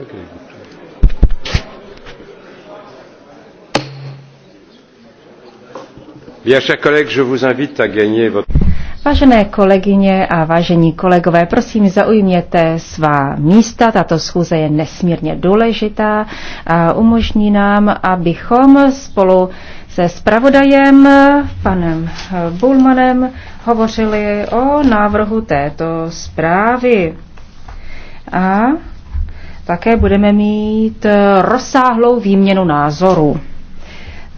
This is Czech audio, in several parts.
Okay, Vážené kolegyně a vážení kolegové, prosím zaujměte svá místa. Tato schůze je nesmírně důležitá a umožní nám, abychom spolu se spravodajem, panem Bulmanem, hovořili o návrhu této zprávy. A také budeme mít eh, rozsáhlou výměnu názorů.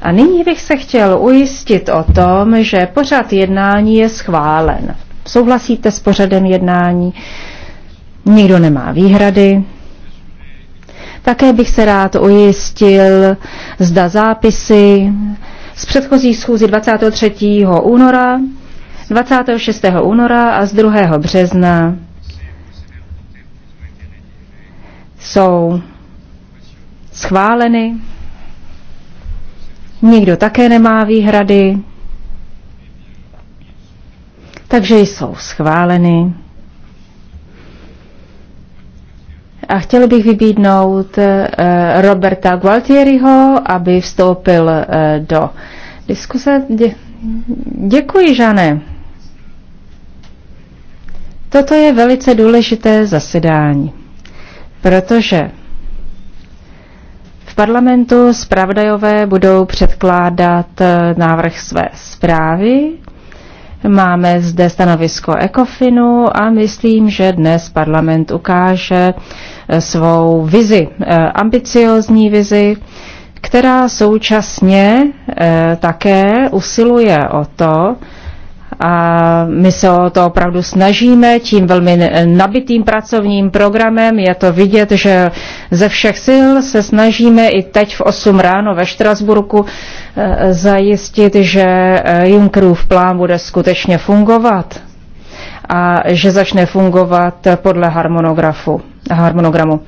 A nyní bych se chtěl ujistit o tom, že pořad jednání je schválen. Souhlasíte s pořadem jednání? Nikdo nemá výhrady? Také bych se rád ujistil, zda zápisy z předchozí schůzy 23. února, 26. února a z 2. března jsou schváleny. Nikdo také nemá výhrady. Takže jsou schváleny. A chtěl bych vybídnout eh, Roberta Gualtieriho, aby vstoupil eh, do diskuse. Dě- děkuji, Žané. Toto je velice důležité zasedání protože v parlamentu zpravodajové budou předkládat eh, návrh své zprávy. Máme zde stanovisko ECOFINu a myslím, že dnes parlament ukáže eh, svou vizi, eh, ambiciozní vizi, která současně také usiluje o to, a my se o to opravdu snažíme tím velmi nabitým pracovním programem. Je to vidět, že ze všech sil se snažíme i teď v 8 ráno ve Štrasburku eh, zajistit, že eh, Junckerův plán bude skutečně fungovat a že začne fungovat podle harmonografu, harmonogramu.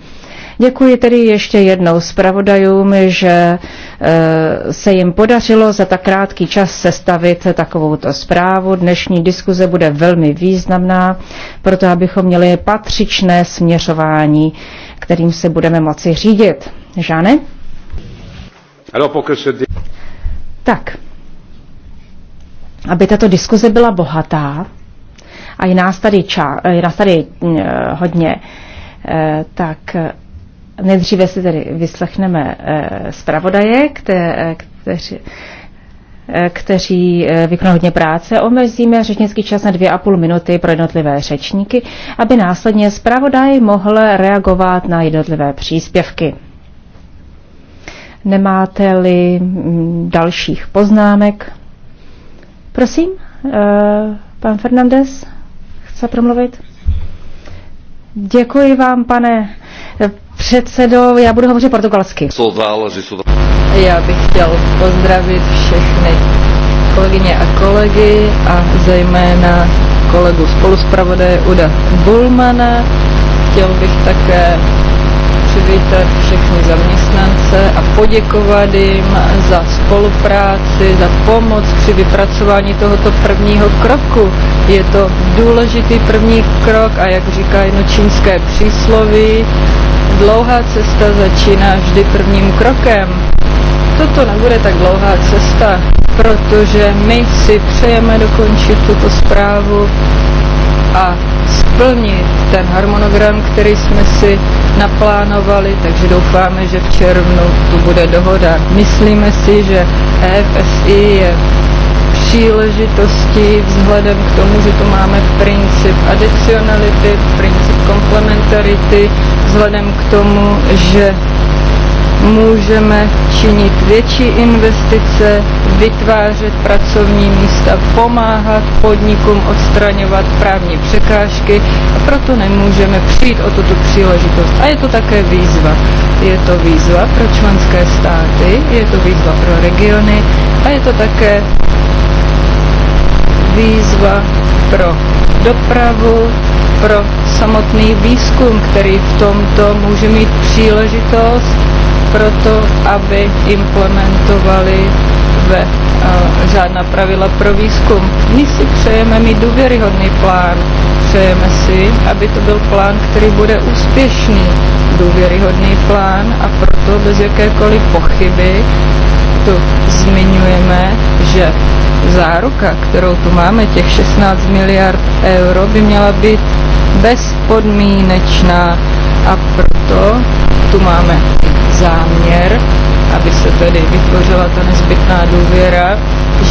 Děkuji tedy ještě jednou zpravodajům, že eh, se jim podařilo za tak krátký čas sestavit takovouto zprávu. Dnešní diskuze bude velmi významná, proto abychom měli patřičné směřování, kterým se budeme moci řídit. Žáne? Tak, aby tato diskuze byla bohatá, a je nás tady, ča, je nás tady eh, hodně, eh, tak Nejdříve si tedy vyslechneme eh, zpravodaje, eh, eh, kteří, kteří vyknou hodně práce. Omezíme řečnický čas na dvě a půl minuty pro jednotlivé řečníky, aby následně zpravodaj mohl reagovat na jednotlivé příspěvky. Nemáte-li mm, dalších poznámek? Prosím, pan Fernandez chce promluvit? Děkuji vám, pane předsedo, já budu hovořit portugalsky. Já bych chtěl pozdravit všechny kolegyně a kolegy a zejména kolegu spoluspravodaje Uda Bulmana. Chtěl bych také přivítat všechny zaměstnance a poděkovat jim za spolupráci, za pomoc při vypracování tohoto prvního kroku. Je to důležitý první krok a jak říká jedno čínské přísloví, dlouhá cesta začíná vždy prvním krokem. Toto nebude tak dlouhá cesta, protože my si přejeme dokončit tuto zprávu a splnit ten harmonogram, který jsme si naplánovali, takže doufáme, že v červnu tu bude dohoda. Myslíme si, že EFSI je příležitosti vzhledem k tomu, že tu máme princip adicionality, princip komplementarity, vzhledem k tomu, že můžeme činit větší investice, vytvářet pracovní místa, pomáhat podnikům odstraňovat právní překážky a proto nemůžeme přijít o tuto příležitost. A je to také výzva. Je to výzva pro členské státy, je to výzva pro regiony a je to také výzva pro dopravu, pro samotný výzkum, který v tomto může mít příležitost proto, aby implementovali ve eh, žádná pravidla pro výzkum. My si přejeme mít důvěryhodný plán. Přejeme si, aby to byl plán, který bude úspěšný, důvěryhodný plán a proto bez jakékoliv pochyby tu zmiňujeme, že záruka, kterou tu máme, těch 16 miliard euro, by měla být bezpodmínečná a proto tu máme záměr, aby se tedy vytvořila ta nezbytná důvěra,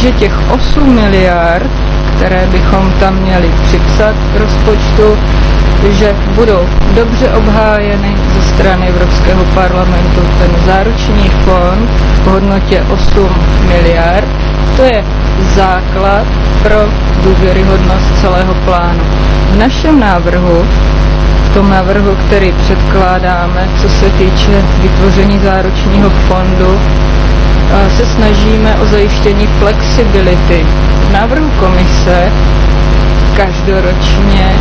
že těch 8 miliard, které bychom tam měli připsat k rozpočtu, že budou dobře obhájeny ze strany Evropského parlamentu ten záruční fond v hodnotě 8 miliard. To je základ pro důvěryhodnost celého plánu. V našem návrhu tom návrhu, který předkládáme, co se týče vytvoření záručního fondu, se snažíme o zajištění flexibility. V návrhu komise každoročně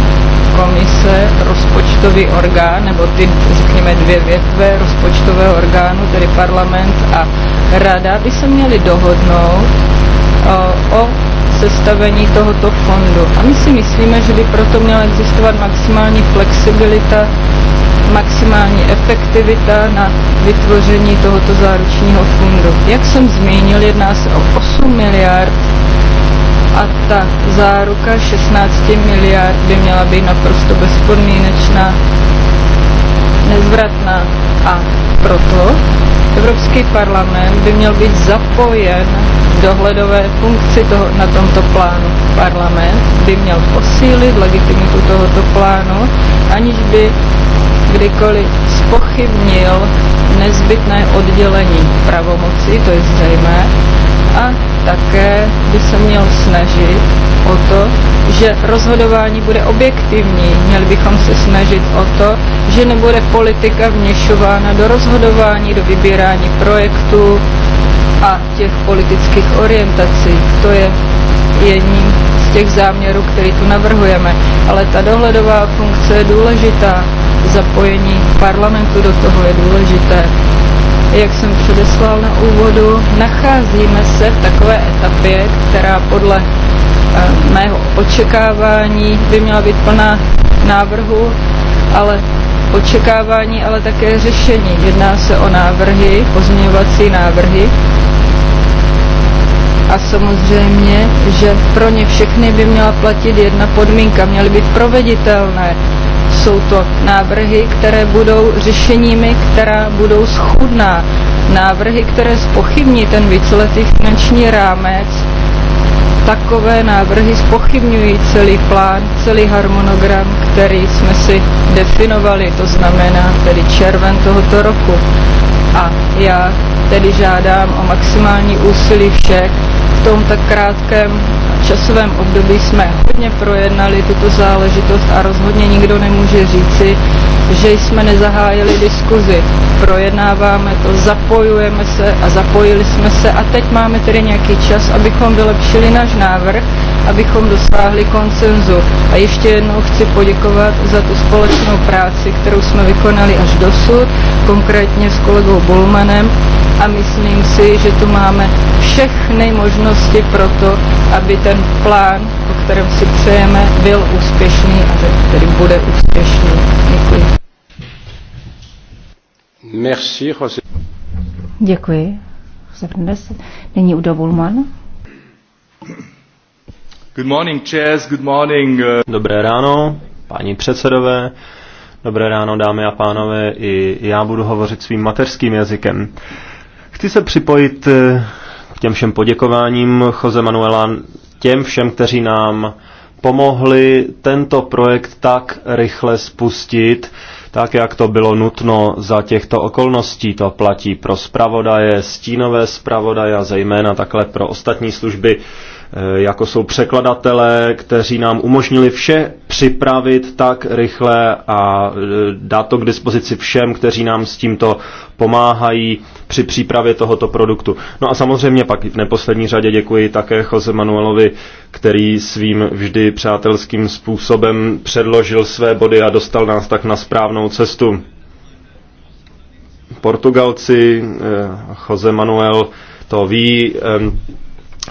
komise, rozpočtový orgán, nebo ty, řekněme, dvě větve rozpočtového orgánu, tedy parlament a rada, by se měly dohodnout o sestavení tohoto fondu. A my si myslíme, že by proto měla existovat maximální flexibilita, maximální efektivita na vytvoření tohoto záručního fondu. Jak jsem zmínil, jedná se o 8 miliard a ta záruka 16 miliard by měla být naprosto bezpodmínečná, nezvratná a proto Evropský parlament by měl být zapojen dohledové funkci toho, na tomto plánu. Parlament by měl posílit legitimitu tohoto plánu, aniž by kdykoliv spochybnil nezbytné oddělení pravomocí, to je zřejmé, a také by se měl snažit o to, že rozhodování bude objektivní. Měli bychom se snažit o to, že nebude politika vněšována do rozhodování, do vybírání projektů a těch politických orientací. To je jedním z těch záměrů, který tu navrhujeme. Ale ta dohledová funkce je důležitá. Zapojení parlamentu do toho je důležité. Jak jsem předeslal na úvodu, nacházíme se v takové etapě, která podle eh, mého očekávání by měla být plná návrhu, ale očekávání, ale také řešení. Jedná se o návrhy, pozměňovací návrhy, a samozřejmě, že pro ně všechny by měla platit jedna podmínka, měly být proveditelné. Jsou to návrhy, které budou řešeními, která budou schudná. Návrhy, které spochybní ten víceletý finanční rámec. Takové návrhy spochybňují celý plán, celý harmonogram, který jsme si definovali, to znamená tedy červen tohoto roku. A já tedy žádám o maximální úsilí všech v tom tak krátkém časovém období jsme hodně projednali tuto záležitost a rozhodně nikdo nemůže říci, že jsme nezahájili diskuzi. Projednáváme to, zapojujeme se a zapojili jsme se a teď máme tedy nějaký čas, abychom vylepšili náš návrh, abychom dosáhli koncenzu. A ještě jednou chci poděkovat za tu společnou práci, kterou jsme vykonali až dosud, konkrétně s kolegou Bulmanem a myslím si, že tu máme všechny možnosti pro to, aby ten ten plán, o kterém si přejeme, byl úspěšný a že který bude úspěšný. Děkuji. Merci, José. Děkuji. José Fernandez. Nyní Udo Bulman. Good morning, Chess. Good morning. Uh, Dobré ráno, paní předsedové. Dobré ráno, dámy a pánové. I já budu hovořit svým mateřským jazykem. Chci se připojit eh, k těm všem poděkováním Jose Manuela těm všem, kteří nám pomohli tento projekt tak rychle spustit, tak jak to bylo nutno za těchto okolností. To platí pro zpravodaje, stínové zpravodaje a zejména takhle pro ostatní služby Eh, jako jsou překladatelé, kteří nám umožnili vše připravit tak rychle a eh, dát to k dispozici všem, kteří nám s tímto pomáhají při přípravě tohoto produktu. No a samozřejmě pak v neposlední řadě děkuji také Jose Manuelovi, který svým vždy přátelským způsobem předložil své body a dostal nás tak na správnou cestu. Portugalci, eh, Jose Manuel to ví,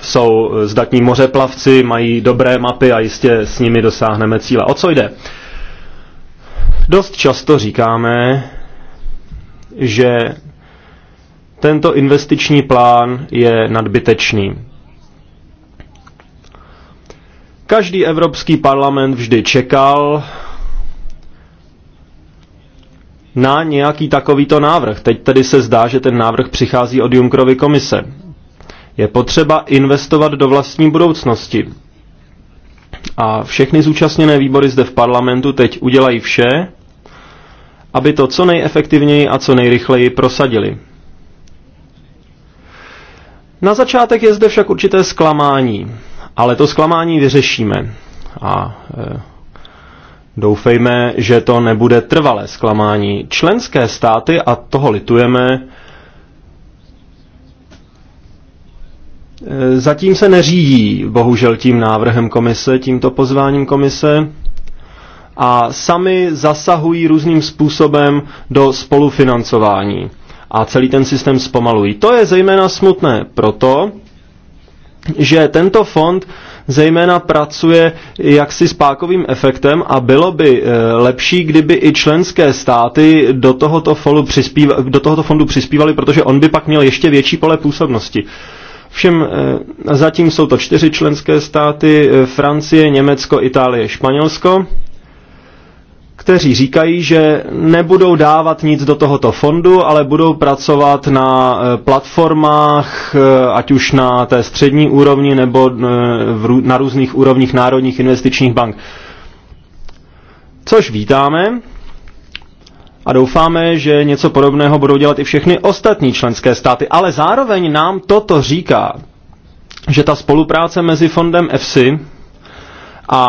jsou eh, zdatní mořeplavci, mají dobré mapy a jistě s nimi dosáhneme cíle. O co jde? Dost často říkáme, že tento investiční plán je nadbytečný. Každý evropský parlament vždy čekal na nějaký takovýto návrh. Teď tedy se zdá, že ten návrh přichází od Junckerovy komise. Je potřeba investovat do vlastní budoucnosti. A všechny zúčastněné výbory zde v parlamentu teď udělají vše, aby to co nejefektivněji a co nejrychleji prosadili. Na začátek je zde však určité zklamání, ale to zklamání vyřešíme. A e, doufejme, že to nebude trvalé zklamání. Členské státy, a toho litujeme, E, zatím se neřídí, bohužel, tím návrhem komise, tímto pozváním komise a sami zasahují různým způsobem do spolufinancování a celý ten systém zpomalují. To je zejména smutné proto, že tento fond zejména pracuje jaksi s pákovým efektem a bylo by e, lepší, kdyby i členské státy do tohoto, fondu přispíva, do tohoto fondu přispívaly, protože on by pak měl ještě větší pole působnosti. Všem eh, zatím jsou to čtyři členské státy, eh, Francie, Německo, Itálie, Španělsko, kteří říkají, že nebudou dávat nic do tohoto fondu, ale budou pracovat na eh, platformách, ať už na té střední úrovni nebo na různých úrovních národních investičních bank. Což vítáme, a doufáme, že něco podobného budou dělat i všechny ostatní členské státy. Ale zároveň nám toto říká, že ta spolupráce mezi fondem EFSI a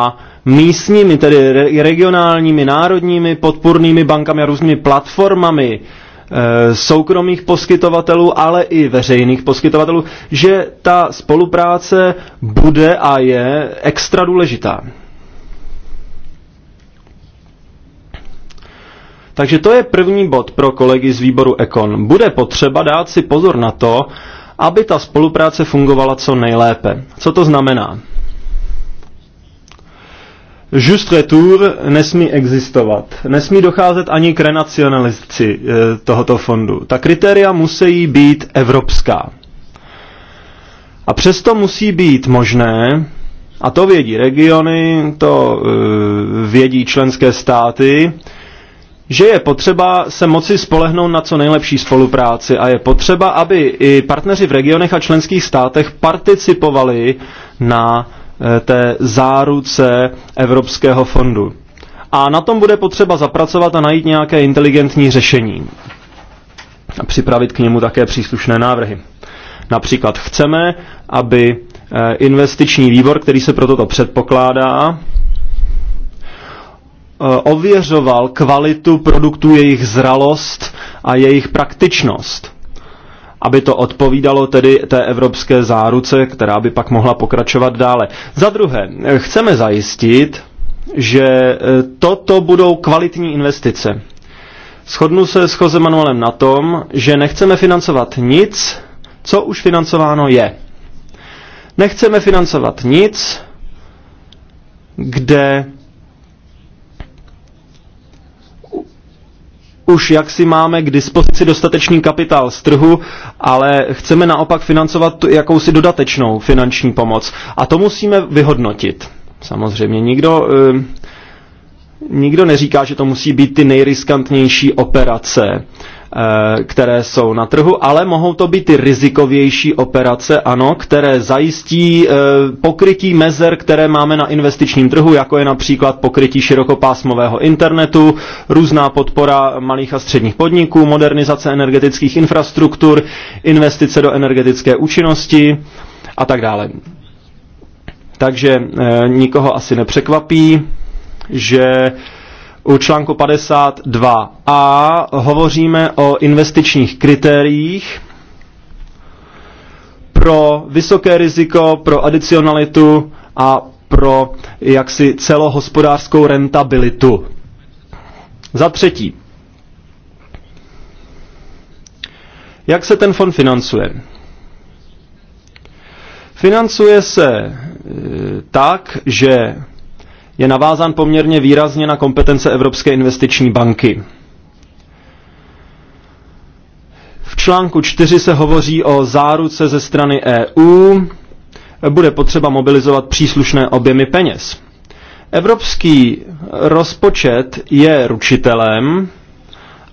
místními, tedy regionálními, národními, podpůrnými bankami a různými platformami e, soukromých poskytovatelů, ale i veřejných poskytovatelů, že ta spolupráce bude a je extra důležitá. Takže to je první bod pro kolegy z výboru Ekon. Bude potřeba dát si pozor na to, aby ta spolupráce fungovala co nejlépe. Co to znamená? Just retour nesmí existovat. Nesmí docházet ani k renacionalizaci eh, tohoto fondu. Ta kritéria musí být evropská. A přesto musí být možné, a to vědí regiony, to eh, vědí členské státy, že je potřeba se moci spolehnout na co nejlepší spolupráci a je potřeba, aby i partneři v regionech a členských státech participovali na eh, té záruce Evropského fondu. A na tom bude potřeba zapracovat a najít nějaké inteligentní řešení. A připravit k němu také příslušné návrhy. Například chceme, aby eh, investiční výbor, který se pro toto předpokládá, Eh, ověřoval kvalitu produktů, jejich zralost a jejich praktičnost. Aby to odpovídalo tedy té evropské záruce, která by pak mohla pokračovat dále. Za druhé, eh, chceme zajistit, že eh, toto budou kvalitní investice. Shodnu se s Jose Manuelem na tom, že nechceme financovat nic, co už financováno je. Nechceme financovat nic, kde už jak si máme k dispozici dostatečný kapitál z trhu, ale chceme naopak financovat jakousi dodatečnou finanční pomoc. A to musíme vyhodnotit. Samozřejmě nikdo, eh, nikdo neříká, že to musí být ty nejriskantnější operace. Eh, které jsou na trhu, ale mohou to být ty rizikovější operace, ano, které zajistí eh, pokrytí mezer, které máme na investičním trhu, jako je například pokrytí širokopásmového internetu, různá podpora malých a středních podniků, modernizace energetických infrastruktur, investice do energetické účinnosti a tak dále. Takže eh, nikoho asi nepřekvapí, že u článku 52a hovoříme o investičních kritériích pro vysoké riziko, pro adicionalitu a pro jaksi celohospodářskou rentabilitu. Za třetí, jak se ten fond financuje? Financuje se e, tak, že je navázán poměrně výrazně na kompetence Evropské investiční banky. V článku 4 se hovoří o záruce ze strany EU. Bude potřeba mobilizovat příslušné objemy peněz. Evropský rozpočet je ručitelem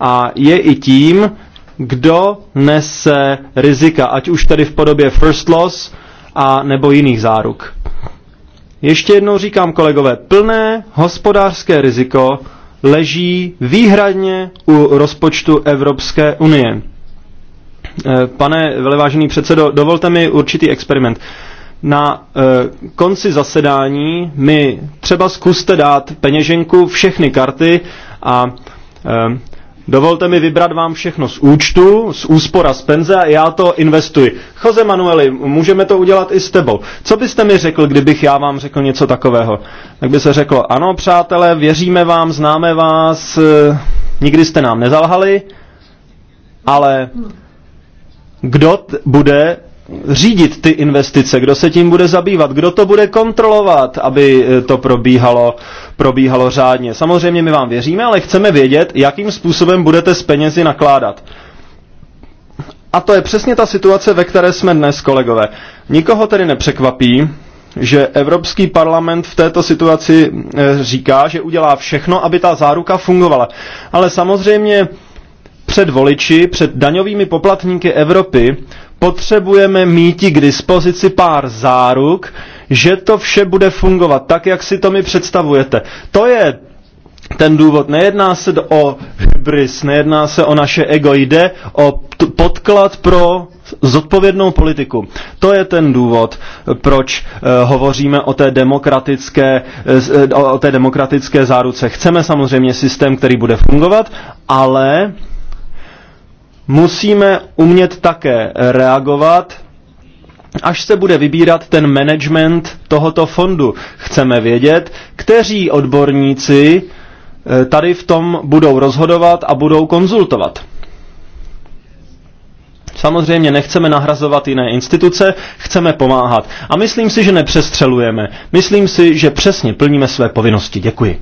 a je i tím, kdo nese rizika, ať už tedy v podobě first loss a nebo jiných záruk. Ještě jednou říkám, kolegové, plné hospodářské riziko leží výhradně u rozpočtu Evropské unie. Eh, pane velevážený předsedo, dovolte mi určitý experiment. Na e, konci zasedání mi třeba zkuste dát peněženku všechny karty a e, Dovolte mi vybrat vám všechno z účtu, z úspora, z penze a já to investuji. Jose Manueli, můžeme to udělat i s tebou. Co byste mi řekl, kdybych já vám řekl něco takového? Tak by se řeklo, ano přátelé, věříme vám, známe vás, eh, nikdy jste nám nezalhali, ale kdo bude řídit ty investice, kdo se tím bude zabývat, kdo to bude kontrolovat, aby eh, to probíhalo probíhalo řádně. Samozřejmě my vám věříme, ale chceme vědět, jakým způsobem budete s penězi nakládat. A to je přesně ta situace, ve které jsme dnes, kolegové. Nikoho tedy nepřekvapí, že Evropský parlament v této situaci eh, říká, že udělá všechno, aby ta záruka fungovala. Ale samozřejmě před voliči, před daňovými poplatníky Evropy potřebujeme mít k dispozici pár záruk, že to vše bude fungovat tak, jak si to mi představujete. To je ten důvod. Nejedná se o hybris, nejedná se o naše ego, jde o podklad pro zodpovědnou politiku. To je ten důvod, proč uh, hovoříme o té, demokratické, uh, o té demokratické záruce. Chceme samozřejmě systém, který bude fungovat, ale musíme umět také reagovat, až se bude vybírat ten management tohoto fondu. Chceme vědět, kteří odborníci eh, tady v tom budou rozhodovat a budou konzultovat. Samozřejmě nechceme nahrazovat jiné instituce, chceme pomáhat. A myslím si, že nepřestřelujeme. Myslím si, že přesně plníme své povinnosti. Děkuji.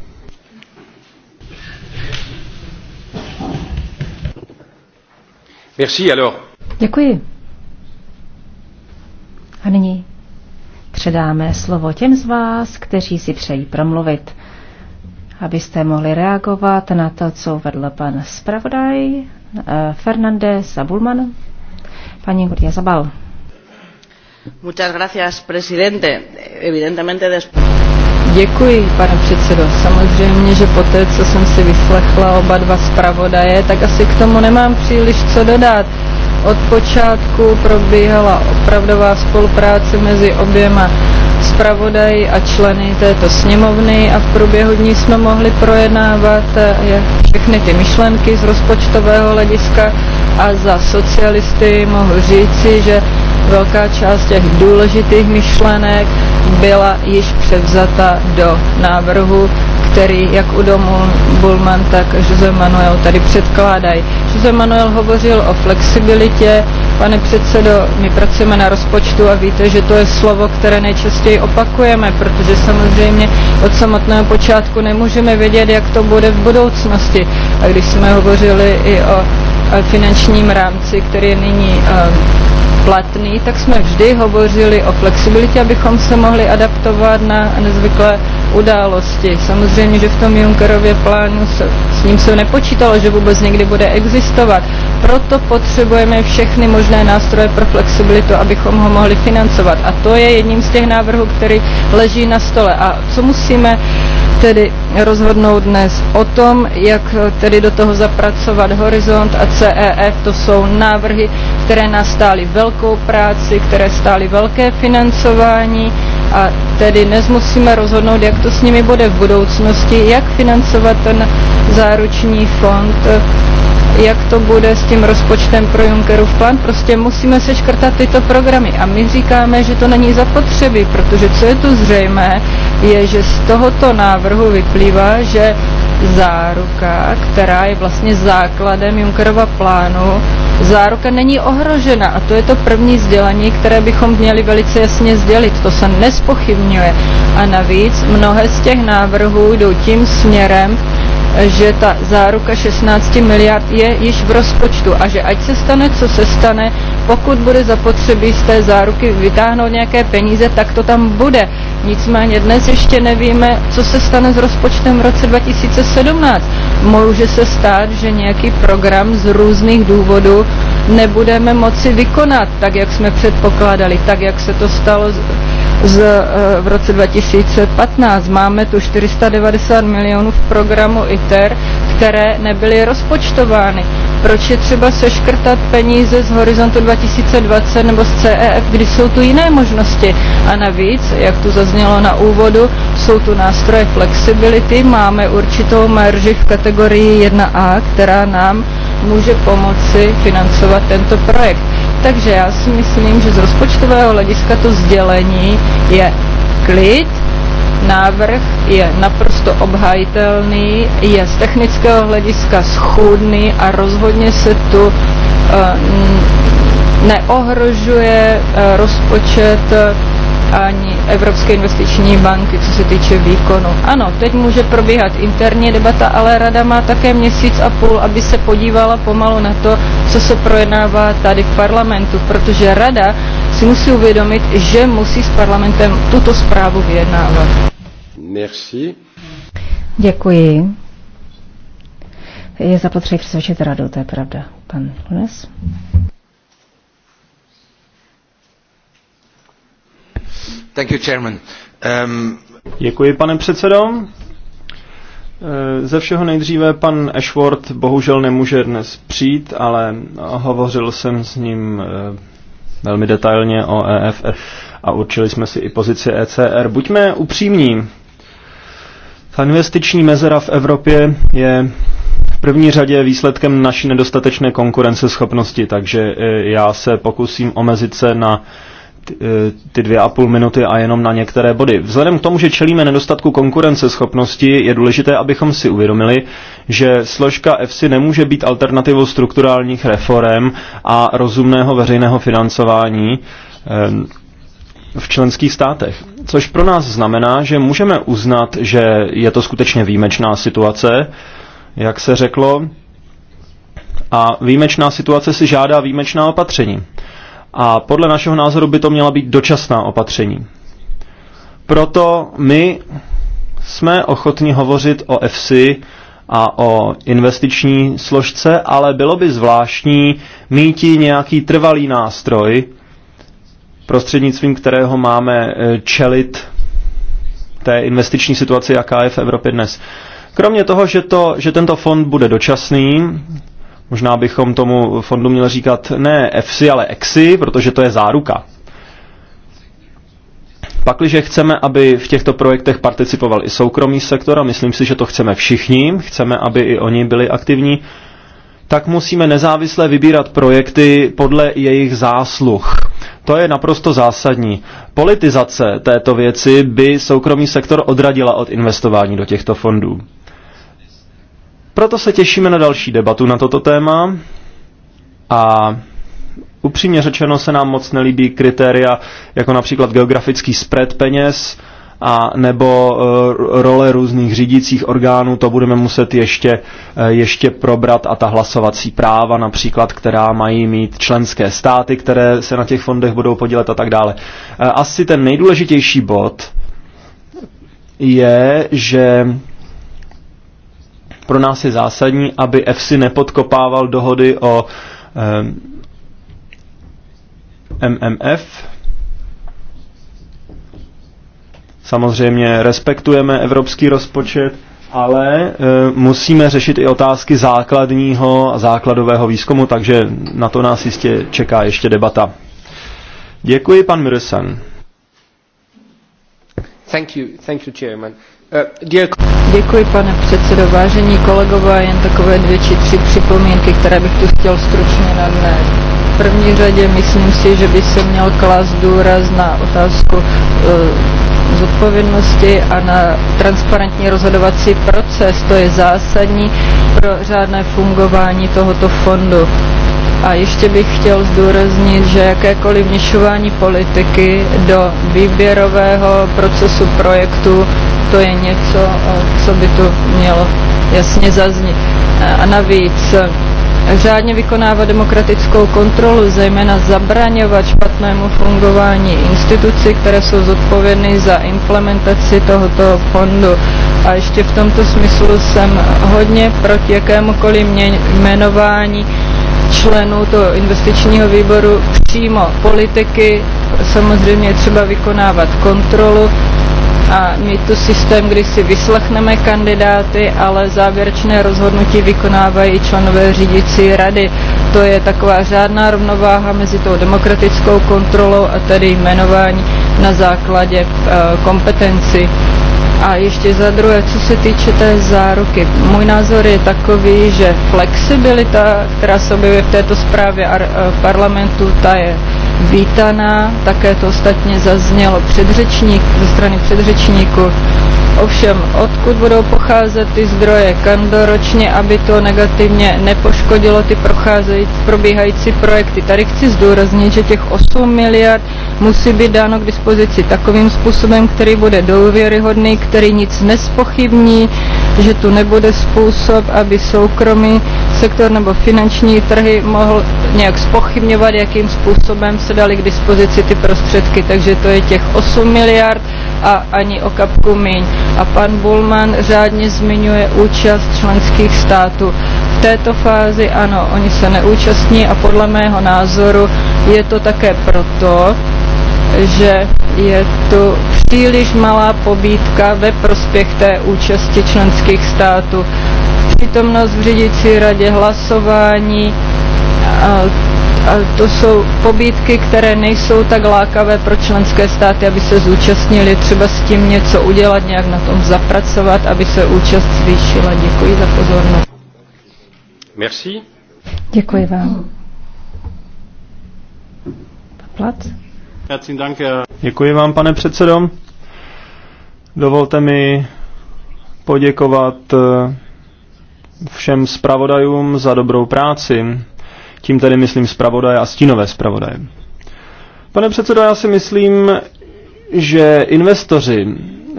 Merci, alors. Děkuji. A nyní předáme slovo těm z vás, kteří si přejí promluvit, abyste mohli reagovat na to, co vedl pan zpravodaj eh, Fernandez a Bulman, paní Gurdia Zabal. Děkuji, pane předsedo. Samozřejmě, že po té, co jsem si vyslechla oba dva zpravodaje, tak asi k tomu nemám příliš co dodat. Od počátku probíhala opravdová spolupráce mezi oběma zpravodaji a členy této sněmovny a v průběhu dní jsme mohli projednávat eh, všechny ty myšlenky z rozpočtového hlediska a za socialisty mohu říci, že velká část těch důležitých myšlenek byla již převzata do návrhu, který jak Udo Bulman, tak Jose Manuel tady předkládají. Jose Manuel hovořil o flexibilitě. Pane předsedo, my pracujeme na rozpočtu a víte, že to je slovo, které nejčastěji opakujeme, protože samozřejmě od samotného počátku nemůžeme vědět, jak to bude v budoucnosti. A když jsme hovořili i o finančním rámci, který je nyní eh, platný, tak jsme vždy hovořili o flexibilitě, abychom se mohli adaptovat na nezvyklé události. Samozřejmě, že v tom Junckerově plánu se, s ním se nepočítalo, že vůbec někdy bude existovat. Proto potřebujeme všechny možné nástroje pro flexibilitu, abychom ho mohli financovat. A to je jedním z těch návrhů, který leží na stole. A co musíme tedy rozhodnout dnes o tom, jak eh, tedy do toho zapracovat Horizont a CEF. To jsou návrhy, které nás stály velkou práci, které stály velké financování a tedy dnes musíme rozhodnout, jak to s nimi bude v budoucnosti, jak financovat ten záruční fond eh, jak to bude s tím rozpočtem pro Junckerův plán. Prostě musíme se škrtat tyto programy. A my říkáme, že to není zapotřebí, protože co je tu zřejmé, je, že z tohoto návrhu vyplývá, že záruka, která je vlastně základem Junckerova plánu, záruka není ohrožena a to je to první sdělení, které bychom měli velice jasně sdělit. To se nespochybňuje. A navíc mnohé z těch návrhů jdou tím směrem, že ta záruka 16 miliard je již v rozpočtu a že ať se stane, co se stane, pokud bude zapotřebí z té záruky vytáhnout nějaké peníze, tak to tam bude. Nicméně dnes ještě nevíme, co se stane s rozpočtem v roce 2017. Může se stát, že nějaký program z různých důvodů nebudeme moci vykonat tak, jak jsme předpokládali, tak, jak se to stalo z, eh, v roce 2015. Máme tu 490 milionů v programu ITER, které nebyly rozpočtovány. Proč je třeba seškrtat peníze z Horizontu 2020 nebo z CEF, kdy jsou tu jiné možnosti? A navíc, jak tu zaznělo na úvodu, jsou tu nástroje flexibility, máme určitou marži v kategorii 1A, která nám může pomoci financovat tento projekt. Takže já si myslím, že z rozpočtového hlediska to sdělení je klid, návrh je naprosto obhajitelný, je z technického hlediska schůdný a rozhodně se tu eh, neohrožuje eh, rozpočet ani Evropské investiční banky, co se týče výkonu. Ano, teď může probíhat interní debata, ale rada má také měsíc a půl, aby se podívala pomalu na to, co se projednává tady v parlamentu, protože rada si musí uvědomit, že musí s parlamentem tuto zprávu vyjednávat. Merci. Děkuji. Je zapotřebí přesvědčit radu, to je pravda. Pan Lunes. Um, Děkuji, pane předsedo. Eh, ze všeho nejdříve pan Ashworth bohužel nemůže dnes přijít, ale hovořil jsem s ním eh, velmi detailně o EFR a určili jsme si i pozici ECR. Buďme upřímní. Ta investiční mezera v Evropě je v první řadě výsledkem naší nedostatečné konkurenceschopnosti, takže eh, já se pokusím omezit se na Eh, ty dvě a půl minuty a jenom na některé body. Vzhledem k tomu, že čelíme nedostatku konkurenceschopnosti, je důležité, abychom si uvědomili, že složka EFSI nemůže být alternativou strukturálních reform a rozumného veřejného financování ehm, v členských státech. Což pro nás znamená, že můžeme uznat, že je to skutečně výjimečná situace, jak se řeklo, a výjimečná situace si žádá výjimečná opatření a podle našeho názoru by to měla být dočasná opatření. Proto my jsme ochotni hovořit o EFSI a o investiční složce, ale bylo by zvláštní mít nějaký trvalý nástroj, prostřednictvím kterého máme eh, čelit té investiční situaci, jaká je v Evropě dnes. Kromě toho, že, to, že tento fond bude dočasný, Možná bychom tomu fondu měli říkat ne EFSI, ale EXI, protože to je záruka. Pakliže chceme, aby v těchto projektech participoval i soukromý sektor, a myslím si, že to chceme všichni, chceme, aby i oni byli aktivní, tak musíme nezávisle vybírat projekty podle jejich zásluh. To je naprosto zásadní. Politizace této věci by soukromý sektor odradila od investování do těchto fondů. Proto se těšíme na další debatu na toto téma a upřímně řečeno se nám moc nelíbí kritéria jako například geografický spread peněz a nebo e, role různých řídících orgánů, to budeme muset ještě, e, ještě probrat a ta hlasovací práva například, která mají mít členské státy, které se na těch fondech budou podílet a tak dále. E, asi ten nejdůležitější bod je, že pro nás je zásadní, aby EFSI nepodkopával dohody o eh, MMF. Samozřejmě respektujeme evropský rozpočet, ale e, musíme řešit i otázky základního a základového výzkumu, takže na to nás jistě čeká ještě debata. Děkuji, pan Mirsen. Thank you, thank you, chairman. Eh, Děkuji, pane předsedo. Vážení kolegové, jen takové dvě či tři připomínky, které bych tu chtěl stručně nadnést. V první řadě myslím si, že by se měl klást důraz na otázku eh, zodpovědnosti a na transparentní rozhodovací proces. To je zásadní pro řádné fungování tohoto fondu. A ještě bych chtěl zdůraznit, že jakékoliv vnišování politiky do výběrového procesu projektu, to je něco, co by tu mělo jasně zaznít. A navíc e, řádně vykonávat demokratickou kontrolu, zejména zabraňovat špatnému fungování institucí, které jsou zodpovědné za implementaci tohoto fondu. A ještě v tomto smyslu jsem hodně proti jakémukoliv jmenování členů toho investičního výboru přímo politiky. Samozřejmě je třeba vykonávat kontrolu a mít tu systém, kdy si vyslechneme kandidáty, ale závěrečné rozhodnutí vykonávají členové řídící rady. To je taková řádná rovnováha mezi tou demokratickou kontrolou a tedy jmenování na základě eh, kompetenci. A ještě za druhé, co se týče té záruky. Můj názor je takový, že flexibilita, která se objevuje v této zprávě eh, parlamentu, ta je vítaná, také to ostatně zaznělo předřečník, ze strany předřečníku Ovšem, odkud budou pocházet ty zdroje Kando ročně, aby to negativně nepoškodilo ty probíhající projekty? Tady chci zdůraznit, že těch 8 miliard musí být dáno k dispozici takovým způsobem, který bude důvěryhodný, který nic nespochybní, že tu nebude způsob, aby soukromí sektor nebo finanční trhy mohl nějak spochybňovat, jakým způsobem se dali k dispozici ty prostředky. Takže to je těch 8 miliard a ani o kapku míň. A pan Bulman řádně zmiňuje účast členských států. V této fázi ano, oni se neúčastní a podle mého názoru je to také proto, že je tu příliš malá pobídka ve prospěch té účasti členských států přítomnost v řídící radě, hlasování. A, a to jsou pobídky, které nejsou tak lákavé pro členské státy, aby se zúčastnili, třeba s tím něco udělat, nějak na tom zapracovat, aby se účast zvýšila. Děkuji za pozornost. Merci. Děkuji vám. Plac. Děkuji vám, pane předsedo. Dovolte mi poděkovat eh, všem zpravodajům za dobrou práci. Tím tedy myslím zpravodaje a stínové zpravodaje. Pane předsedo, já si myslím, že investoři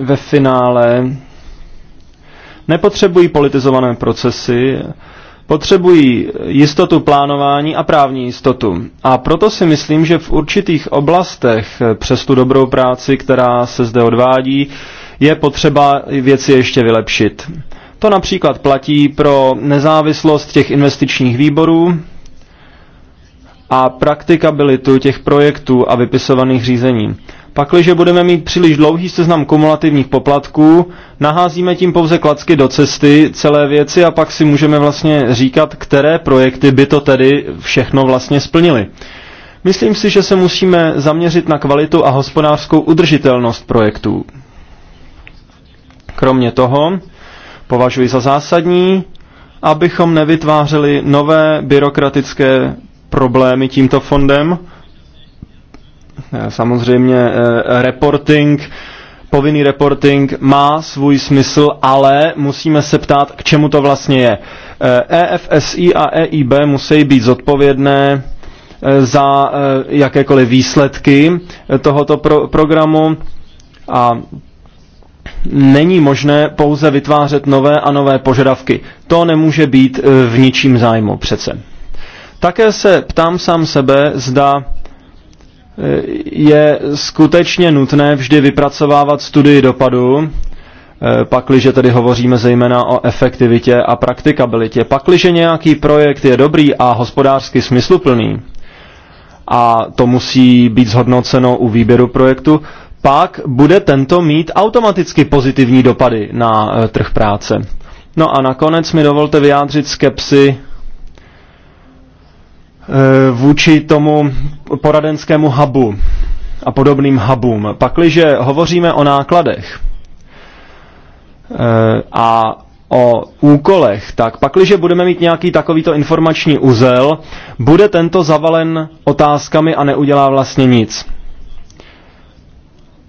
ve finále nepotřebují politizované procesy, potřebují jistotu plánování a právní jistotu. A proto si myslím, že v určitých oblastech přes tu dobrou práci, která se zde odvádí, je potřeba věci ještě vylepšit. To například platí pro nezávislost těch investičních výborů a praktikabilitu těch projektů a vypisovaných řízení. Pakliže budeme mít příliš dlouhý seznam kumulativních poplatků, naházíme tím pouze klacky do cesty celé věci a pak si můžeme vlastně říkat, které projekty by to tedy všechno vlastně splnily. Myslím si, že se musíme zaměřit na kvalitu a hospodářskou udržitelnost projektů. Kromě toho, Považuji za zásadní, abychom nevytvářeli nové byrokratické problémy tímto fondem. Eh, samozřejmě eh, reporting, povinný reporting má svůj smysl, ale musíme se ptát, k čemu to vlastně je. EFSI eh, e a EIB musí být zodpovědné za jakékoliv výsledky tohoto pro- programu a není možné pouze vytvářet nové a nové požadavky. To nemůže být e, v ničím zájmu přece. Také se ptám sám sebe, zda e, je skutečně nutné vždy vypracovávat studii dopadu, e, pakliže tedy hovoříme zejména o efektivitě a praktikabilitě. Pakliže nějaký projekt je dobrý a hospodářsky smysluplný, a to musí být zhodnoceno u výběru projektu, pak bude tento mít automaticky pozitivní dopady na eh, trh práce. No a nakonec mi dovolte vyjádřit skepsy eh, vůči tomu poradenskému hubu a podobným hubům. Pakliže hovoříme o nákladech eh, a o úkolech, tak pakliže budeme mít nějaký takovýto informační uzel, bude tento zavalen otázkami a neudělá vlastně nic.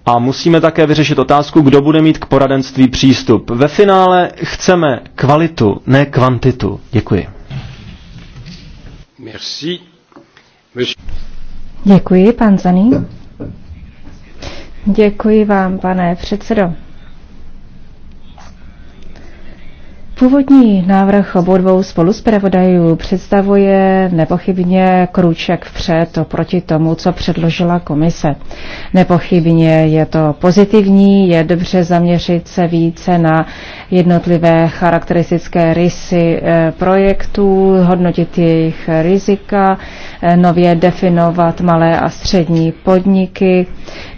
A musíme také vyřešit otázku, kdo bude mít k poradenství přístup. Ve finále chceme kvalitu, ne kvantitu. Děkuji. Merci. Děkuji, pan Zaný. Děkuji vám, pane předsedo. Původní návrh obou dvou spoluspravodajů představuje nepochybně kruček vpřed oproti tomu, co předložila komise. Nepochybně je to pozitivní, je dobře zaměřit se více na jednotlivé charakteristické rysy eh, projektů, hodnotit jejich rizika, eh, nově definovat malé a střední podniky,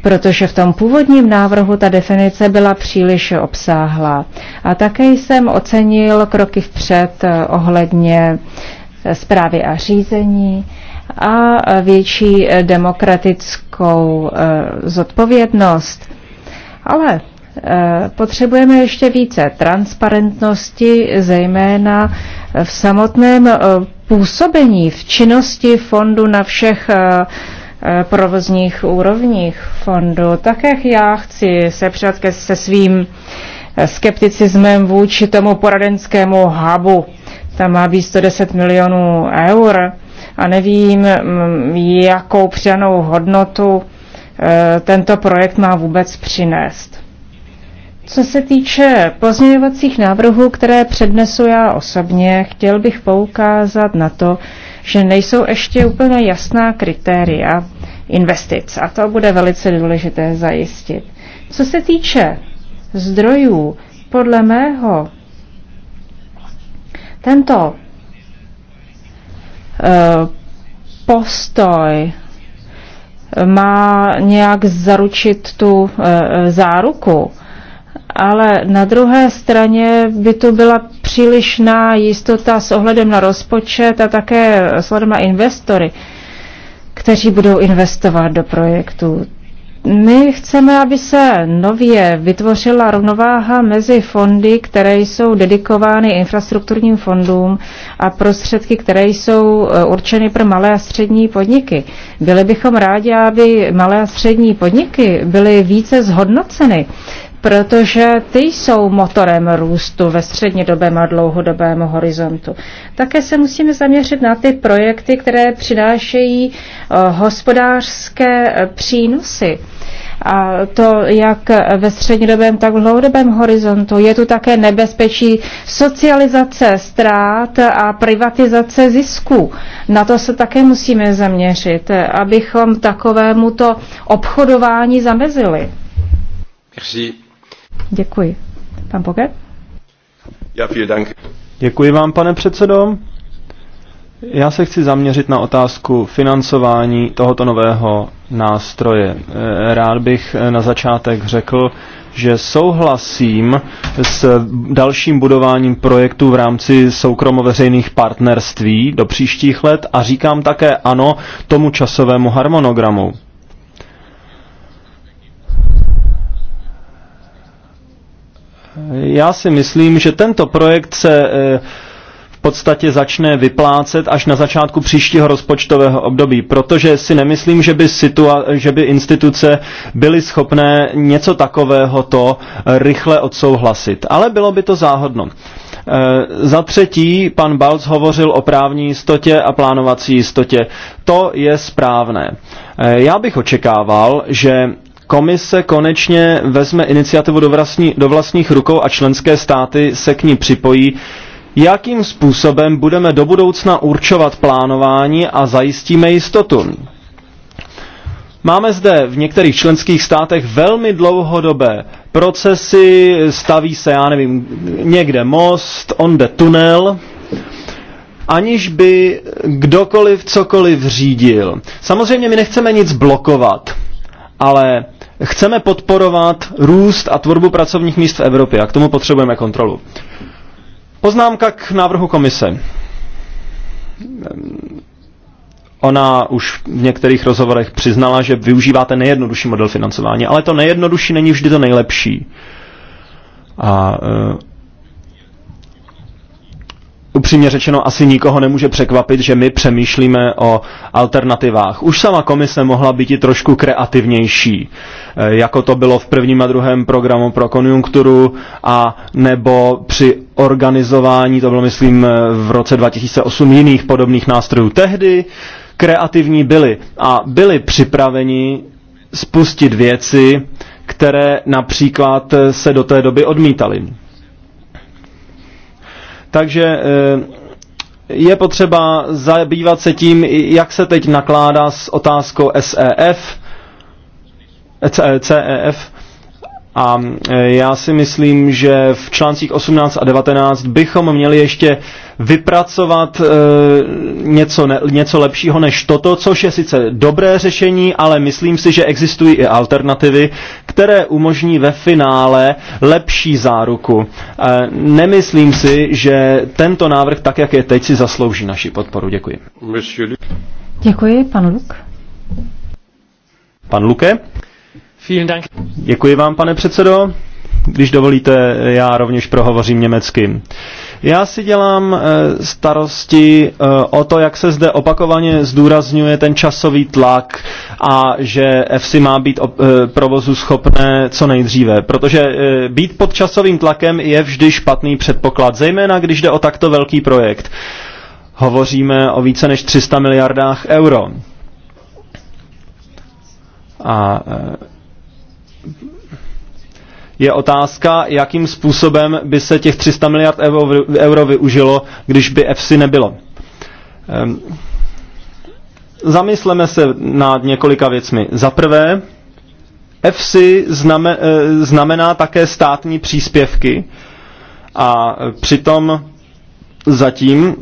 protože v tom původním návrhu ta definice byla příliš obsáhlá. A také jsem ocenil učinil kroky vpřed eh, ohledně eh, zprávy a řízení a větší eh, demokratickou zodpovědnost. Ale potřebujeme ještě více transparentnosti, zejména v samotném působení, v činnosti fondu na všech provozních úrovních fondu. Tak jak já chci se přijat ke, se svým skepticismem vůči tomu poradenskému hubu. Tam má být 110 milionů eur a nevím, mm, jakou přidanou hodnotu e, tento projekt má vůbec přinést. Co se týče pozměňovacích návrhů, které přednesu já osobně, chtěl bych poukázat na to, že nejsou ještě úplně jasná kritéria investic a to bude velice důležité zajistit. Co se týče zdrojů. Podle mého tento eh, postoj má nějak zaručit tu eh, záruku, ale na druhé straně by to byla přílišná jistota s ohledem na rozpočet a také s ohledem na investory, kteří budou investovat do projektu. My chceme, aby se nově vytvořila rovnováha mezi fondy, které jsou dedikovány infrastrukturním fondům a prostředky, které jsou e, určeny pro malé a střední podniky. Byli bychom rádi, aby malé a střední podniky byly více zhodnoceny protože ty jsou motorem růstu ve střednědobém a dlouhodobém horizontu. Také se musíme zaměřit na ty projekty, které přinášejí eh, hospodářské eh, přínosy. A to jak ve střednědobém, tak v dlouhodobém horizontu. Je tu také nebezpečí socializace ztrát a privatizace zisků. Na to se také musíme zaměřit, abychom takovému to obchodování zamezili. Merci. Děkuji. Pan Poget? Já Děkuji vám, pane předsedo. Já se chci zaměřit na otázku financování tohoto nového nástroje. Eh, rád bych eh, na začátek řekl, že souhlasím s dalším budováním projektu v rámci soukromoveřejných partnerství do příštích let a říkám také ano tomu časovému harmonogramu. Já si myslím, že tento projekt se eh, v podstatě začne vyplácet až na začátku příštího rozpočtového období, protože si nemyslím, že by, situa- že by instituce byly schopné něco takového to eh, rychle odsouhlasit. Ale bylo by to záhodno. Eh, za třetí, pan Balc hovořil o právní jistotě a plánovací jistotě. To je správné. Já bych očekával, že Komise konečně vezme iniciativu do, vlastní, do vlastních rukou a členské státy se k ní připojí. Jakým způsobem budeme do budoucna určovat plánování a zajistíme jistotu? Máme zde v některých členských státech velmi dlouhodobé procesy, staví se, já nevím, někde most, onde tunel, aniž by kdokoliv cokoliv řídil. Samozřejmě my nechceme nic blokovat, ale Chceme podporovat růst a tvorbu pracovních míst v Evropě a k tomu potřebujeme kontrolu. Poznámka k návrhu komise. Ona už v některých rozhovorech přiznala, že využíváte nejjednodušší model financování, ale to nejjednodušší není vždy to nejlepší. A e, upřímně řečeno asi nikoho nemůže překvapit, že my přemýšlíme o alternativách. Už sama komise mohla být i trošku kreativnější, e, jako to bylo v prvním a druhém programu pro konjunkturu a nebo při organizování, to bylo myslím e, v roce 2008, jiných podobných nástrojů. Tehdy kreativní byli a byli připraveni spustit věci, které například se do té doby odmítaly. Takže eh, je potřeba zabývat se tím, jak se teď nakládá s otázkou SEF, CEF, a e, já si myslím, že v článcích 18 a 19 bychom měli ještě vypracovat e, něco, ne, něco lepšího než toto, což je sice dobré řešení, ale myslím si, že existují i alternativy, které umožní ve finále lepší záruku. E, nemyslím si, že tento návrh, tak jak je teď, si zaslouží naši podporu. Děkuji. Děkuji, pan Luk. Pan Luke? Děkuji vám, pane předsedo. Když dovolíte, já rovněž prohovořím německy. Já si dělám eh, starosti eh, o to, jak se zde opakovaně zdůrazňuje ten časový tlak a že FC má být eh, provozu schopné co nejdříve, protože být pod časovým tlakem je vždy špatný předpoklad, zejména když jde o takto velký projekt. Hovoříme o více než 300 miliardách euro. A je otázka, jakým způsobem by se těch 300 miliard euro využilo, když by EFSI nebylo. Ehm, zamysleme se nad několika věcmi. Za prvé, EFSI eh, znamená také státní příspěvky a eh, přitom zatím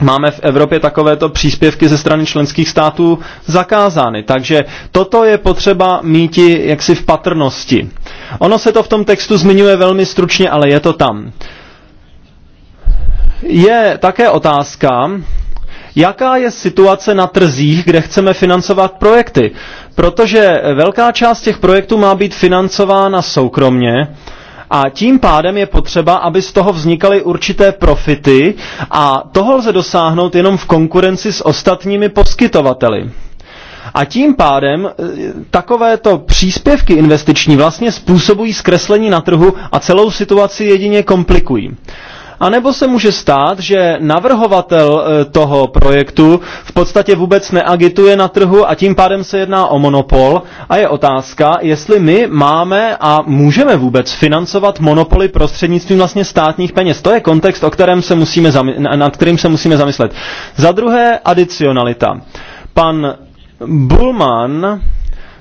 máme v Evropě takovéto příspěvky ze strany členských států zakázány. Takže toto je potřeba mít jaksi v patrnosti. Ono se to v tom textu zmiňuje velmi stručně, ale je to tam. Je také otázka, jaká je situace na trzích, kde chceme financovat projekty. Protože velká část těch projektů má být financována soukromně a tím pádem je potřeba, aby z toho vznikaly určité profity a toho lze dosáhnout jenom v konkurenci s ostatními poskytovateli. A tím pádem e, takovéto příspěvky investiční vlastně způsobují zkreslení na trhu a celou situaci jedině komplikují. A nebo se může stát, že navrhovatel eh, toho projektu v podstatě vůbec neagituje na trhu a tím pádem se jedná o monopol. A je otázka, jestli my máme a můžeme vůbec financovat monopoly prostřednictvím vlastně státních peněz. To je kontext, o kterém se musíme nad kterým se musíme zamyslet. Za druhé, adicionalita. Pan Bulman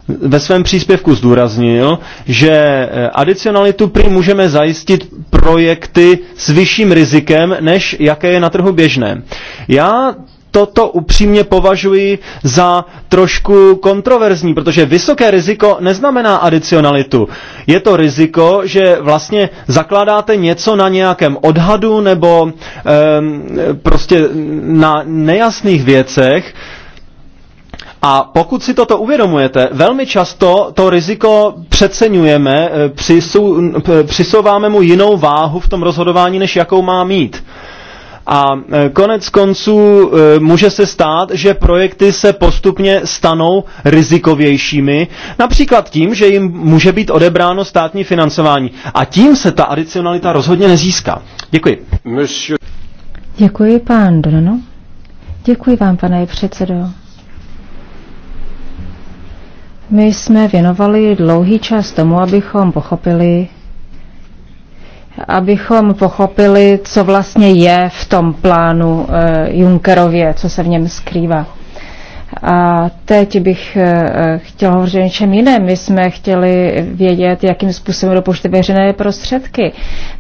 ve svém příspěvku zdůraznil, že eh, adicionalitu prý můžeme zajistit projekty s vyšším rizikem, než jaké je na trhu běžné. Já toto upřímně považuji za trošku kontroverzní, protože vysoké riziko neznamená adicionalitu. Je to riziko, že vlastně zakládáte něco na nějakém odhadu nebo um, prostě na nejasných věcech, a pokud si toto uvědomujete, velmi často to riziko přeceňujeme, eh, přisu, eh, přisouváme mu jinou váhu v tom rozhodování, než jakou má mít. A eh, konec konců může se stát, že projekty se postupně stanou rizikovějšími, například tím, že jim může být odebráno státní financování. A tím se ta adicionalita rozhodně nezíská. Děkuji. Monsieur... Děkuji, pán Dono. Děkuji vám, pane předsedo. My jsme věnovali dlouhý čas tomu, abychom pochopili, abychom pochopili, co vlastně je v tom plánu e, eh, Junkerově, co se v něm skrývá. A teď bych eh, chtěla hovořit o něčem jiném. My jsme chtěli vědět, jakým způsobem dopočty veřejné prostředky.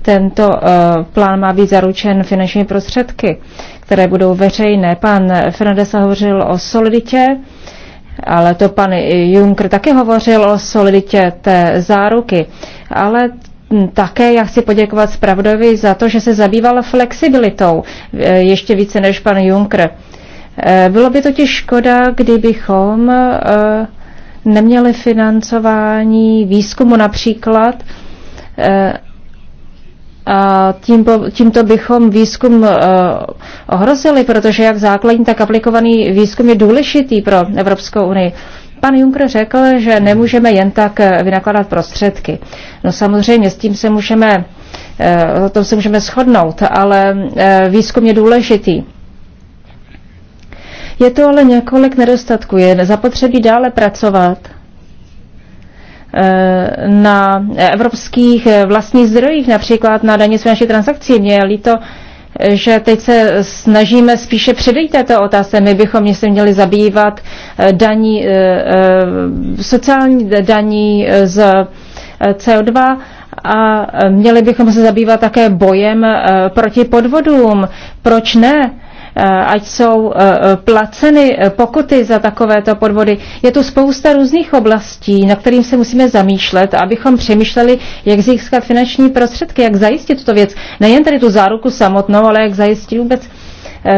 Tento eh, plán má být zaručen finanční prostředky, které budou veřejné. Pan Fernandez hovořil o soliditě ale to pan Juncker také hovořil o soliditě té záruky. Ale také já chci poděkovat Spravdovi za to, že se zabýval flexibilitou e, ještě více než pan Juncker. E, bylo by totiž škoda, kdybychom e, neměli financování výzkumu například, a tím, tímto bychom výzkum e, ohrozili, protože jak základní, tak aplikovaný výzkum je důležitý pro Evropskou unii. Pan Juncker řekl, že nemůžeme jen tak e, vynakladat prostředky. No samozřejmě, s tím se můžeme, e, o tom se můžeme shodnout, ale výzkum je důležitý. Je to ale několik nedostatků. Je zapotřebí dále pracovat Eh, na evropských eh, vlastních zdrojích, například na daně z finančních transakcí. Mě je líto, že teď se snažíme spíše předejít této otázce. My bychom se měli zabývat eh, daní, sociální daní z CO2 a měli bychom se zabývat také bojem proti podvodům. Proč ne? Eh, ať jsou eh, eh, placeny pokuty za takovéto podvody. Je tu spousta různých oblastí, na kterým se musíme zamýšlet, abychom přemýšleli, jak získat finanční prostředky, jak zajistit tuto věc. Nejen tedy tu záruku samotnou, ale jak zajistit vůbec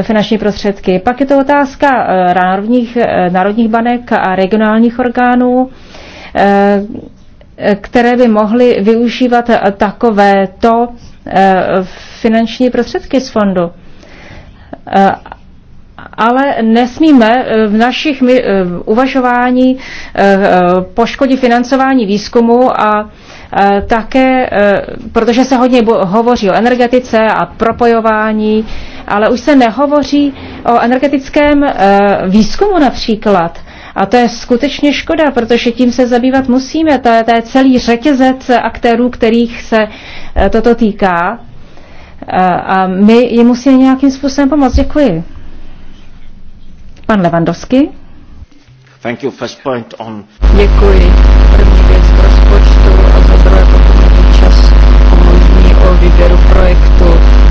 finanční prostředky. Pak je to otázka národních, národních banek a regionálních orgánů, které by mohly využívat takovéto finanční prostředky z fondu. Eh, ale nesmíme eh, v našich eh, uvažování poškodit financování výzkumu a také, protože se hodně hovoří o energetice a propojování, ale už se nehovoří o energetickém výzkumu například. A to je skutečně škoda, protože tím se zabývat musíme. To je, to je celý řetězec aktérů, kterých se toto týká a my jim musíme nějakým způsobem pomoct. Děkuji. Pan Levandovský. Thank you, first point on... Děkuji. První věc v rozpočtu a za druhé potom mi čas umožní o výběru projektu.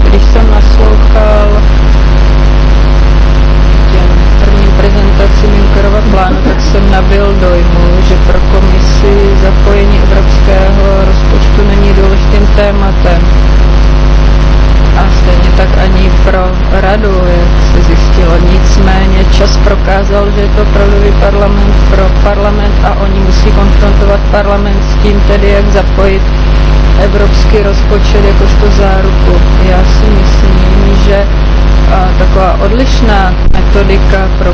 Když jsem naslouchal těm prvním prezentacím Junckerova plánu, tak že je to opravdový parlament pro parlament a oni musí konfrontovat parlament s tím tedy, jak zapojit evropský rozpočet jakožto záruku. Já si myslím, že taková odlišná metodika pro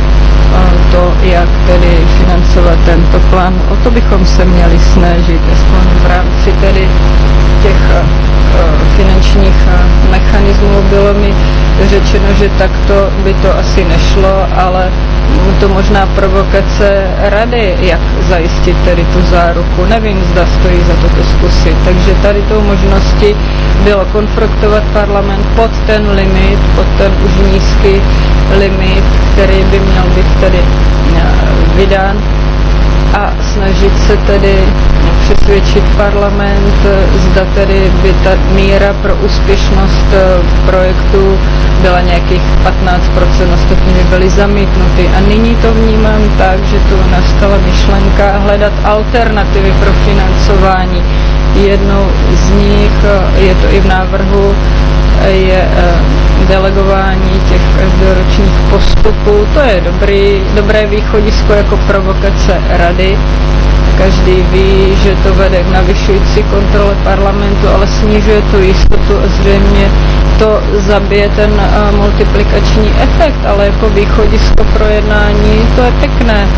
to, jak tedy financovat tento plán. O to bychom se měli snažit, aspoň v rámci tedy těch finančních mechanismů bylo mi řečeno, že takto by to asi nešlo, ale to možná provokace rady, jak zajistit tedy tu záruku. Nevím, zda stojí za to to zkusit. Takže tady tou možností bylo konfrontovat parlament pod ten limit, pod ten už nízký limit, který by měl být tedy eh, vydán a snažit se tedy přesvědčit parlament, eh, zda tedy by ta míra pro úspěšnost eh, projektu byla nějakých 15%, by byly zamítnuty. A nyní to vnímám tak, že tu nastala myšlenka hledat alternativy pro financování. Jednou z nich, eh, je to i v návrhu, je delegování těch každoročních postupů. To je dobrý, dobré východisko jako provokace rady. Každý ví, že to vede k navyšující kontrole parlamentu, ale snižuje tu jistotu a zřejmě to zabije ten eh, multiplikační efekt, ale jako východisko pro jednání to je pěkné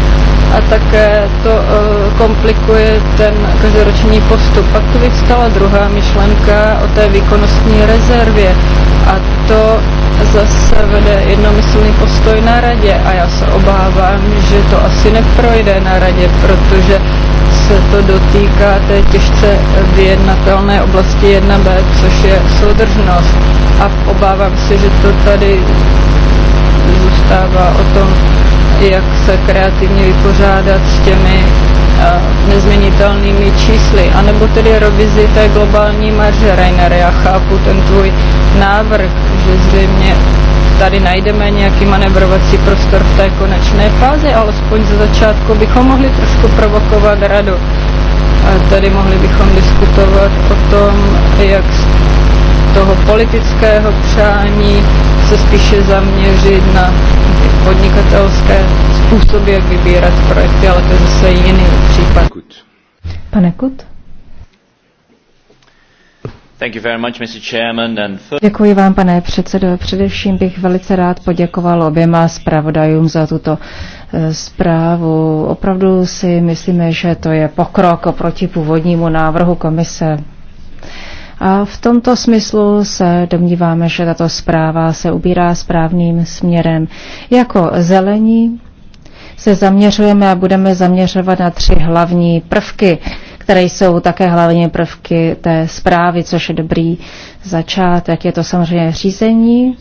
a také to eh, komplikuje ten každoroční postup. Pak tu vyvstala druhá myšlenka o té výkonnostní rezervě a to zase vede jednomyslný postoj na radě a já se obávám, že to asi neprojde na radě, protože se to dotýká té těžce vyjednatelné oblasti 1b, což je soudržnost. A obávám se, že to tady zůstává o tom jak se kreativně vypořádat s těmi eh, nezměnitelnými čísly, anebo tedy revizi té globální marže Rainer. Já chápu ten tvůj návrh, že zřejmě tady najdeme nějaký manevrovací prostor v té konečné fázi, alespoň ze začátku bychom mohli trošku provokovat radu. A tady mohli bychom diskutovat o tom, jak toho politického přání se spíše zaměřit na podnikatelské způsoby, jak vybírat projekty, ale to je zase jiný případ. Pane Kut. Děkuji vám, pane předsedo. Především bych velice rád poděkoval oběma zpravodajům za tuto eh, zprávu. Opravdu si myslíme, že to je pokrok oproti původnímu návrhu komise. A v tomto smyslu se domníváme, že tato zpráva se ubírá správným směrem. Jako zelení se zaměřujeme a budeme zaměřovat na tři hlavní prvky, které jsou také hlavní prvky té zprávy, což je dobrý začátek. Je to samozřejmě řízení,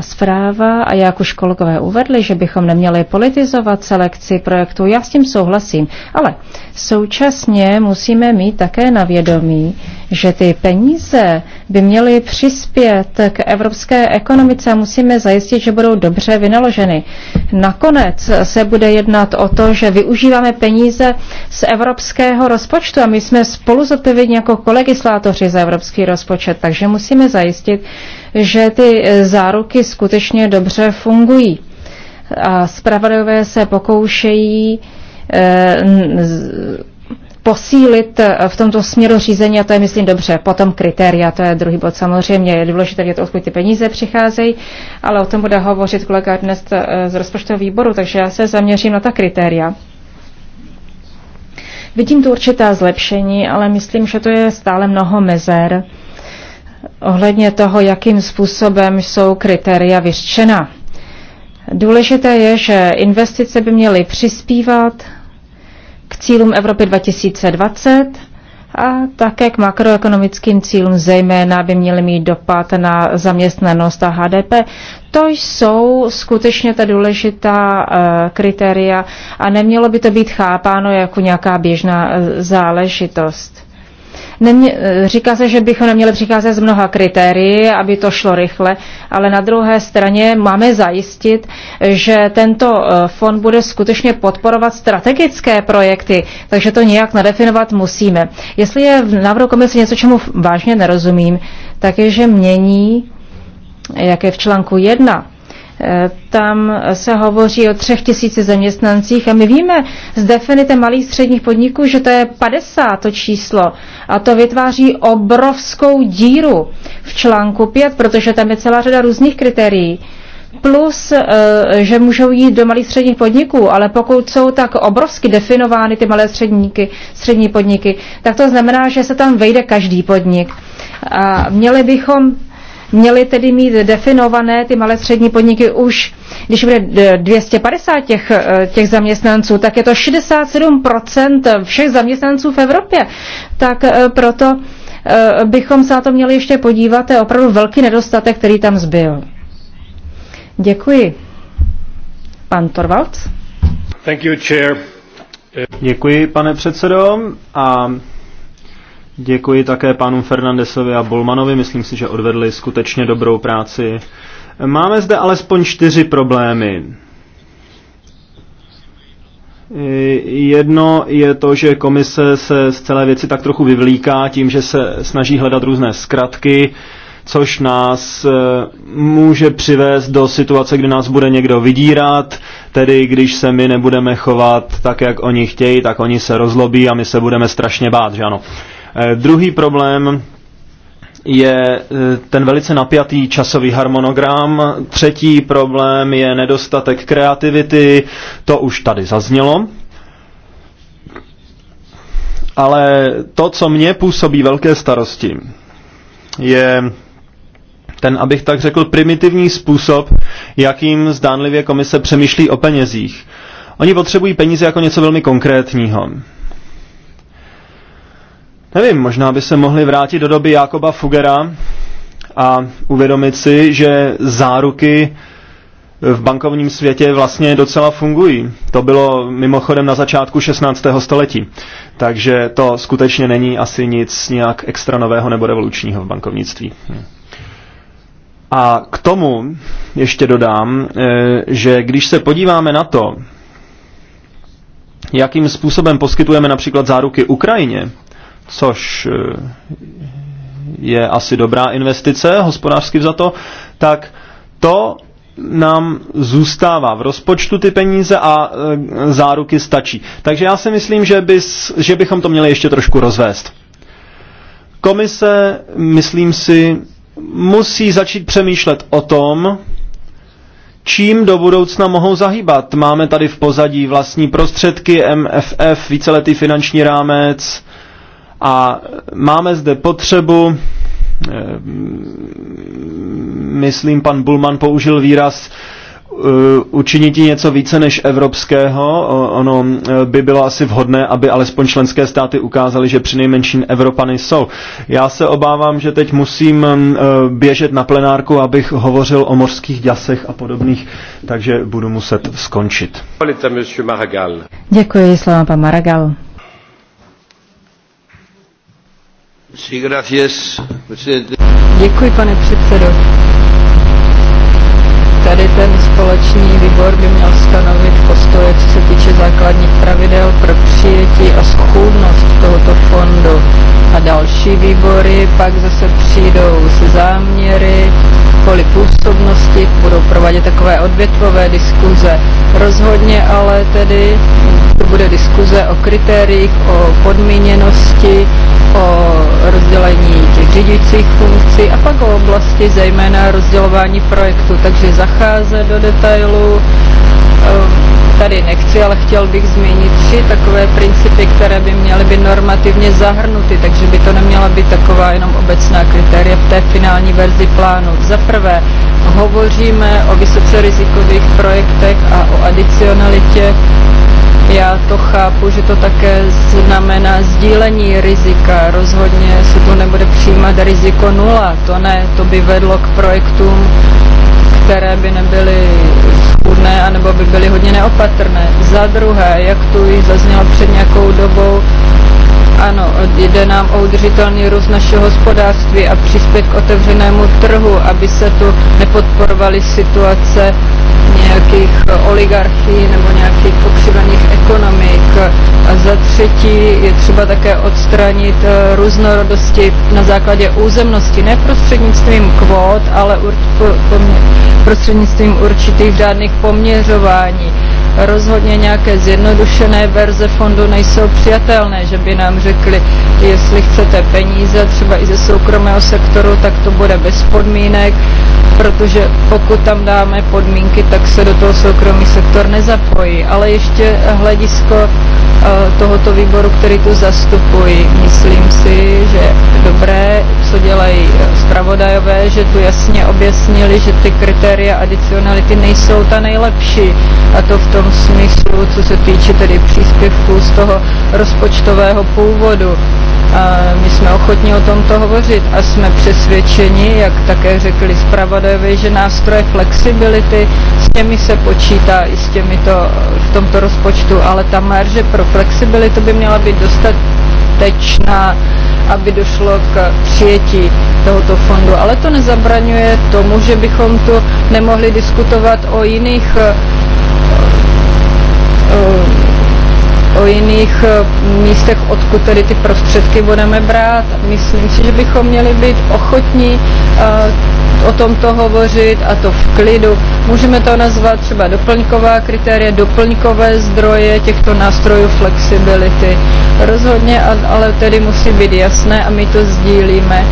zpráva a jak už kolegové uvedli, že bychom neměli politizovat selekci projektů, já s tím souhlasím, ale současně musíme mít také na vědomí, že ty peníze by měly přispět k evropské ekonomice a musíme zajistit, že budou dobře vynaloženy. Nakonec se bude jednat o to, že využíváme peníze z evropského rozpočtu a my jsme spolu zodpovědní jako kolegislátoři za evropský rozpočet, takže musíme zajistit, že ty eh, záruky skutečně dobře fungují. A zpravodajové se pokoušejí eh, posílit eh, v tomto směru řízení a to je, myslím, dobře. Potom kritéria, to je druhý bod. Samozřejmě je důležité vědět, odkud ty peníze přicházejí, ale o tom bude hovořit kolega dnes z rozpočtového výboru, takže já se zaměřím na ta kritéria. Vidím tu určitá zlepšení, ale myslím, že to je stále mnoho mezer ohledně toho, jakým způsobem jsou kritéria vyřčena. Důležité je, že investice by měly přispívat k cílům Evropy 2020 a také k makroekonomickým cílům, zejména by měly mít dopad na zaměstnanost a HDP. To jsou skutečně ta důležitá eh, kritéria a nemělo by to být chápáno jako nějaká běžná eh, záležitost. Nemě, eh, říká se, že bychom neměli přicházet z mnoha kritérií, aby to šlo rychle, ale na druhé straně máme zajistit, že tento eh, fond bude skutečně podporovat strategické projekty, takže to nějak nadefinovat musíme. Jestli je v návrhu komise něco, čemu vážně nerozumím, tak je, že mění, jak je v článku 1, tam se hovoří o třech tisíci zaměstnancích a my víme z definite malých středních podniků, že to je 50 to číslo a to vytváří obrovskou díru v článku 5, protože tam je celá řada různých kritérií plus, eh, že můžou jít do malých středních podniků, ale pokud jsou tak obrovsky definovány ty malé středníky, střední podniky, tak to znamená, že se tam vejde každý podnik. A měli bychom měly tedy mít definované ty malé střední podniky už, když bude 250 těch, eh, těch zaměstnanců, tak je to 67% všech zaměstnanců v Evropě. Tak eh, proto eh, bychom se na to měli ještě podívat, to je opravdu velký nedostatek, který tam zbyl. Děkuji. Pan Torvalds. Thank you, chair. Děkuji, pane předsedo. A Děkuji také panu Fernandesovi a Bolmanovi, myslím si, že odvedli skutečně dobrou práci. Máme zde alespoň čtyři problémy. Jedno je to, že komise se z celé věci tak trochu vyvlíká tím, že se snaží hledat různé zkratky, což nás eh, může přivést do situace, kdy nás bude někdo vydírat, tedy když se my nebudeme chovat tak, jak oni chtějí, tak oni se rozlobí a my se budeme strašně bát, že ano. Eh, druhý problém je eh, ten velice napjatý časový harmonogram. Třetí problém je nedostatek kreativity, to už tady zaznělo. Ale to, co mě působí velké starosti, je ten, abych tak řekl, primitivní způsob, jakým zdánlivě komise přemýšlí o penězích. Oni potřebují peníze jako něco velmi konkrétního. Nevím, možná by se mohli vrátit do doby Jakoba Fugera a uvědomit si, že záruky v bankovním světě vlastně docela fungují. To bylo mimochodem na začátku 16. století. Takže to skutečně není asi nic nějak extra nového nebo revolučního v bankovnictví. A k tomu ještě dodám, eh, že když se podíváme na to, jakým způsobem poskytujeme například záruky Ukrajině, což eh, je asi dobrá investice, hospodářsky za to, tak to nám zůstává v rozpočtu ty peníze a eh, záruky stačí. Takže já si myslím, že, bys, že bychom to měli ještě trošku rozvést. Komise, myslím si, musí začít přemýšlet o tom, čím do budoucna mohou zahýbat. Máme tady v pozadí vlastní prostředky, MFF, víceletý finanční rámec, a máme zde potřebu, eh, myslím, pan Bulman použil výraz, eh, učinit něco více než evropského. Ono eh, by bylo asi vhodné, aby alespoň členské státy ukázaly, že při nejmenším Evropany jsou. Já se obávám, že teď musím běžet na plenárku, abych hovořil o mořských děsech a podobných, takže budu muset skončit. Děkuji, slova pan Maragal. Děkuji, pane předsedo. Tady ten společný výbor by měl stanovit postoje, co se týče základních pravidel pro přijetí a schůdnost tohoto fondu. A další výbory pak zase přijdou se záměry, kvůli působnosti, budou provádět takové odvětvové diskuze. Rozhodně ale tedy bude diskuze o kritériích, o podmíněnosti, o rozdělení těch řídících funkcí a pak o oblasti zejména rozdělování projektu. Takže zacházet do detailů ehm, tady nechci, ale chtěl bych zmínit tři takové principy, které by měly být normativně zahrnuty, takže by to neměla být taková jenom obecná kritéria v té finální verzi plánu. Za prvé, hovoříme o vysoce rizikových projektech a o adicionalitě já to chápu, že to také znamená sdílení rizika. Rozhodně se tu nebude přijímat riziko nula. To ne, to by vedlo k projektům, které by nebyly schůdné anebo by byly hodně neopatrné. Za druhé, jak tu již zaznělo před nějakou dobou, ano, jde nám o udržitelný růst našeho hospodářství a přispět k otevřenému trhu, aby se tu nepodporovaly situace, nějakých eh, oligarchí nebo nějakých pokřivených ekonomik. A za třetí je třeba také odstranit eh, různorodosti na základě územnosti, ne prostřednictvím kvót, ale po- prostřednictvím určitých řádných poměřování rozhodně nějaké zjednodušené verze fondu nejsou přijatelné, že by nám řekli, jestli chcete peníze třeba i ze soukromého sektoru, tak to bude bez podmínek, protože pokud tam dáme podmínky, tak se do toho soukromý sektor nezapojí. Ale ještě hledisko Eh, tohoto výboru, který tu zastupuji. Myslím si, že dobré, co dělají eh, zpravodajové, že tu jasně objasnili, že ty kritéria adicionality nejsou ta nejlepší. A to v tom smyslu, co se týče tedy příspěvků z toho rozpočtového původu my jsme ochotni o tomto hovořit a jsme přesvědčeni, jak také řekli zpravodajové, že nástroje flexibility, s těmi se počítá i s to v tomto rozpočtu, ale ta marže pro flexibilitu by měla být dostatečná, aby došlo k přijetí tohoto fondu. Ale to nezabraňuje tomu, že bychom tu nemohli diskutovat o jiných eh, eh, o jiných eh, místech, odkud tedy ty prostředky budeme brát. Myslím si, že bychom měli být ochotní eh, o tomto hovořit a to v klidu. Můžeme to nazvat třeba doplňková kritéria, doplňkové zdroje těchto nástrojů flexibility. Rozhodně, ale tedy musí být jasné a my to sdílíme,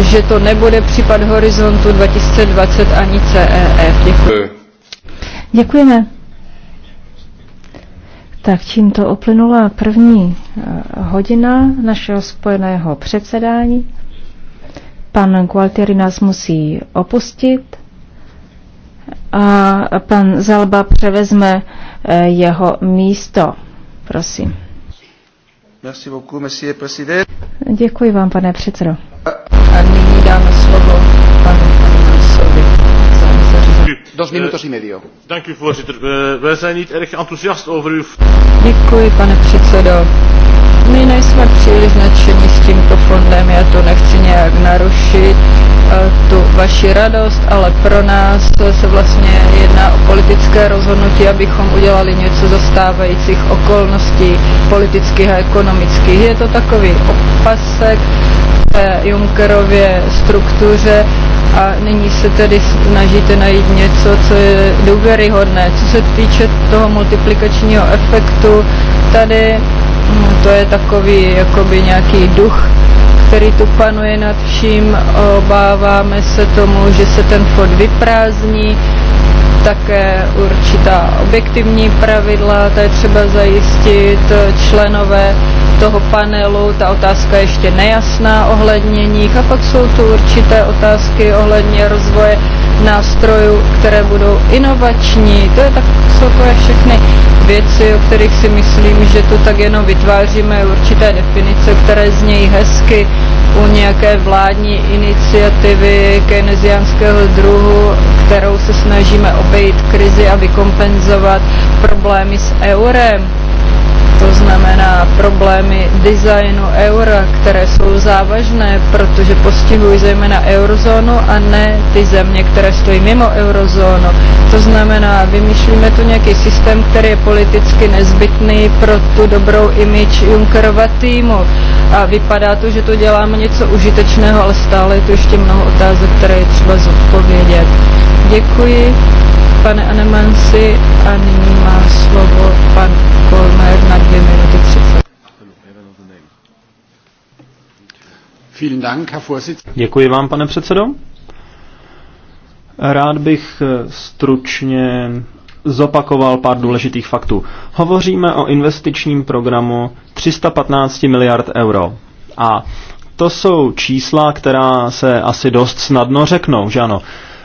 že to nebude případ horizontu 2020 ani CEF. E. Děkuji. Děkujeme. Tak tímto uplynula první eh, hodina našeho spojeného předsedání. Pan Gualtieri nás musí opustit a pan Zalba převezme eh, jeho místo. Prosím. Děkuji vám, pane předsedo. A nyní dáme slovo Eh, voorzitter eh, wij zijn niet erg enthousiast over uw. Děkuji, pane předsedo. My nejsme příliš nadšení s tímto fondem, já to nechci nějak narušit eh, tu vaši radost, ale pro nás se vlastně jedná o politické rozhodnutí, abychom udělali něco za stávajících okolností politických a ekonomických. Je to takový opasek té Junckerově struktuře, a nyní se tedy snažíte najít něco, co je důvěryhodné. Co se týče toho multiplikačního efektu, tady hm, to je takový jakoby nějaký duch, který tu panuje nad vším. Obáváme se tomu, že se ten fond vyprázdní, také určitá objektivní pravidla, to je třeba zajistit eh, členové toho panelu, ta otázka je ještě nejasná ohledně nich a pak jsou tu určité otázky ohledně rozvoje nástrojů, které budou inovační. To je tak, jsou to všechny věci, o kterých si myslím, že tu tak jenom vytváříme určité definice, které znějí hezky, u nějaké vládní iniciativy keynesiánského druhu, kterou se snažíme obejít krizi a vykompenzovat problémy s eurem to znamená problémy designu eura, které jsou závažné, protože postihují zejména eurozónu a ne ty země, které stojí mimo eurozónu. To znamená, vymýšlíme tu nějaký systém, který je politicky nezbytný pro tu dobrou imič Junckerova týmu. A vypadá to, že to děláme něco užitečného, ale stále je tu ještě mnoho otázek, které je třeba zodpovědět. Děkuji pane Anemansi a nyní má slovo pan Kolmer na dvě minuty třicet. Děkuji vám, pane předsedo. Rád bych eh, stručně zopakoval pár důležitých faktů. Hovoříme o investičním programu 315 miliard euro. A to jsou čísla, která se asi dost snadno řeknou, že ano.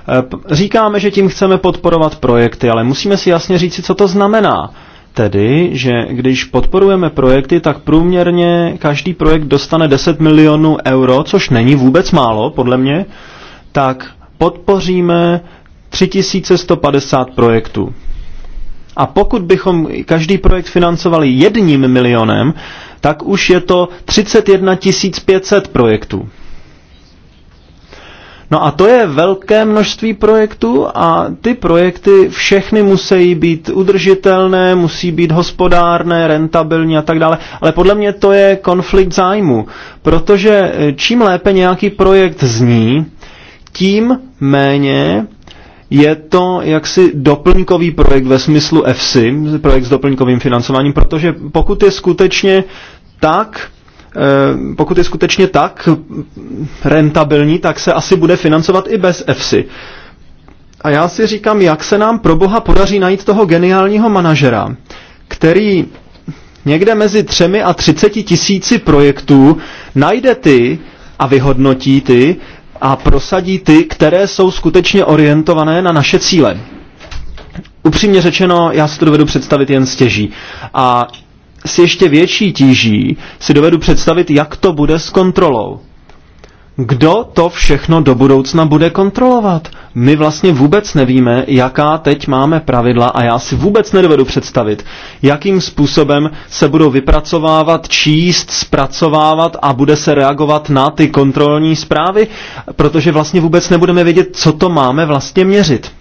Eh, říkáme, že tím chceme podporovat projekty, ale musíme si jasně říci, co to znamená. Tedy, že když podporujeme projekty, tak průměrně každý projekt dostane 10 milionů euro, což není vůbec málo, podle mě, tak podpoříme 3150 projektů. A pokud bychom každý projekt financovali jedním milionem, tak už je to 31 500 projektů. No a to je velké množství projektů a ty projekty všechny musí být udržitelné, musí být hospodárné, rentabilní a tak dále. Ale podle mě to je konflikt zájmu, protože čím lépe nějaký projekt zní, tím méně je to jaksi doplňkový projekt ve smyslu FC projekt s doplňkovým financováním, protože pokud je skutečně tak, Eh, pokud je skutečně tak rentabilní, tak se asi bude financovat i bez EFSI. A já si říkám, jak se nám pro boha podaří najít toho geniálního manažera, který někde mezi třemi a třiceti tisíci projektů najde ty a vyhodnotí ty a prosadí ty, které jsou skutečně orientované na naše cíle. Upřímně řečeno, já si to dovedu představit jen stěží. A s ještě větší tíží si dovedu představit, jak to bude s kontrolou. Kdo to všechno do budoucna bude kontrolovat? My vlastně vůbec nevíme, jaká teď máme pravidla a já si vůbec nedovedu představit, jakým způsobem se budou vypracovávat, číst, zpracovávat a bude se reagovat na ty kontrolní zprávy, protože vlastně vůbec nebudeme vědět, co to máme vlastně měřit.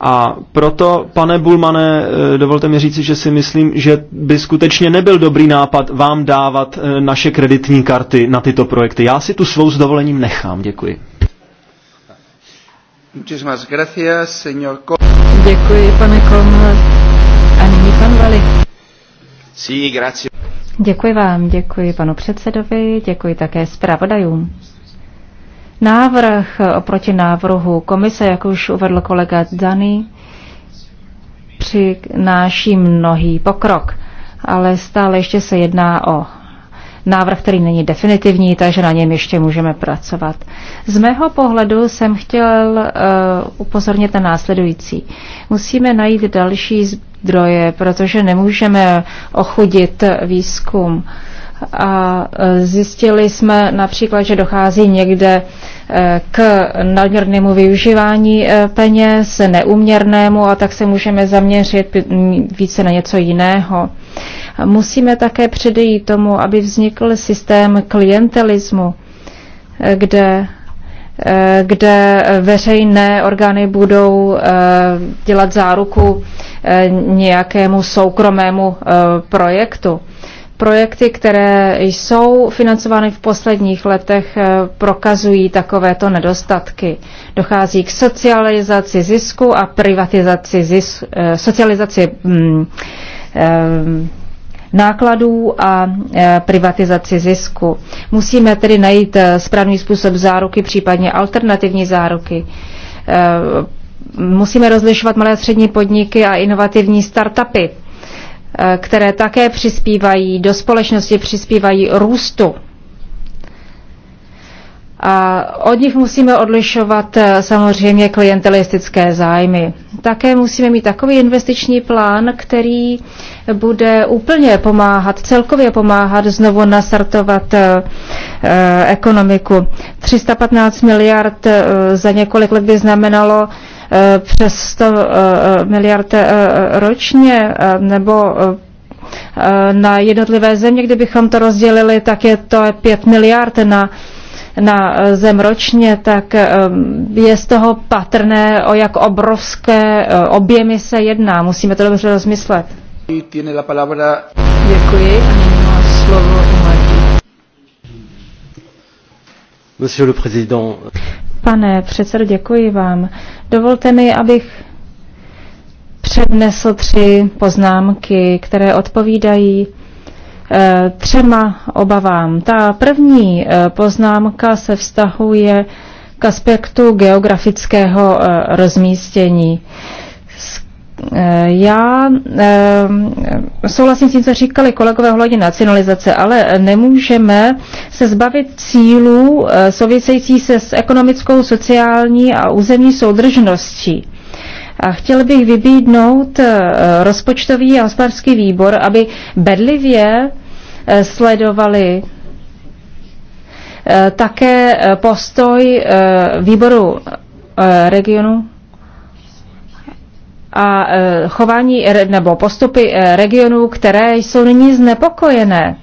A proto, pane Bulmane, eh, dovolte mi říci, že si myslím, že by skutečně nebyl dobrý nápad vám dávat eh, naše kreditní karty na tyto projekty. Já si tu svou s dovolením nechám. Děkuji. Děkuji, pane Komle. A nyní pan Vali. Sí, Děkuji vám, děkuji panu předsedovi, děkuji také zpravodajům. Návrh oproti návrhu komise, jak už uvedl kolega Dany, přináší mnohý pokrok, ale stále ještě se jedná o návrh, který není definitivní, takže na něm ještě můžeme pracovat. Z mého pohledu jsem chtěl uh, upozornit na následující. Musíme najít další zdroje, protože nemůžeme ochudit výzkum. Uh, a e, zjistili jsme například, že dochází někde e, k nadměrnému využívání e, peněz, neuměrnému a tak se můžeme zaměřit více na něco jiného. Musíme také předejít tomu, aby vznikl systém klientelismu, kde kde veřejné orgány budou dělat záruku nějakému soukromému projektu. Projekty, které jsou financovány v posledních letech, eh, prokazují takovéto nedostatky. Dochází k socializaci zisku a privatizaci zisku, eh, socializaci hm, hm, nákladů a privatizaci zisku. Musíme tedy najít správný způsob záruky, případně alternativní záruky. Musíme rozlišovat malé a střední podniky a inovativní startupy Eh, které také přispívají do společnosti, přispívají růstu. A od nich musíme odlišovat eh, samozřejmě klientelistické zájmy. Také musíme mít takový investiční plán, který bude úplně pomáhat, celkově pomáhat znovu nasartovat eh, eh, ekonomiku. 315 miliard eh, za několik let by znamenalo eh, přes 100 eh, miliard ročně nebo na jednotlivé země, kdybychom to rozdělili, tak je to 5 miliard na na eh, zem ročně, tak eh, je z toho patrné, o jak obrovské eh, objemy se jedná. Musíme to dobře rozmyslet. Děkuji a nyní má slovo Monsieur le Président. Pane předsedo, děkuji vám. Dovolte mi, abych přednesl tři poznámky, které odpovídají Eh, třema obavám. Ta první eh, poznámka se vztahuje k aspektu geografického eh, rozmístění. Já souhlasím s tím, co říkali kolegové ohledně nacionalizace, ale nemůžeme se zbavit cílů související se s ekonomickou, sociální a územní soudržností. A chtěl bych vybídnout eh, rozpočtový a hospodářský výbor, aby bedlivě eh, sledovali eh, také postoj výboru regionu a chování nebo postupy regionů, které jsou nyní znepokojené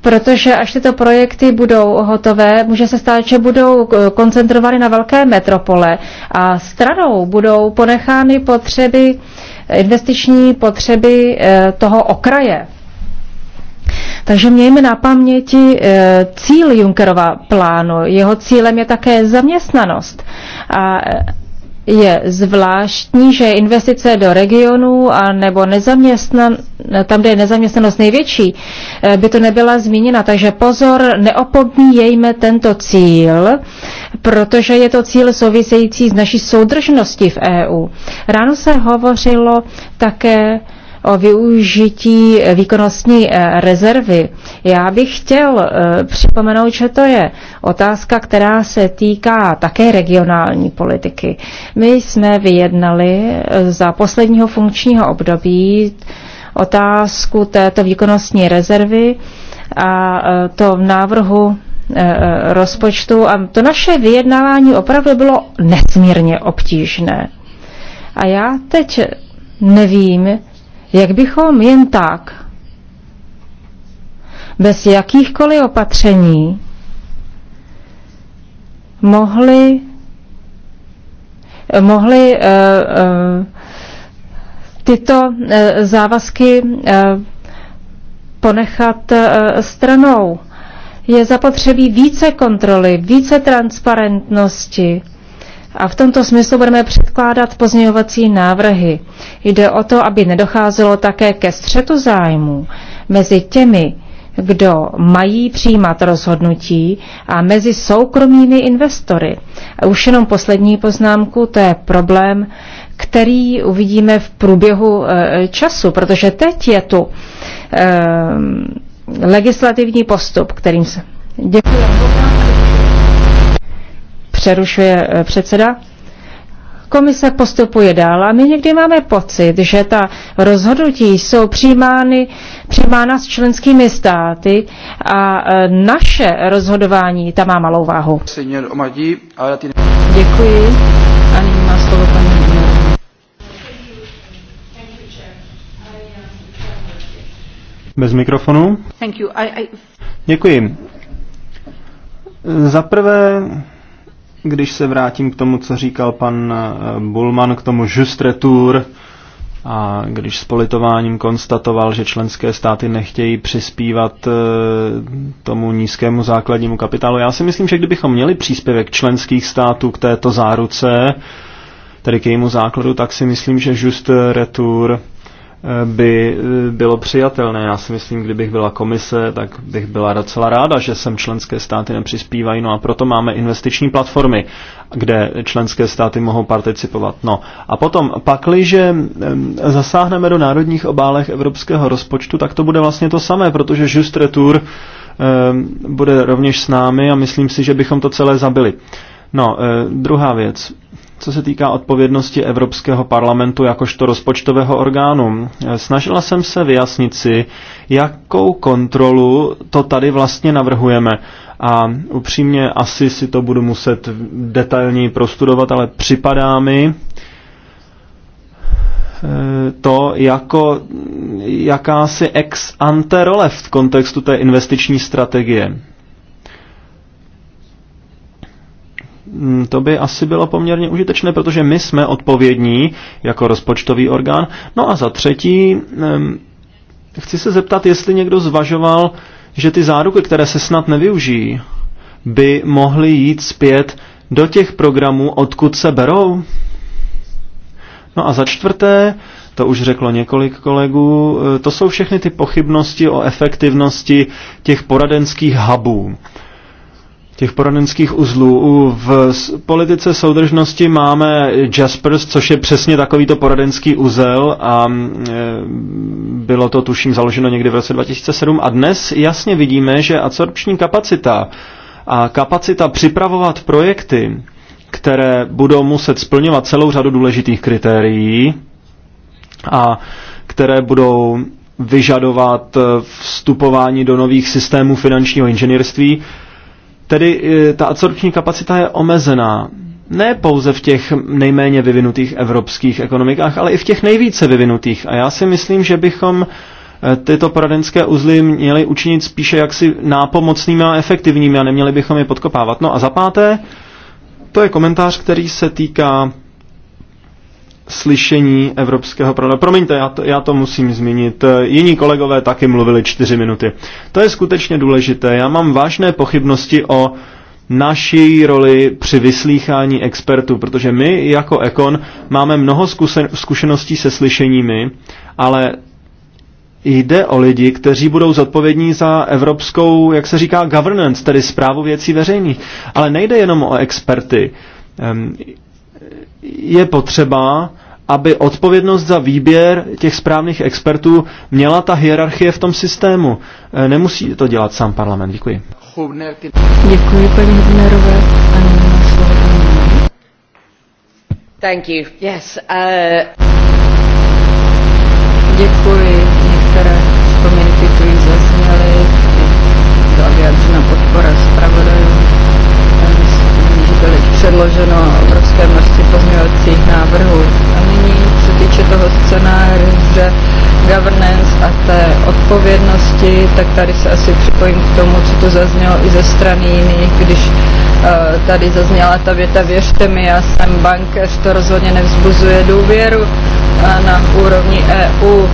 protože až tyto projekty budou hotové, může se stát, že budou eh, koncentrovány na velké metropole a stranou budou ponechány potřeby, eh, investiční potřeby eh, toho okraje. Takže mějme na paměti cíl Junckerova plánu. Jeho cílem je také zaměstnanost. A je zvláštní, že investice do regionů a nebo nezaměstnan, tam, kde je nezaměstnanost největší, eh, by to nebyla zmíněna. Takže pozor, neopomíjejme tento cíl, protože je to cíl související s naší soudržností v EU. Ráno se hovořilo také o využití výkonnostní eh, rezervy. Já bych chtěl eh, připomenout, že to je otázka, která se týká také regionální politiky. My jsme vyjednali eh, za posledního funkčního období otázku této výkonnostní rezervy a to v návrhu rozpočtu a to naše vyjednávání opravdu bylo nesmírně obtížné. A já teď nevím, jak bychom jen tak, bez jakýchkoliv opatření, mohli, mohli uh, uh, tyto uh, závazky uh, ponechat uh, stranou. Je zapotřebí více kontroly, více transparentnosti, a v tomto smyslu budeme předkládat pozměňovací návrhy. Jde o to, aby nedocházelo také ke střetu zájmů mezi těmi, kdo mají přijímat rozhodnutí a mezi soukromými investory. A už jenom poslední poznámku, to je problém, který uvidíme v průběhu e, času, protože teď je tu e, legislativní postup, kterým se... Děkuji přerušuje eh, předseda. Komise postupuje dál a my někdy máme pocit, že ta rozhodnutí jsou přijímány, přijímána s členskými státy a eh, naše rozhodování tam má malou váhu. Děkuji a nyní má slovo paní Bez mikrofonu. Thank you. I, I... Děkuji. Za prvé když se vrátím k tomu, co říkal pan eh, Bulman, k tomu justre tour, a když s politováním konstatoval, že členské státy nechtějí přispívat eh, tomu nízkému základnímu kapitálu, já si myslím, že kdybychom měli příspěvek členských států k této záruce, tedy k jejímu základu, tak si myslím, že just retour by eh, bylo přijatelné. Já si myslím, kdybych byla komise, tak bych byla docela ráda, že sem členské státy nepřispívají. No a proto máme investiční platformy, kde členské státy mohou participovat. No a potom, pakliže eh, zasáhneme do národních obálek evropského rozpočtu, tak to bude vlastně to samé, protože Justre Tour eh, bude rovněž s námi a myslím si, že bychom to celé zabili. No, druhá věc co se týká odpovědnosti Evropského parlamentu jakožto rozpočtového orgánu. Snažila jsem se vyjasnit si, jakou kontrolu to tady vlastně navrhujeme. A upřímně asi si to budu muset detailněji prostudovat, ale připadá mi e, to jako jakási ex ante role v kontextu té investiční strategie. Mm, to by asi bylo poměrně užitečné, protože my jsme odpovědní jako rozpočtový orgán. No a za třetí, chci se zeptat, jestli někdo zvažoval, že ty záruky, které se snad nevyužijí, by mohly jít zpět do těch programů, odkud se berou. No a za čtvrté, to už řeklo několik kolegů, e, to jsou všechny ty pochybnosti o efektivnosti těch poradenských hubů těch poradenských uzlů. V politice soudržnosti máme Jaspers, což je přesně takovýto poradenský uzel a mm, e, bylo to tuším založeno někdy v roce 2007 a dnes jasně vidíme, že absorpční kapacita a kapacita připravovat projekty, které budou muset splňovat celou řadu důležitých kritérií a které budou vyžadovat e, vstupování do nových systémů finančního inženýrství, Tedy eh, ta absorpční kapacita je omezená. Ne pouze v těch nejméně vyvinutých evropských ekonomikách, ale i v těch nejvíce vyvinutých. A já si myslím, že bychom eh, tyto poradenské uzly měli učinit spíše jaksi nápomocnými a efektivními a neměli bychom je podkopávat. No a za páté, to je komentář, který se týká slyšení Evropského parlamentu. No, promiňte, já to, já to musím zmínit. Jiní kolegové taky mluvili čtyři minuty. To je skutečně důležité. Já mám vážné pochybnosti o naší roli při vyslýchání expertů, protože my jako Ekon máme mnoho zkusen- zkušeností se slyšeními, ale jde o lidi, kteří budou zodpovědní za evropskou, jak se říká, governance, tedy zprávu věcí veřejných. Ale nejde jenom o experty. Um, je potřeba, aby odpovědnost za výběr těch správných expertů měla ta hierarchie v tom systému. E, nemusí to dělat sám parlament. Děkuji. Děkuji paní Hubnerové Thank you. Yes, uh... Děkuji. Některé vzpomínky tu již zazněly. Byla vyjádřena podpora zpravodajů. Myslím, že byly předloženo velké množství pozměňovacích návrhů. A nyní, co týče toho scénáře governance a té odpovědnosti, tak tady se asi připojím k tomu, co tu zaznělo i ze strany jiných, když uh, tady zazněla ta věta, věřte mi, já jsem bankéř, to rozhodně nevzbuzuje důvěru eh, na úrovni EU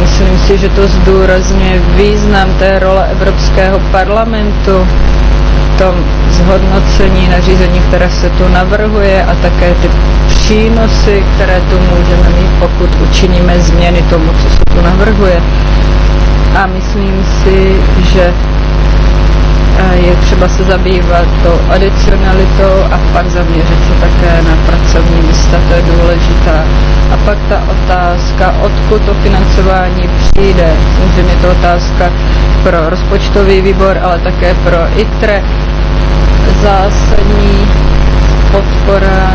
Myslím si, že to zdůrazňuje význam té role Evropského parlamentu v tom zhodnocení nařízení, které se tu navrhuje a také ty přínosy, které tu můžeme mít, pokud učiníme změny tomu, co se tu navrhuje. A myslím si, že je třeba se zabývat tou adicionalitou a pak zaměřit se také na pracovní místa, to je důležitá. A pak ta otázka, odkud to financování přijde. Samozřejmě je to otázka pro rozpočtový výbor, ale také pro ITRE. Zásadní podpora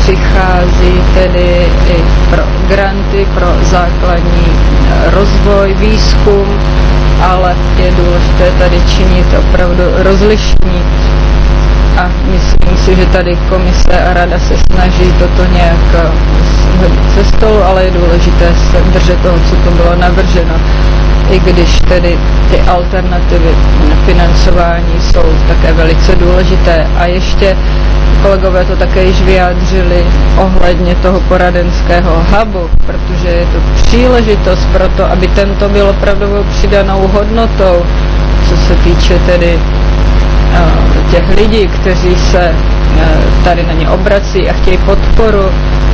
přichází tedy i pro granty, pro základní rozvoj, výzkum, ale je důležité tady činit opravdu rozlišení. A myslím si, že tady komise a rada se snaží toto nějak eh, hodit se stolu, ale je důležité se držet toho, co to bylo navrženo. I když tedy ty alternativy financování jsou také velice důležité. A ještě kolegové to také již vyjádřili ohledně toho poradenského hubu, protože je to příležitost pro to, aby tento byl opravdovou přidanou hodnotou, co se týče tedy Eh, těch lidí, kteří se eh, tady na ně obrací a chtějí podporu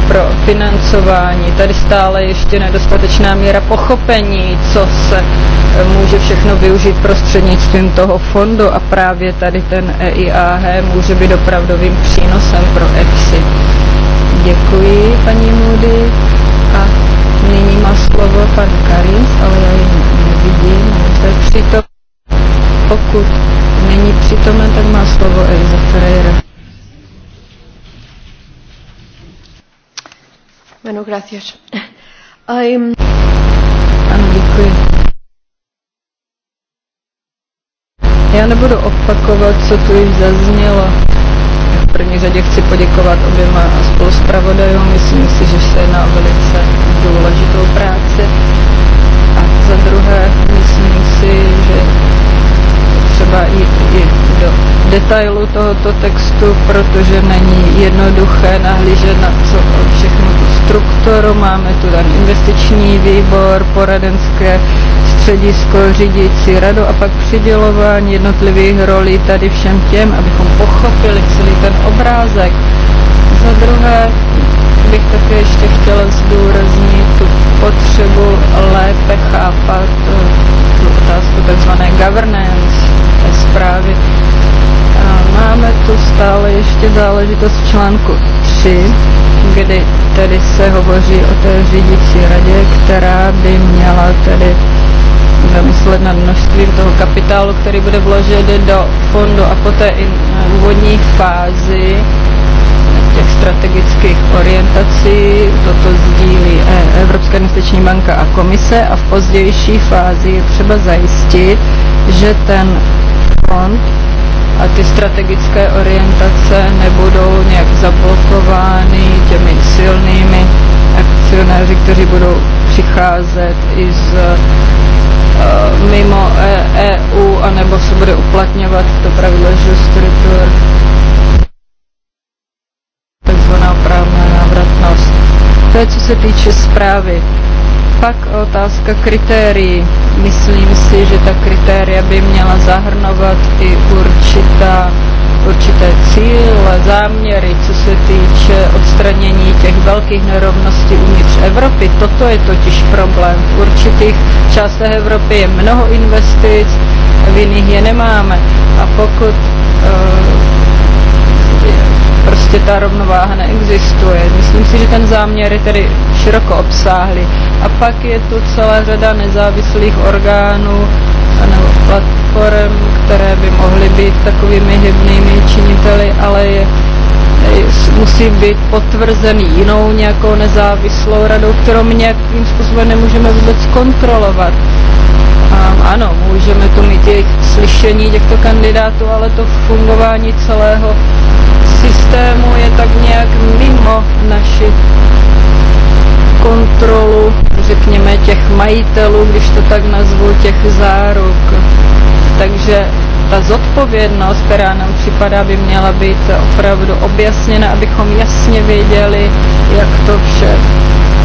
pro financování. Tady stále ještě nedostatečná míra pochopení, co se eh, může všechno využít prostřednictvím toho fondu a právě tady ten EIAH může být opravdovým přínosem pro EFSI. Děkuji, paní Moody. A nyní má slovo pan Karis, ale já ji nevidím, nejsem Pokud není přítomen, tak má slovo Eliza Ferreira. Bueno, gracias. I'm... Mm. Ano, děkuji. Já nebudu opakovat, co tu již zaznělo. V první řadě chci poděkovat oběma spoluspravodajům. Myslím si, že se jedná o velice důležitou práci. A za druhé, myslím si, že třeba jít i do detailu tohoto textu, protože není jednoduché nahlížet na co všechnu tu strukturu. Máme tu tam investiční výbor, poradenské středisko, řídící radu a pak přidělování jednotlivých rolí tady všem těm, abychom pochopili celý ten obrázek. Za druhé bych také ještě chtěla zdůraznit tu potřebu lépe chápat eh, tu otázku tzv. governance, zprávy. A máme tu stále ještě záležitost článku 3, kdy tedy se hovoří o té řídící radě, která by měla tedy zamyslet nad množstvím toho kapitálu, který bude vložen do fondu a poté i úvodní fázi těch strategických orientací. Toto sdílí eh, Evropská investiční banka a komise a v pozdější fázi je třeba zajistit, že ten fond a ty strategické orientace nebudou nějak zablokovány těmi silnými akcionáři, kteří budou přicházet i z uh, mimo EU, e anebo se bude uplatňovat to pravidlo just return, takzvaná právná návratnost. To je, co se týče zprávy. Pak otázka kritérií. Myslím si, že ta kritéria by měla zahrnovat i určitá, určité cíle, záměry, co se týče odstranění těch velkých nerovností uvnitř Evropy. Toto je totiž problém. V určitých částech Evropy je mnoho investic, v jiných je nemáme. A pokud uh, prostě ta rovnováha neexistuje. Myslím si, že ten záměr je tedy široko obsáhlý. A pak je tu celá řada nezávislých orgánů nebo platform, které by mohly být takovými hybnými činiteli, ale je, musí být potvrzený jinou nějakou nezávislou radou, kterou my nějakým způsobem nemůžeme vůbec kontrolovat. Um, ano, můžeme tu mít jejich slyšení těchto kandidátů, ale to fungování celého systému je tak nějak mimo naši kontrolu, řekněme, těch majitelů, když to tak nazvu, těch záruk. Takže ta zodpovědnost, která nám připadá, by měla být opravdu objasněna, abychom jasně věděli, jak to vše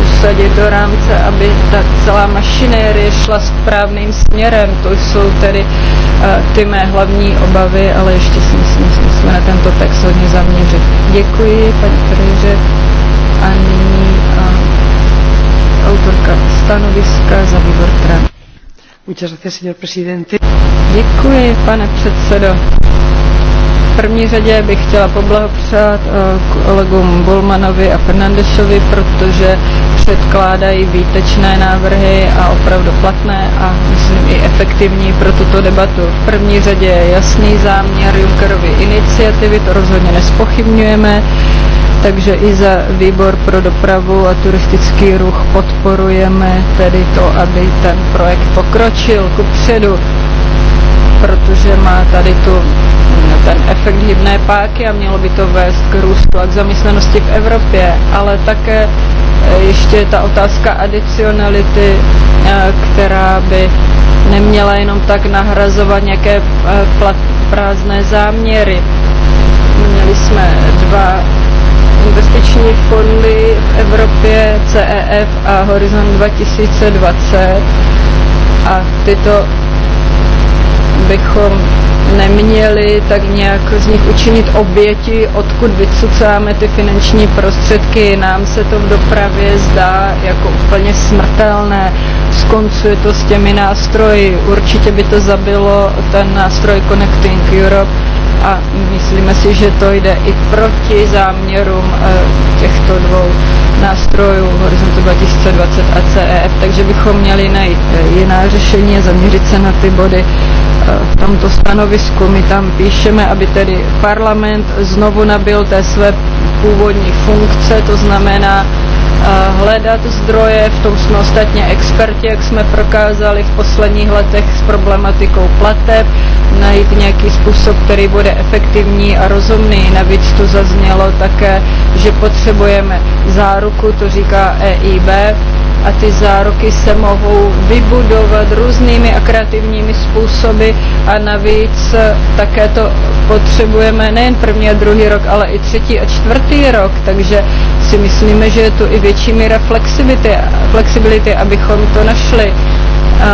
usadit do rámce, aby ta celá mašinérie šla správným směrem. To jsou tedy uh, ty mé hlavní obavy, ale ještě si myslím, že musíme na tento text hodně zaměřit. Děkuji, paní Kryže. A nyní uh, autorka stanoviska za výbor Trump. Děkuji, pane předsedo. V první řadě bych chtěla poblahopřát eh, kolegům Bulmanovi a Fernandešovi, protože předkládají výtečné návrhy a opravdu platné a myslím i efektivní pro tuto debatu. V první řadě je jasný záměr Junckerovy iniciativy, to rozhodně nespochybňujeme takže i za výbor pro dopravu a turistický ruch podporujeme tedy to, aby ten projekt pokročil ku předu, protože má tady tu no, ten efekt hybné páky a mělo by to vést k růstu a k zaměstnanosti v Evropě, ale také eh, ještě ta otázka adicionality, eh, která by neměla jenom tak nahrazovat nějaké eh, prázdné záměry. Měli jsme dva investiční fondy v Evropě, CEF a Horizon 2020. A tyto bychom neměli tak nějak z nich učinit oběti, odkud vycucáme ty finanční prostředky. Nám se to v dopravě zdá jako úplně smrtelné. Skoncuje to s těmi nástroji. Určitě by to zabilo ten nástroj Connecting Europe a myslíme si, že to jde i proti záměrům eh, těchto dvou nástrojů Horizontu 2020 a CEF, takže bychom měli najít eh, jiná řešení a zaměřit se na ty body eh, v tomto stanovisku. My tam píšeme, aby tedy parlament znovu nabil té své původní funkce, to znamená hledat zdroje, v tom jsme ostatně experti, jak jsme prokázali v posledních letech s problematikou plateb, najít nějaký způsob, který bude efektivní a rozumný. Navíc tu zaznělo také, že potřebujeme záruku, to říká EIB, a ty zároky se mohou vybudovat různými a kreativními způsoby a navíc eh, také to potřebujeme nejen první a druhý rok, ale i třetí a čtvrtý rok, takže si myslíme, že je tu i větší míra flexibility, flexibility abychom to našli eh,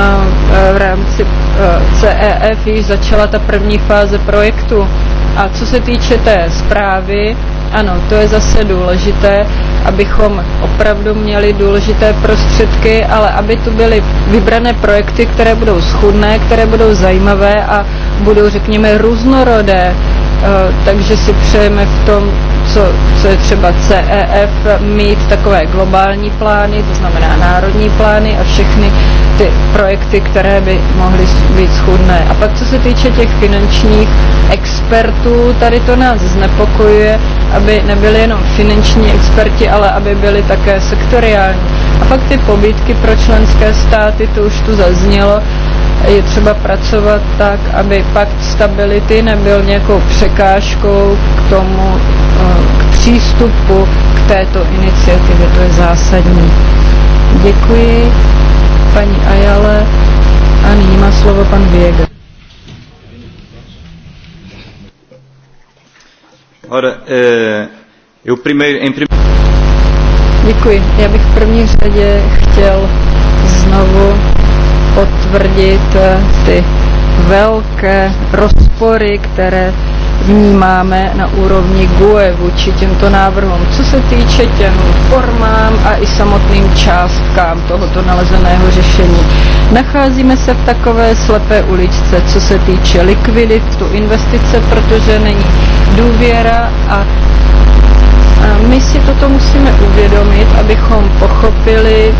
v rámci eh, CEF již začala ta první fáze projektu a co se týče té zprávy, ano, to je zase důležité, abychom opravdu měli důležité prostředky, ale aby tu byly vybrané projekty, které budou schudné, které budou zajímavé a budou, řekněme, různorodé. Eh, takže si přejeme v tom co, co je třeba CEF, mít takové globální plány, to znamená národní plány a všechny ty projekty, které by mohly být schůdné. A pak co se týče těch finančních expertů, tady to nás znepokojuje, aby nebyli jenom finanční experti, ale aby byli také sektoriální. A pak ty pobídky pro členské státy, to už tu zaznělo, je třeba pracovat tak, aby pakt stability nebyl nějakou překážkou k tomu, k přístupu k této iniciativě. To je zásadní. Děkuji paní Ajale a nyní má slovo pan Viegas. Eh, Děkuji. Já bych v první řadě chtěl znovu potvrdit eh, ty velké rozpory, které vnímáme na úrovni GUE vůči těmto návrhům, co se týče těm formám a i samotným částkám tohoto nalezeného řešení. Nacházíme se v takové slepé uličce, co se týče likviditu investice, protože není důvěra a my si toto musíme uvědomit, abychom pochopili,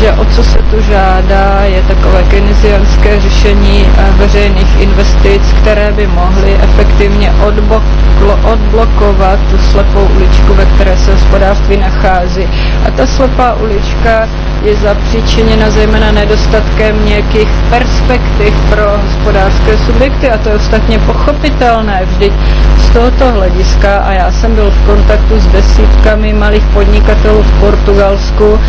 že o co se tu žádá, je takové keynesianské řešení eh, veřejných investic, které by mohly efektivně odboklo, odblokovat tu slepou uličku, ve které se hospodářství nachází. A ta slepá ulička je zapříčiněna zejména nedostatkem nějakých perspektiv pro hospodářské subjekty a to je ostatně pochopitelné vždyť z tohoto hlediska a já jsem byl v kontaktu s desítkami malých podnikatelů v Portugalsku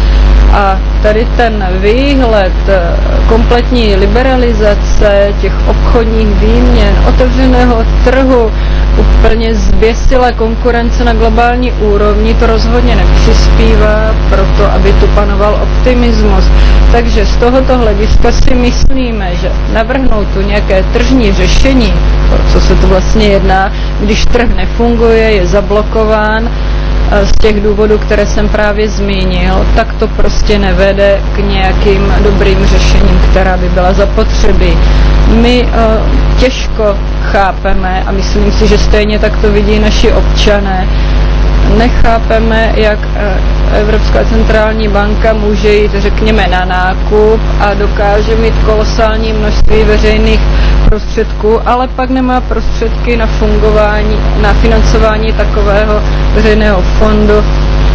a tady ten výhled eh, kompletní liberalizace těch obchodních výměn, otevřeného trhu, úplně zběsila konkurence na globální úrovni, to rozhodně nepřispívá proto, aby tu panoval optimismus. Takže z tohoto hlediska si myslíme, že navrhnout tu nějaké tržní řešení, co se tu vlastně jedná, když trh nefunguje, je zablokován, Eh, z těch důvodů, které jsem právě zmínil, tak to prostě nevede k nějakým dobrým řešením, která by byla zapotřebí. My eh, těžko chápeme a myslím si, že stejně tak to vidí naši občané, nechápeme, jak eh, Evropská centrální banka může jít, řekněme, na nákup a dokáže mít kolosální množství veřejných prostředků, ale pak nemá prostředky na fungování, na financování takového veřejného fondu.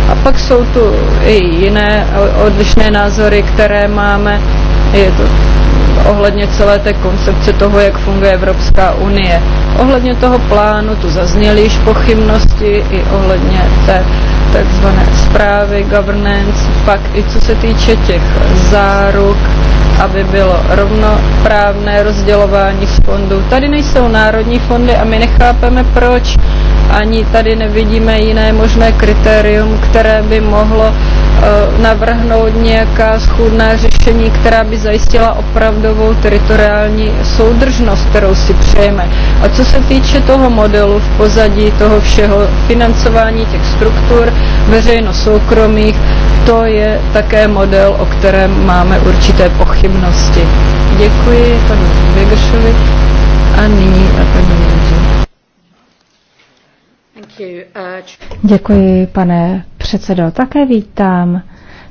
A pak jsou tu i jiné odlišné názory, které máme. Je to ohledně celé té koncepce toho, jak funguje Evropská unie. Ohledně toho plánu tu zazněly již pochybnosti i ohledně té takzvané zprávy, governance, pak i co se týče těch záruk, aby bylo rovnoprávné rozdělování z fondů. Tady nejsou národní fondy a my nechápeme proč. Ani tady nevidíme jiné možné kritérium, které by mohlo eh, navrhnout nějaká schůdná řešení, která by zajistila opravdu opravdovou teritoriální soudržnost, kterou si přejeme. A co se týče toho modelu v pozadí toho všeho financování těch struktur, veřejno-soukromých, to je také model, o kterém máme určité pochybnosti. Děkuji panu Vegešovi a nyní a paní Ježí. Uh, děkuji, pane předsedo. Také vítám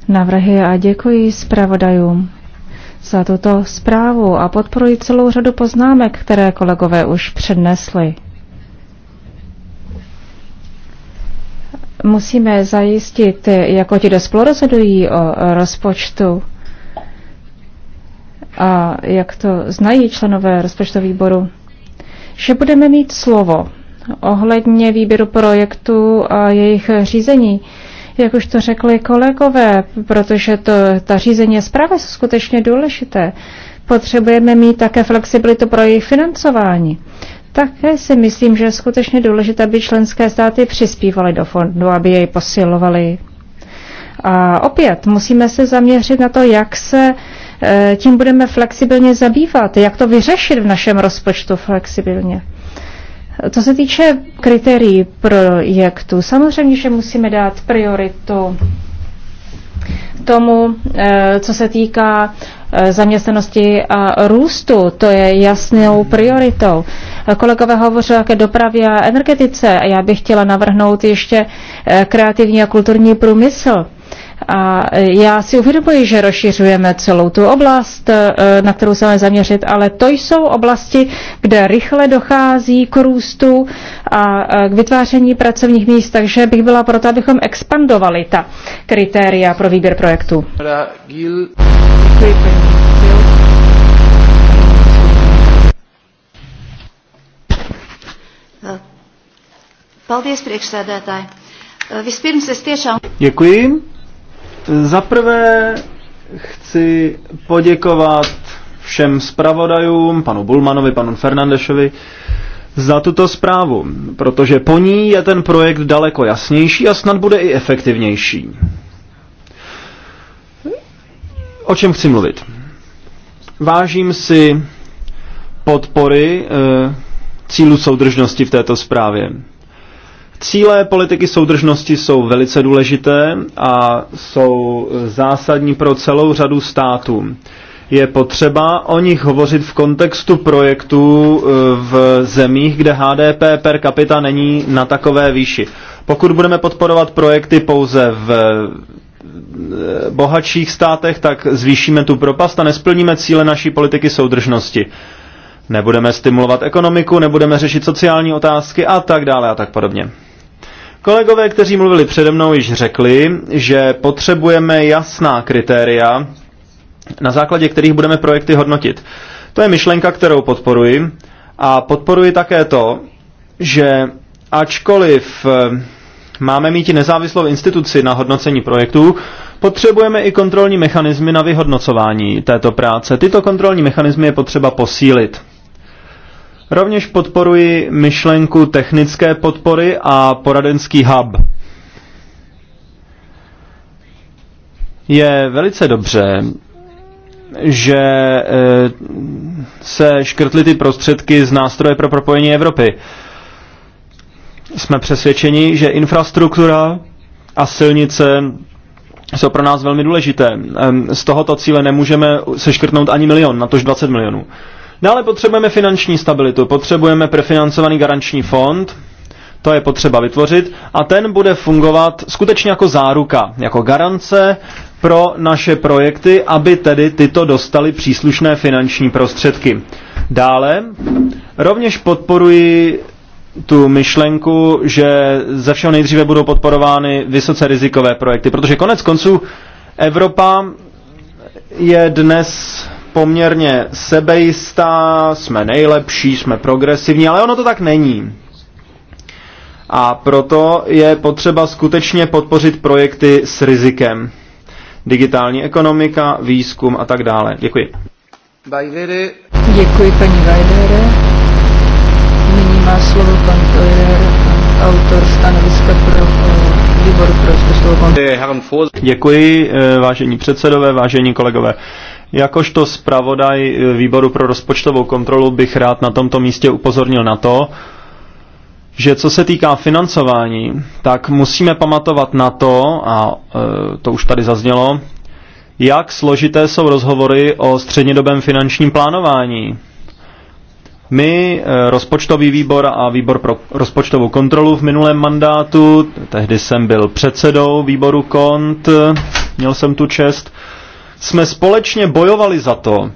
navrhy a děkuji zpravodajům za tuto zprávu a podporuji celou řadu poznámek, které kolegové už přednesli. Musíme zajistit, jako ti rozhodují o rozpočtu a jak to znají členové rozpočtového výboru, že budeme mít slovo ohledně výběru projektu a jejich řízení jak už to řekli kolegové, protože to, ta řízení a zpráva jsou skutečně důležité. Potřebujeme mít také flexibilitu pro jejich financování. Také si myslím, že je skutečně důležité, aby členské státy přispívaly do fondu, aby jej posilovaly. A opět musíme se zaměřit na to, jak se eh, tím budeme flexibilně zabývat, jak to vyřešit v našem rozpočtu flexibilně. Co se týče kritérií projektu, samozřejmě, že musíme dát prioritu tomu, eh, co se týká eh, zaměstnanosti a růstu. To je jasnou prioritou. Kolegové hovořili také dopravě a energetice a já bych chtěla navrhnout ještě eh, kreativní a kulturní průmysl. A e, já si uvědomuji, že rozšiřujeme celou tu oblast, e, na kterou se máme zaměřit, ale to jsou oblasti, kde rychle dochází k růstu a e, k vytváření pracovních míst, takže bych byla proto, abychom expandovali ta kritéria pro výběr projektů. Děkuji, Zaprvé chci poděkovat všem zpravodajům, panu Bulmanovi, panu Fernandešovi, za tuto zprávu, protože po ní je ten projekt daleko jasnější a snad bude i efektivnější. O čem chci mluvit? Vážím si podpory e, cílu soudržnosti v této zprávě. Cíle politiky soudržnosti jsou velice důležité a jsou zásadní pro celou řadu států. Je potřeba o nich hovořit v kontextu projektů eh, v zemích, kde HDP per capita není na takové výši. Pokud budeme podporovat projekty pouze v eh, bohatších státech, tak zvýšíme tu propast a nesplníme cíle naší politiky soudržnosti. Nebudeme stimulovat ekonomiku, nebudeme řešit sociální otázky a tak dále a tak podobně. Kolegové, kteří mluvili přede mnou, již řekli, že potřebujeme jasná kritéria, na základě kterých budeme projekty hodnotit. To je myšlenka, kterou podporuji a podporuji také to, že ačkoliv eh, máme mít i nezávislou instituci na hodnocení projektů, potřebujeme i kontrolní mechanismy na vyhodnocování této práce. Tyto kontrolní mechanismy je potřeba posílit. Rovněž podporuji myšlenku technické podpory a poradenský hub. Je velice dobře, že eh, se škrtly ty prostředky z nástroje pro propojení Evropy. Jsme přesvědčeni, že infrastruktura a silnice jsou pro nás velmi důležité. Ehm, z tohoto cíle nemůžeme seškrtnout ani milion, natož 20 milionů. Dále no, potřebujeme finanční stabilitu, potřebujeme prefinancovaný garanční fond, to je potřeba vytvořit, a ten bude fungovat skutečně jako záruka, jako garance pro naše projekty, aby tedy tyto dostaly příslušné finanční prostředky. Dále rovněž podporuji tu myšlenku, že ze všeho nejdříve budou podporovány vysoce rizikové projekty, protože konec konců Evropa je dnes poměrně sebejistá, jsme nejlepší, jsme progresivní, ale ono to tak není. A proto je potřeba skutečně podpořit projekty s rizikem. Digitální ekonomika, výzkum a tak dále. Děkuji. Bajvere. Děkuji paní Vajdere. Nyní má slovo pan Toyer, autor stanoviska pro eh, výbor pro rozpočtovou kontrolu. Děkuji, eh, vážení předsedové, vážení kolegové. Jakožto zpravodaj eh, výboru pro rozpočtovou kontrolu bych rád na tomto místě upozornil na to, že co se týká financování, tak musíme pamatovat na to, a e, to už tady zaznělo, jak složité jsou rozhovory o střednědobém finančním plánování. My, eh, rozpočtový výbor a výbor pro rozpočtovou kontrolu v minulém mandátu, tehdy jsem byl předsedou výboru KONT, měl jsem tu čest, jsme společně bojovali za to,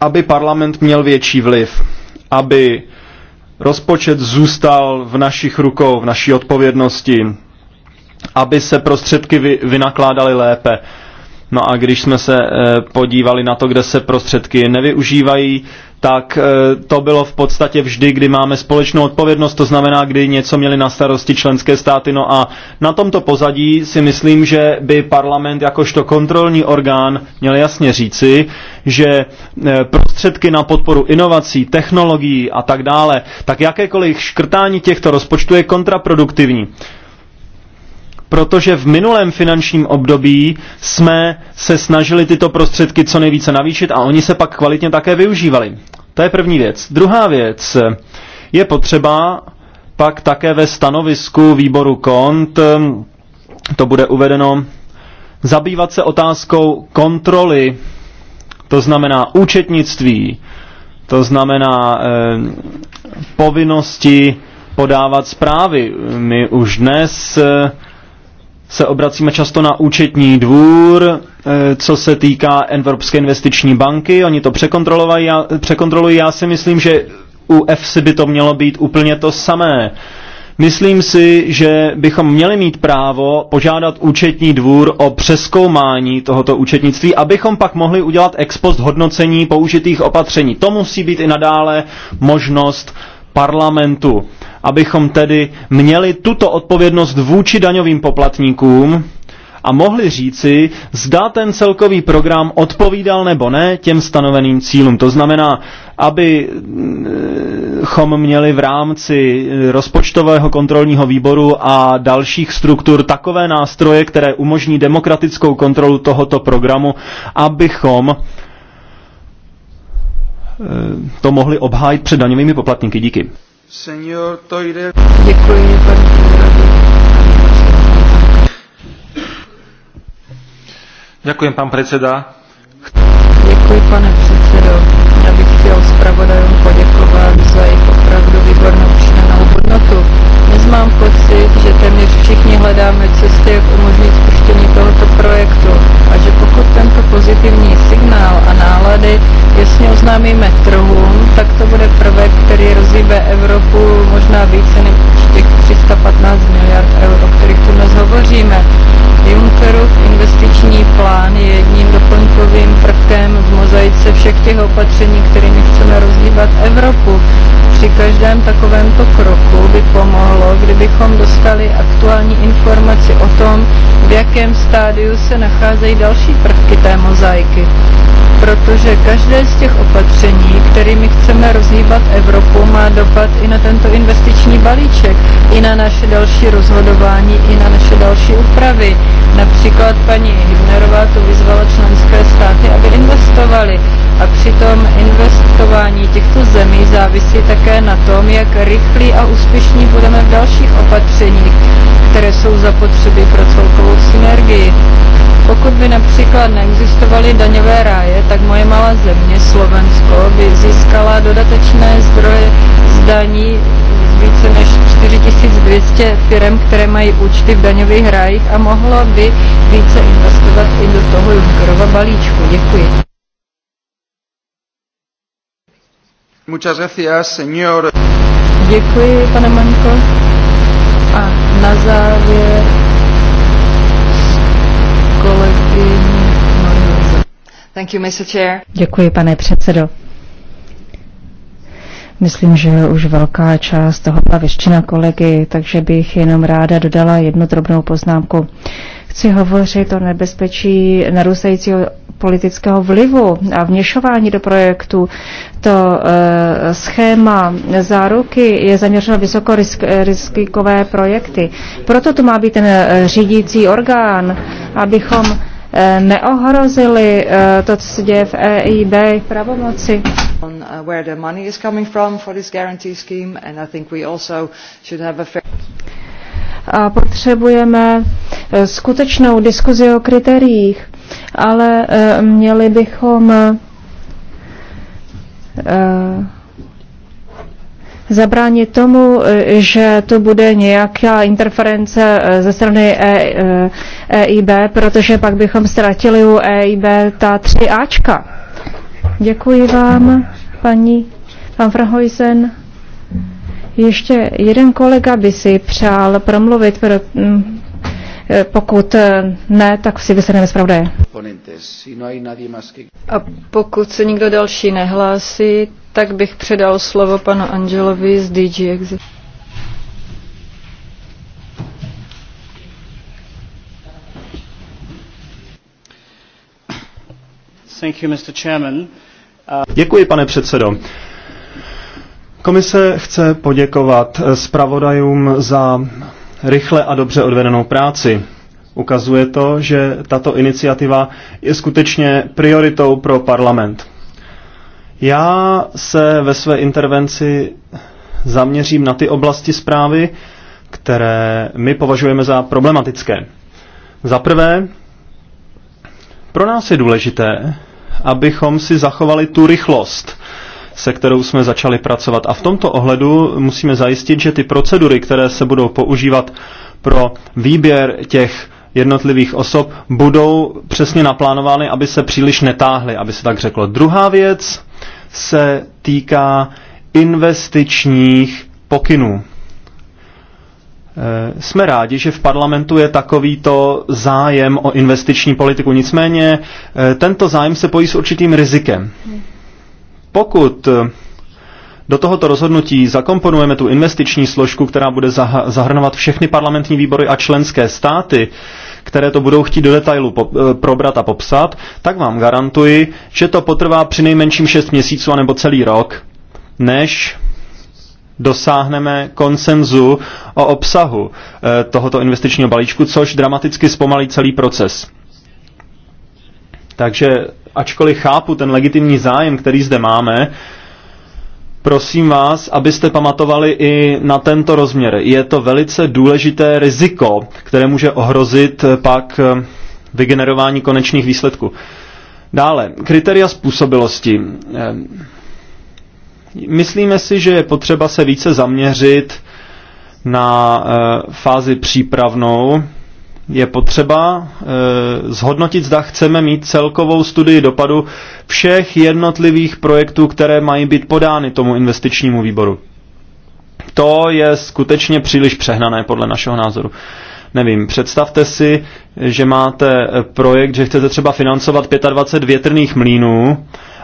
aby parlament měl větší vliv, aby rozpočet zůstal v našich rukou, v naší odpovědnosti, aby se prostředky vy, vynakládaly lépe. No a když jsme se eh, podívali na to, kde se prostředky nevyužívají, tak eh, to bylo v podstatě vždy, kdy máme společnou odpovědnost, to znamená, kdy něco měli na starosti členské státy. No a na tomto pozadí si myslím, že by parlament jakožto kontrolní orgán měl jasně říci, že eh, prostředky na podporu inovací, technologií a tak dále, tak jakékoliv škrtání těchto rozpočtů je kontraproduktivní protože v minulém finančním období jsme se snažili tyto prostředky co nejvíce navýšit a oni se pak kvalitně také využívali. To je první věc. Druhá věc je potřeba pak také ve stanovisku výboru KONT, to bude uvedeno, zabývat se otázkou kontroly, to znamená účetnictví, to znamená eh, povinnosti podávat zprávy. My už dnes eh, se obracíme často na účetní dvůr, eh, co se týká Evropské investiční banky, oni to překontrolují, já, překontrolují. já si myslím, že u EFSI by to mělo být úplně to samé. Myslím si, že bychom měli mít právo požádat účetní dvůr o přeskoumání tohoto účetnictví, abychom pak mohli udělat ex post hodnocení použitých opatření. To musí být i nadále možnost parlamentu abychom tedy měli tuto odpovědnost vůči daňovým poplatníkům a mohli říci, zda ten celkový program odpovídal nebo ne těm stanoveným cílům. To znamená, abychom měli v rámci rozpočtového kontrolního výboru a dalších struktur takové nástroje, které umožní demokratickou kontrolu tohoto programu, abychom eh, to mohli obhájit před daňovými poplatníky. Díky. Senior Toire. Děkuji, paní Děkuji, pan předseda. Děkuji, pane předsedo. Já bych chtěl zpravodajům poděkovat za jejich opravdu výbornou přidanou hodnotu. Dnes mám pocit, že téměř všichni hledáme cesty, jak pozitivní signál a nálady jasně oznámíme trhům, tak to bude prvek, který rozjíbe Evropu možná více než těch 315 miliard euro, o kterých tu dnes hovoříme. Junckerův investiční plán je jedním doplňkovým prvkem v mozaice všech těch opatření, kterými chceme rozhýbat Evropu. Při každém takovémto kroku by pomohlo, kdybychom dostali aktuální informaci o tom, v jakém stádiu se nacházejí další prvky té mozaiky mozaiky, protože každé z těch opatření, kterými chceme rozhýbat Evropu, má dopad i na tento investiční balíček, i na naše další rozhodování, i na naše další úpravy. Například paní Hibnerová tu vyzvala členské státy, aby investovali. A přitom investování těchto zemí závisí také na tom, jak rychlí a úspěšní budeme v dalších opatřeních, které jsou zapotřebí pro celkovou synergii. Pokud by například neexistovaly daňové ráje, tak moje malá země, Slovensko, by získala dodatečné zdroje zdaní více než 4200 firm, které mají účty v daňových rájích a mohlo by více investovat i do toho Junckerova balíčku. Děkuji. Muchas gracias, señor. Děkuji, pane Manko. A na závěr Thank you, Mr. Chair. Děkuji, pane předsedo. Myslím, že už velká část toho byla většina kolegy, takže bych jenom ráda dodala jednu drobnou poznámku. Chci hovořit o nebezpečí narůstajícího politického vlivu a vněšování do projektu. To e, schéma záruky je zaměřeno vysokoriskové projekty. Proto tu má být ten řídící orgán, abychom Eh, neohrozili eh, to, co se děje v EIB, v pravomoci. Eh, a potřebujeme skutečnou diskuzi o kritériích, ale měli bychom zabránit tomu, e, že to bude nějaká interference e, ze strany EIB, e, protože pak bychom ztratili u EIB ta 3 Ačka. Děkuji vám, paní pan Ještě jeden kolega by si přál promluvit, pro, pokud ne, tak si vysedneme zpravodaje. No A pokud se nikdo další nehlásí, tak bych předal slovo panu Angelovi z DG Exit. Uh, Děkuji, pane předsedo. Komise chce poděkovat eh, zpravodajům za rychle a dobře odvedenou práci. Ukazuje to, že tato iniciativa je skutečně prioritou pro parlament. Já se ve své intervenci zaměřím na ty oblasti zprávy, které my považujeme za problematické. Za prvé, pro nás je důležité, abychom si zachovali tu rychlost, se kterou jsme začali pracovat. A v tomto ohledu musíme zajistit, že ty procedury, které se budou používat pro výběr těch jednotlivých osob, budou přesně naplánovány, aby se příliš netáhly, aby se tak řeklo. Druhá věc, se týká investičních pokynů. Eh, jsme rádi, že v parlamentu je takovýto zájem o investiční politiku, nicméně eh, tento zájem se pojí s určitým rizikem. Hmm. Pokud do tohoto rozhodnutí zakomponujeme tu investiční složku, která bude zahrnovat všechny parlamentní výbory a členské státy, které to budou chtít do detailu e, probrat a popsat, tak vám garantuji, že to potrvá při nejmenším 6 měsíců anebo celý rok, než dosáhneme konsenzu o obsahu e, tohoto investičního balíčku, což dramaticky zpomalí celý proces. Takže ačkoliv chápu ten legitimní zájem, který zde máme, prosím vás, abyste pamatovali i na tento rozměr. Je to velice důležité riziko, které může ohrozit pak eh, vygenerování konečných výsledků. Dále, kritéria způsobilosti. Eh, myslíme si, že je potřeba se více zaměřit na eh, fázi přípravnou, je potřeba e, zhodnotit, zda chceme mít celkovou studii dopadu všech jednotlivých projektů, které mají být podány tomu investičnímu výboru. To je skutečně příliš přehnané podle našeho názoru. Nevím, představte si, že máte projekt, že chcete třeba financovat 25 větrných mlínů,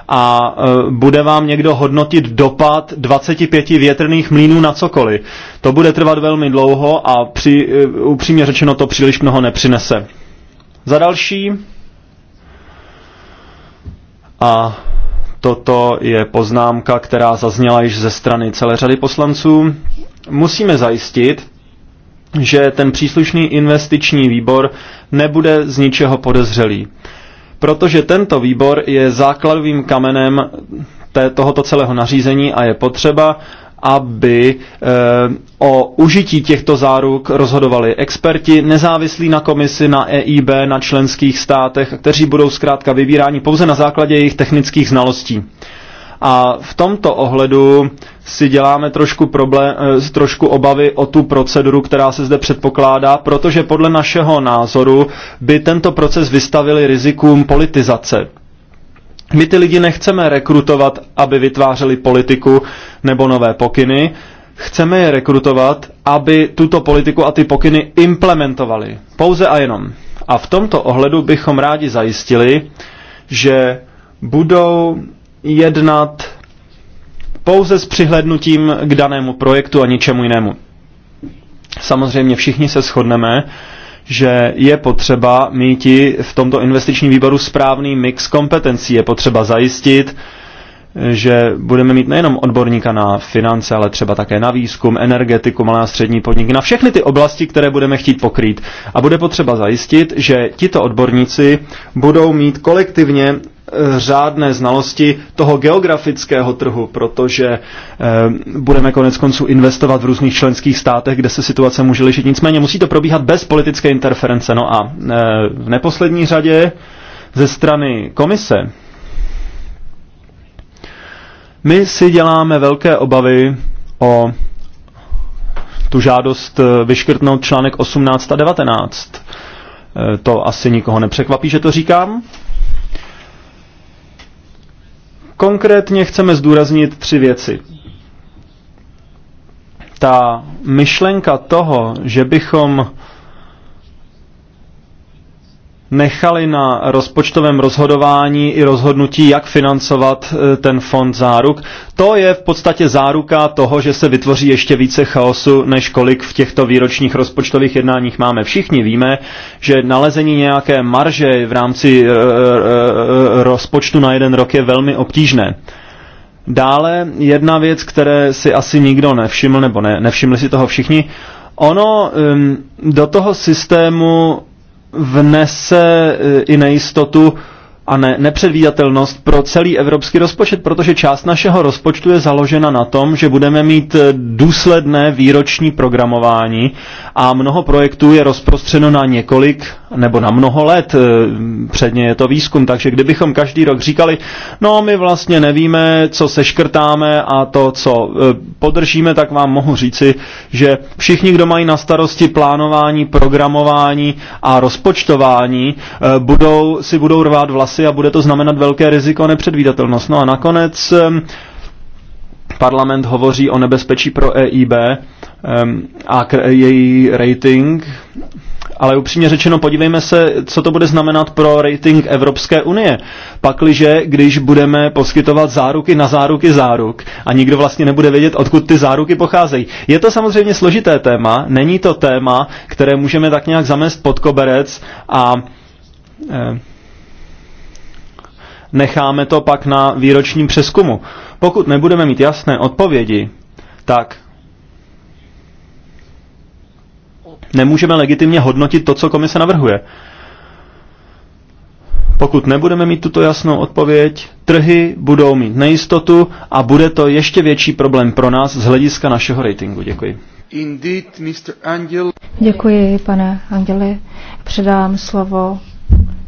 a e, bude vám někdo hodnotit dopad 25 větrných mlínů na cokoliv. To bude trvat velmi dlouho a při, e, upřímně řečeno to příliš mnoho nepřinese. Za další, a toto je poznámka, která zazněla již ze strany celé řady poslanců, musíme zajistit, že ten příslušný investiční výbor nebude z ničeho podezřelý protože tento výbor je základovým kamenem té, tohoto celého nařízení a je potřeba, aby e, o užití těchto záruk rozhodovali experti nezávislí na komisi, na EIB, na členských státech, kteří budou zkrátka vybíráni pouze na základě jejich technických znalostí. A v tomto ohledu si děláme trošku, problém, eh, trošku obavy o tu proceduru, která se zde předpokládá, protože podle našeho názoru by tento proces vystavili rizikům politizace. My ty lidi nechceme rekrutovat, aby vytvářeli politiku nebo nové pokyny, chceme je rekrutovat, aby tuto politiku a ty pokyny implementovali. Pouze a jenom. A v tomto ohledu bychom rádi zajistili, že budou jednat pouze s přihlednutím k danému projektu a ničemu jinému. Samozřejmě všichni se shodneme, že je potřeba mít v tomto investičním výboru správný mix kompetencí. Je potřeba zajistit, že budeme mít nejenom odborníka na finance, ale třeba také na výzkum, energetiku, malá a střední podniky, na všechny ty oblasti, které budeme chtít pokrýt. A bude potřeba zajistit, že tito odborníci budou mít kolektivně eh, řádné znalosti toho geografického trhu, protože e, budeme konec konců investovat v různých členských státech, kde se situace může lišit. Nicméně musí to probíhat bez politické interference. No a e, v neposlední řadě ze strany komise my si děláme velké obavy o tu žádost eh, vyškrtnout článek 18 a 19. Eh, to asi nikoho nepřekvapí, že to říkám. Konkrétně chceme zdůraznit tři věci. Ta myšlenka toho, že bychom nechali na rozpočtovém rozhodování i rozhodnutí, jak financovat e, ten fond záruk. To je v podstatě záruka toho, že se vytvoří ještě více chaosu, než kolik v těchto výročních rozpočtových jednáních máme. Všichni víme, že nalezení nějaké marže v rámci e, e, rozpočtu na jeden rok je velmi obtížné. Dále jedna věc, které si asi nikdo nevšiml, nebo ne, nevšimli si toho všichni, ono do toho systému vnese eh, i nejistotu a ne, nepředvídatelnost pro celý evropský rozpočet, protože část našeho rozpočtu je založena na tom, že budeme mít eh, důsledné výroční programování a mnoho projektů je rozprostřeno na několik nebo na mnoho let. Eh, předně je to výzkum, takže kdybychom každý rok říkali, no my vlastně nevíme, co seškrtáme a to, co eh, podržíme, tak vám mohu říci, že všichni, kdo mají na starosti plánování, programování a rozpočtování, budou, si budou rvát vlastně hlasy a bude to znamenat velké riziko a nepředvídatelnost. No a nakonec parlament hovoří o nebezpečí pro EIB a její rating, ale upřímně řečeno, podívejme se, co to bude znamenat pro rating Evropské unie. Pakliže, když budeme poskytovat záruky na záruky záruk a nikdo vlastně nebude vědět, odkud ty záruky pocházejí. Je to samozřejmě složité téma, není to téma, které můžeme tak nějak zamést pod koberec a eh, necháme to pak na výročním přeskumu. Pokud nebudeme mít jasné odpovědi, tak nemůžeme legitimně hodnotit to, co komise navrhuje. Pokud nebudeme mít tuto jasnou odpověď, trhy budou mít nejistotu a bude to ještě větší problém pro nás z hlediska našeho ratingu. Děkuji. Indeed, Mr. Angel. Děkuji, pane Angeli. Předám slovo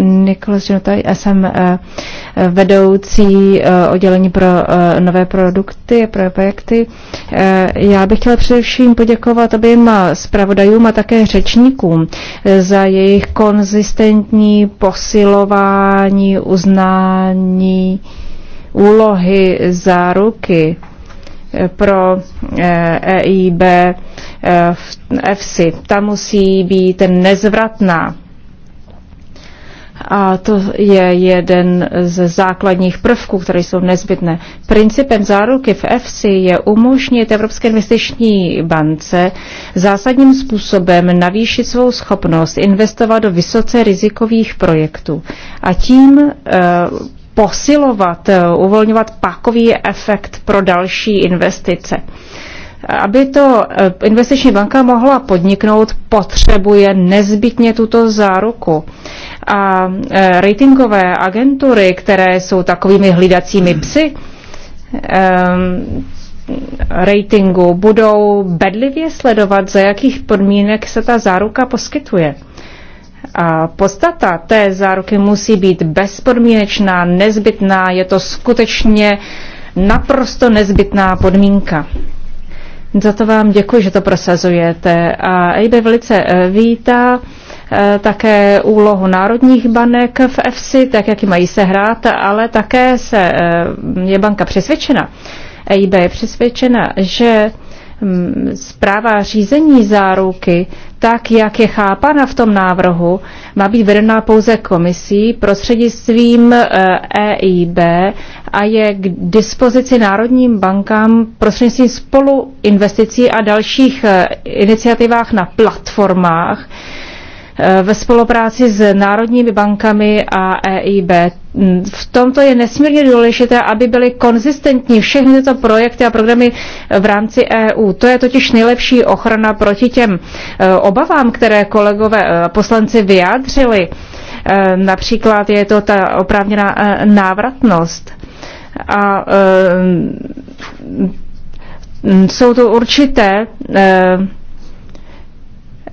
Nikolas Žinotaj, já jsem eh, eh, vedoucí eh, oddělení pro nové produkty, pro projekty. Já bych chtěla především poděkovat oběma zpravodajům a také řečníkům za jejich konzistentní posilování, uznání úlohy, záruky pro EIB e v EFSI. Ta musí být nezvratná a to je jeden z základních prvků, které jsou nezbytné. Principem záruky v EFSI je umožnit Evropské investiční bance zásadním způsobem navýšit svou schopnost investovat do vysoce rizikových projektů a tím e, posilovat, eh, uvolňovat pakový efekt pro další investice. Aby to eh, investiční banka mohla podniknout, potřebuje nezbytně tuto záruku. A eh, ratingové agentury, které jsou takovými hlídacími psy, ehm, ratingu budou bedlivě sledovat, za jakých podmínek se ta záruka poskytuje. A podstata té záruky musí být bezpodmínečná, nezbytná, je to skutečně naprosto nezbytná podmínka. Za to vám děkuji, že to prosazujete. A EIB velice eh, vítá eh, také úlohu národních banek v EFSI, tak jak ji mají se hrát, ale také se, eh, je banka přesvědčena, EIB je přesvědčena, že zpráva řízení záruky, tak jak je chápana v tom návrhu, má být vedená pouze komisí prostřednictvím EIB e a je k dispozici národním bankám prostřednictvím spoluinvesticí a dalších e, iniciativách na platformách, Eh, ve spolupráci s národními bankami a EIB. Mm, v tomto je nesmírně důležité, aby byly konzistentní všechny tyto projekty a programy v rámci EU. To je totiž nejlepší ochrana proti těm eh, obavám, které kolegové eh, poslanci vyjádřili. Například je to ta oprávněná návratnost. A mm, jsou to určité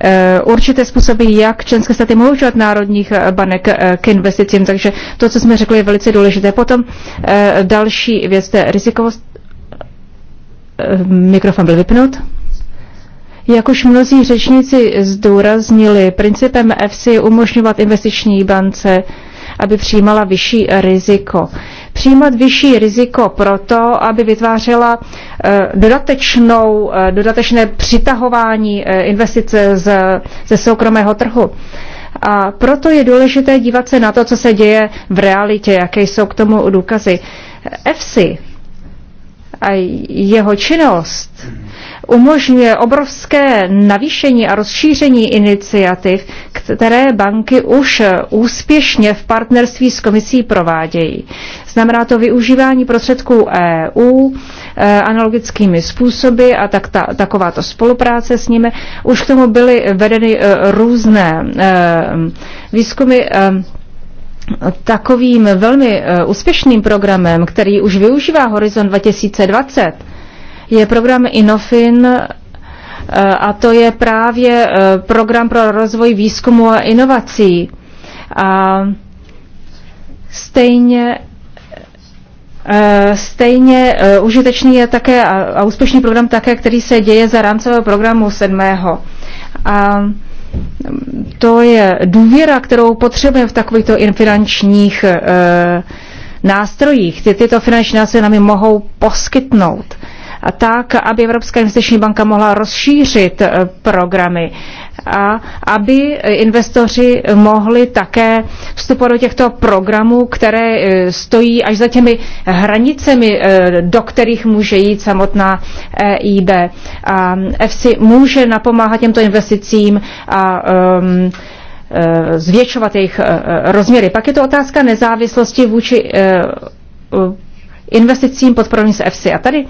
Eh, určité způsoby, jak členské státy mohou využívat národních eh, banek eh, k investicím. Takže to, co jsme řekli, je velice důležité. Potom další věc, to je rizikovost. Mikrofon byl vypnut. Jak už mnozí řečníci zdůraznili, principem EFSI je umožňovat investiční bance, aby přijímala vyšší riziko přijímat vyšší riziko proto, aby vytvářela eh, dodatečnou, eh, dodatečné přitahování eh, investice z, ze soukromého trhu. A proto je důležité dívat se na to, co se děje v realitě, jaké jsou k tomu důkazy. EFSI a jeho činnost umožňuje obrovské navýšení a rozšíření iniciativ, které banky už úspěšně v partnerství s komisí provádějí. Znamená to využívání prostředků EU eh, analogickými způsoby a tak, ta, takováto spolupráce s nimi. Už k tomu byly vedeny eh, různé eh, výzkumy takovým velmi úspěšným programem, který už využívá Horizon 2020, je program Inofin eh, a to je právě eh, program pro rozvoj výzkumu a inovací. A stejně eh, Stejně užitečný je také a úspěšný program také, který se děje za rámcového programu sedmého. A mm, to je důvěra, kterou potřebujeme v takovýchto finančních nástrojích. Ty, tyto finanční nástroje nám ji mohou poskytnout tak, aby Evropská investiční banka mohla rozšířit eh, programy a aby investoři mohli také vstupovat do těchto programů, které eh, stojí až za těmi hranicemi, eh, do kterých může jít samotná EIB. A EFSI může napomáhat těmto investicím a um, zvětšovat jejich rozměry. Pak je to otázka nezávislosti vůči investicím podporovaným z EFSI. A tady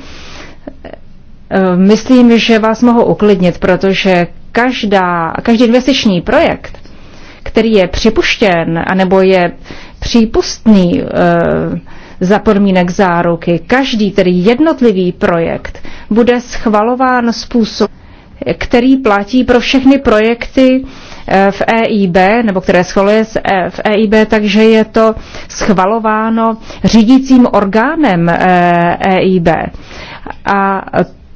Eh, myslím, že vás mohu uklidnit, protože každá, každý investiční projekt, který je připuštěn anebo je přípustný e, za podmínek záruky, každý tedy jednotlivý projekt bude schvalován způsob, který platí pro všechny projekty eh, v EIB, nebo které schvaluje v EIB, takže je to schvalováno řídícím orgánem EIB. E a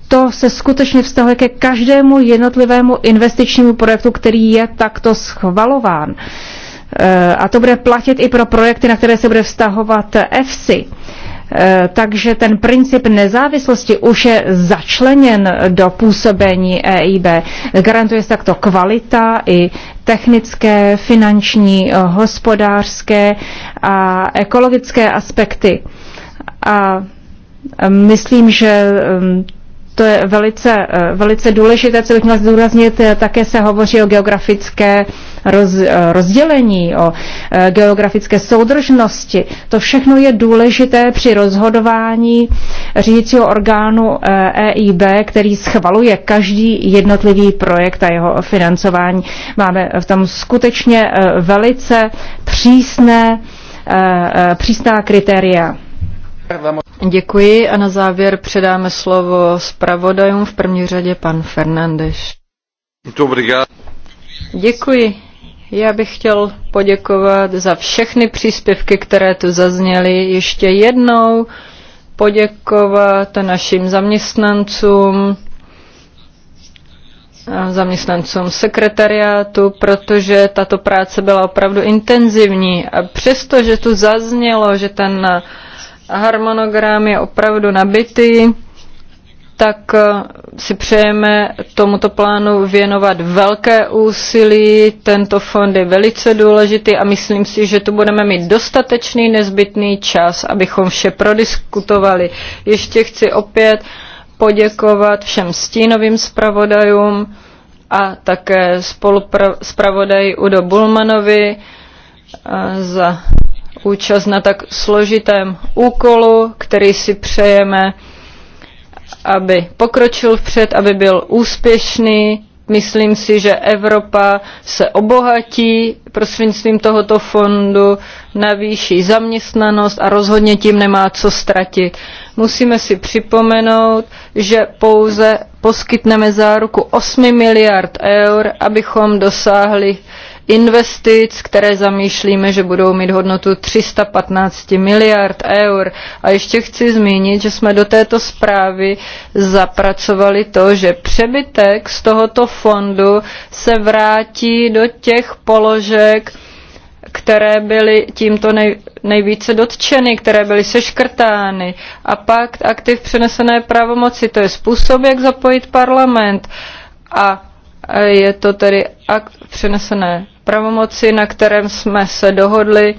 to se skutečně vztahuje ke každému jednotlivému investičnímu projektu, který je takto schvalován. E, a to bude platit i pro projekty, na které se bude vztahovat EFSI. Takže ten princip nezávislosti už je začleněn do působení EIB. Garantuje se takto kvalita i technické, finanční, hospodářské a ekologické aspekty. A Myslím, že to je velice, e, velice důležité, co bych měl zdůraznit, také se hovoří o geografické roz, e, rozdělení, o e, geografické soudržnosti. To všechno je důležité při rozhodování řídícího orgánu EIB, který schvaluje každý jednotlivý projekt a jeho financování. Máme v tom skutečně velice přísné, přísná kritéria. Děkuji a na závěr předáme slovo zpravodajům, v první řadě pan Fernandeš. Děkuji. Já bych chtěl poděkovat za všechny příspěvky, které tu zazněly. Ještě jednou poděkovat našim zaměstnancům, zaměstnancům sekretariátu, protože tato práce byla opravdu intenzivní. A přesto, že tu zaznělo, že ten harmonogram je opravdu nabitý, tak eh, si přejeme tomuto plánu věnovat velké úsilí. Tento fond je velice důležitý a myslím si, že tu budeme mít dostatečný nezbytný čas, abychom vše prodiskutovali. Ještě chci opět poděkovat všem stínovým zpravodajům a také spolupravodaji Udo Bulmanovi eh, za účast na tak složitém úkolu, který si přejeme, aby pokročil vpřed, aby byl úspěšný. Myslím si, že Evropa se obohatí prostřednictvím tohoto fondu, navýší zaměstnanost a rozhodně tím nemá co ztratit. Musíme si připomenout, že pouze poskytneme záruku 8 miliard eur, abychom dosáhli investic, které zamýšlíme, že budou mít hodnotu 315 miliard eur. A ještě chci zmínit, že jsme do této zprávy zapracovali to, že přebytek z tohoto fondu se vrátí do těch položek, které byly tímto nej, nejvíce dotčeny, které byly seškrtány. A pak aktiv přenesené pravomoci, to je způsob, jak zapojit parlament. A je to tedy akt přenesené pravomoci, na kterém jsme se dohodli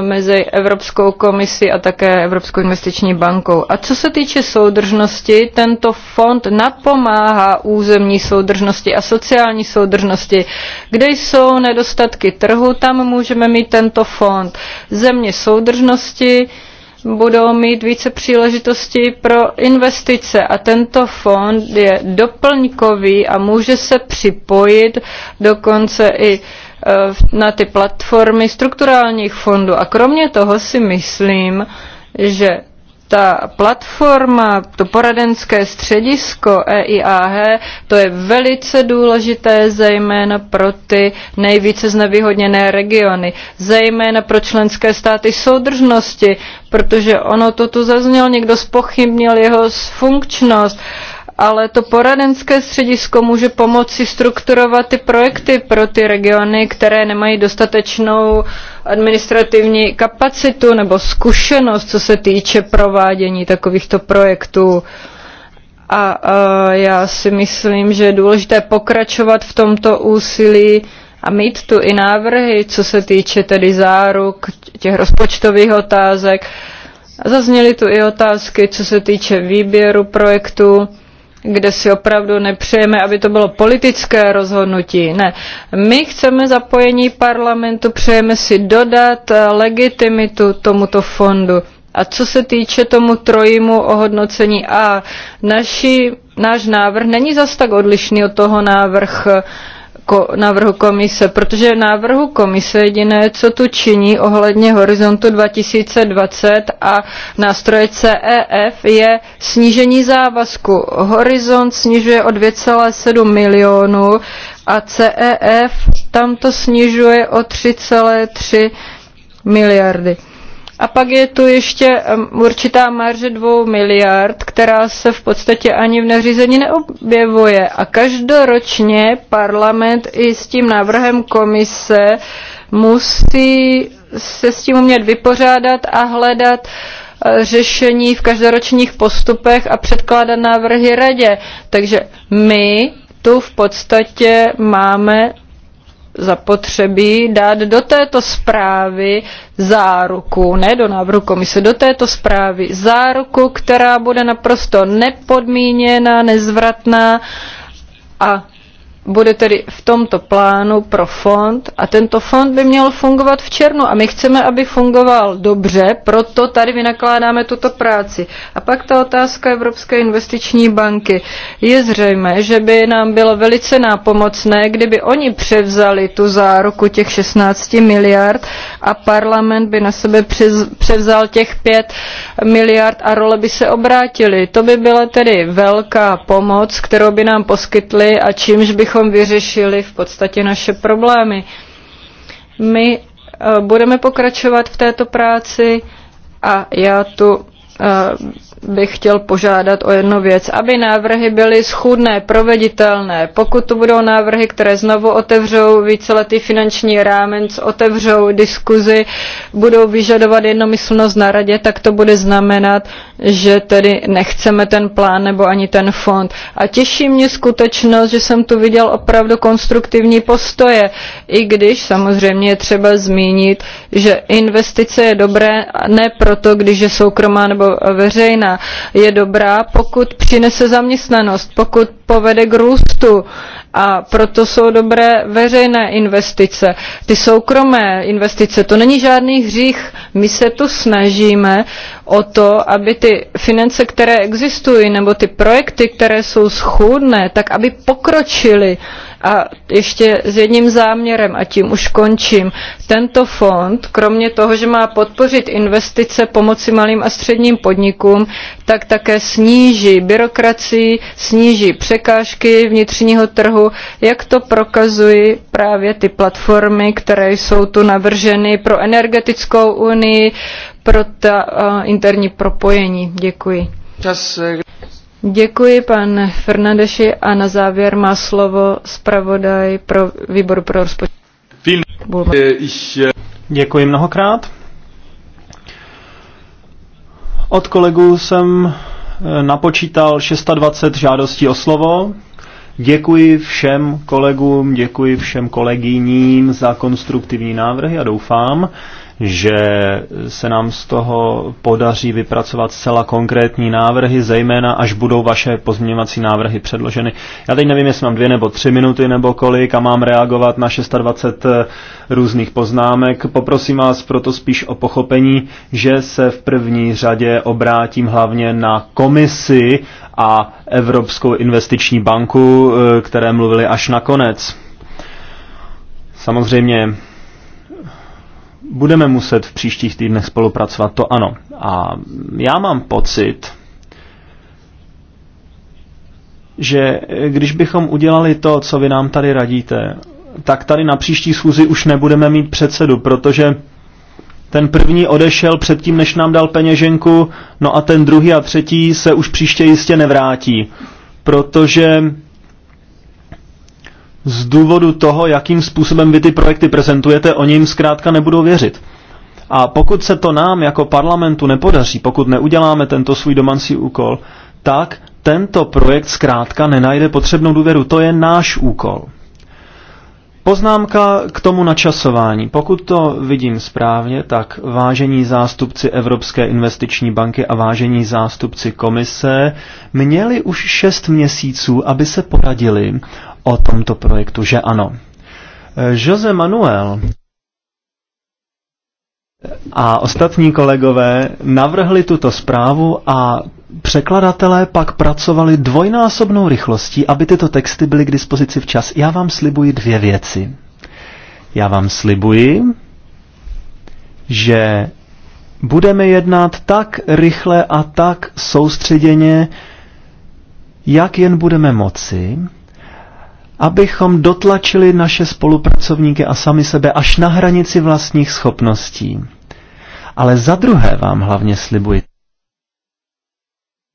mezi Evropskou komisí a také Evropskou investiční bankou. A co se týče soudržnosti, tento fond napomáhá územní soudržnosti a sociální soudržnosti. Kde jsou nedostatky trhu, tam můžeme mít tento fond. Země soudržnosti budou mít více příležitostí pro investice a tento fond je doplňkový a může se připojit dokonce i e, na ty platformy strukturálních fondů. A kromě toho si myslím, že ta platforma, to poradenské středisko EIAH, to je velice důležité zejména pro ty nejvíce znevýhodněné regiony, zejména pro členské státy soudržnosti, protože ono to tu zaznělo, někdo spochybnil jeho funkčnost ale to poradenské středisko může pomoci strukturovat ty projekty pro ty regiony, které nemají dostatečnou administrativní kapacitu nebo zkušenost, co se týče provádění takovýchto projektů. A, a já si myslím, že je důležité pokračovat v tomto úsilí a mít tu i návrhy, co se týče tedy záruk, těch rozpočtových otázek. Zazněly tu i otázky, co se týče výběru projektu kde si opravdu nepřejeme, aby to bylo politické rozhodnutí. Ne, my chceme zapojení parlamentu, přejeme si dodat eh, legitimitu tomuto fondu. A co se týče tomu trojímu ohodnocení A, naši, náš návrh není zas tak odlišný od toho návrh eh, ko, návrhu komise, protože návrhu komise jediné, co tu činí ohledně horizontu 2020 a nástroje CEF, je snížení závazku. Horizont snižuje o 2,7 milionů a CEF tam to snižuje o 3,3 miliardy. A pak je tu ještě určitá marže dvou miliard, která se v podstatě ani v nařízení neobjevuje. A každoročně parlament i s tím návrhem komise musí se s tím umět vypořádat a hledat eh, řešení v každoročních postupech a předkládat návrhy radě. Takže my tu v podstatě máme zapotřebí dát do této zprávy záruku, ne do návrhu komise, do této zprávy záruku, která bude naprosto nepodmíněná, nezvratná a bude tedy v tomto plánu pro fond a tento fond by měl fungovat v černu a my chceme, aby fungoval dobře, proto tady vynakládáme tuto práci. A pak ta otázka Evropské investiční banky. Je zřejmé, že by nám bylo velice nápomocné, kdyby oni převzali tu záruku těch 16 miliard a parlament by na sebe převzal těch 5 miliard a role by se obrátily. To by byla tedy velká pomoc, kterou by nám poskytli a čímž bychom abychom vyřešili v podstatě naše problémy. My eh, budeme pokračovat v této práci a já tu eh, bych chtěl požádat o jednu věc, aby návrhy byly schůdné, proveditelné. Pokud to budou návrhy, které znovu otevřou víceletý finanční rámec, otevřou diskuzi, budou vyžadovat jednomyslnost na radě, tak to bude znamenat, že tedy nechceme ten plán nebo ani ten fond. A těší mě skutečnost, že jsem tu viděl opravdu konstruktivní postoje, i když samozřejmě je třeba zmínit, že investice je dobré ne proto, když je soukromá nebo veřejná, je dobrá, pokud přinese zaměstnanost, pokud povede k růstu a proto jsou dobré veřejné investice. Ty soukromé investice, to není žádný hřích. My se tu snažíme o to, aby ty finance, které existují, nebo ty projekty, které jsou schůdné, tak aby pokročily. A ještě s jedním záměrem, a tím už končím. Tento fond, kromě toho, že má podpořit investice pomoci malým a středním podnikům, tak také sníží byrokracii, sníží překážky vnitřního trhu, jak to prokazují právě ty platformy, které jsou tu navrženy pro energetickou unii, pro ta eh, interní propojení. Děkuji. Čas. Eh, děkuji, pan Fernandeši, a na závěr má slovo zpravodaj pro výbor pro rozpočet. Eh, děkuji mnohokrát. Od kolegů jsem napočítal 620 žádostí o slovo. Děkuji všem kolegům, děkuji všem kolegyním za konstruktivní návrhy a doufám, že se nám z toho podaří vypracovat zcela konkrétní návrhy, zejména až budou vaše pozměňovací návrhy předloženy. Já teď nevím, jestli mám dvě nebo tři minuty nebo kolik a mám reagovat na 26 eh, různých poznámek. Poprosím vás proto spíš o pochopení, že se v první řadě obrátím hlavně na komisi a Evropskou investiční banku, eh, které mluvili až nakonec. Samozřejmě budeme muset v příštích týdnech spolupracovat, to ano. A já mám pocit, že když bychom udělali to, co vy nám tady radíte, tak tady na příští schůzi už nebudeme mít předsedu, protože ten první odešel předtím, než nám dal peněženku, no a ten druhý a třetí se už příště jistě nevrátí, protože z důvodu toho, jakým způsobem vy ty projekty prezentujete, oni jim zkrátka nebudou věřit. A pokud se to nám jako parlamentu nepodaří, pokud neuděláme tento svůj domácí úkol, tak tento projekt zkrátka nenajde potřebnou důvěru. To je náš úkol. Poznámka k tomu načasování. Pokud to vidím správně, tak vážení zástupci Evropské investiční banky a vážení zástupci komise měli už šest měsíců, aby se poradili o tomto projektu, že ano. Jose Manuel a ostatní kolegové navrhli tuto zprávu a překladatelé pak pracovali dvojnásobnou rychlostí, aby tyto texty byly k dispozici včas. Já vám slibuji dvě věci. Já vám slibuji, že budeme jednat tak rychle a tak soustředěně, jak jen budeme moci, abychom dotlačili naše spolupracovníky a sami sebe až na hranici vlastních schopností. Ale za druhé vám hlavně slibuji,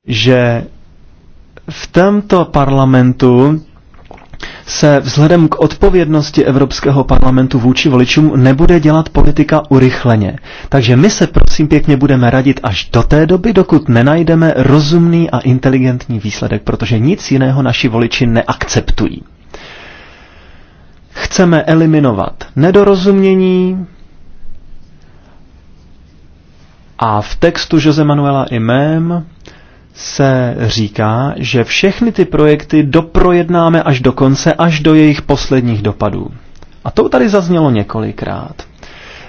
že v tomto parlamentu se vzhledem k odpovědnosti Evropského parlamentu vůči voličům nebude dělat politika urychleně. Takže my se prosím pěkně budeme radit až do té doby, dokud nenajdeme rozumný a inteligentní výsledek, protože nic jiného naši voliči neakceptují. Chceme eliminovat nedorozumění a v textu Jose Manuela i mém se říká, že všechny ty projekty doprojednáme až do konce, až do jejich posledních dopadů. A to tady zaznělo několikrát.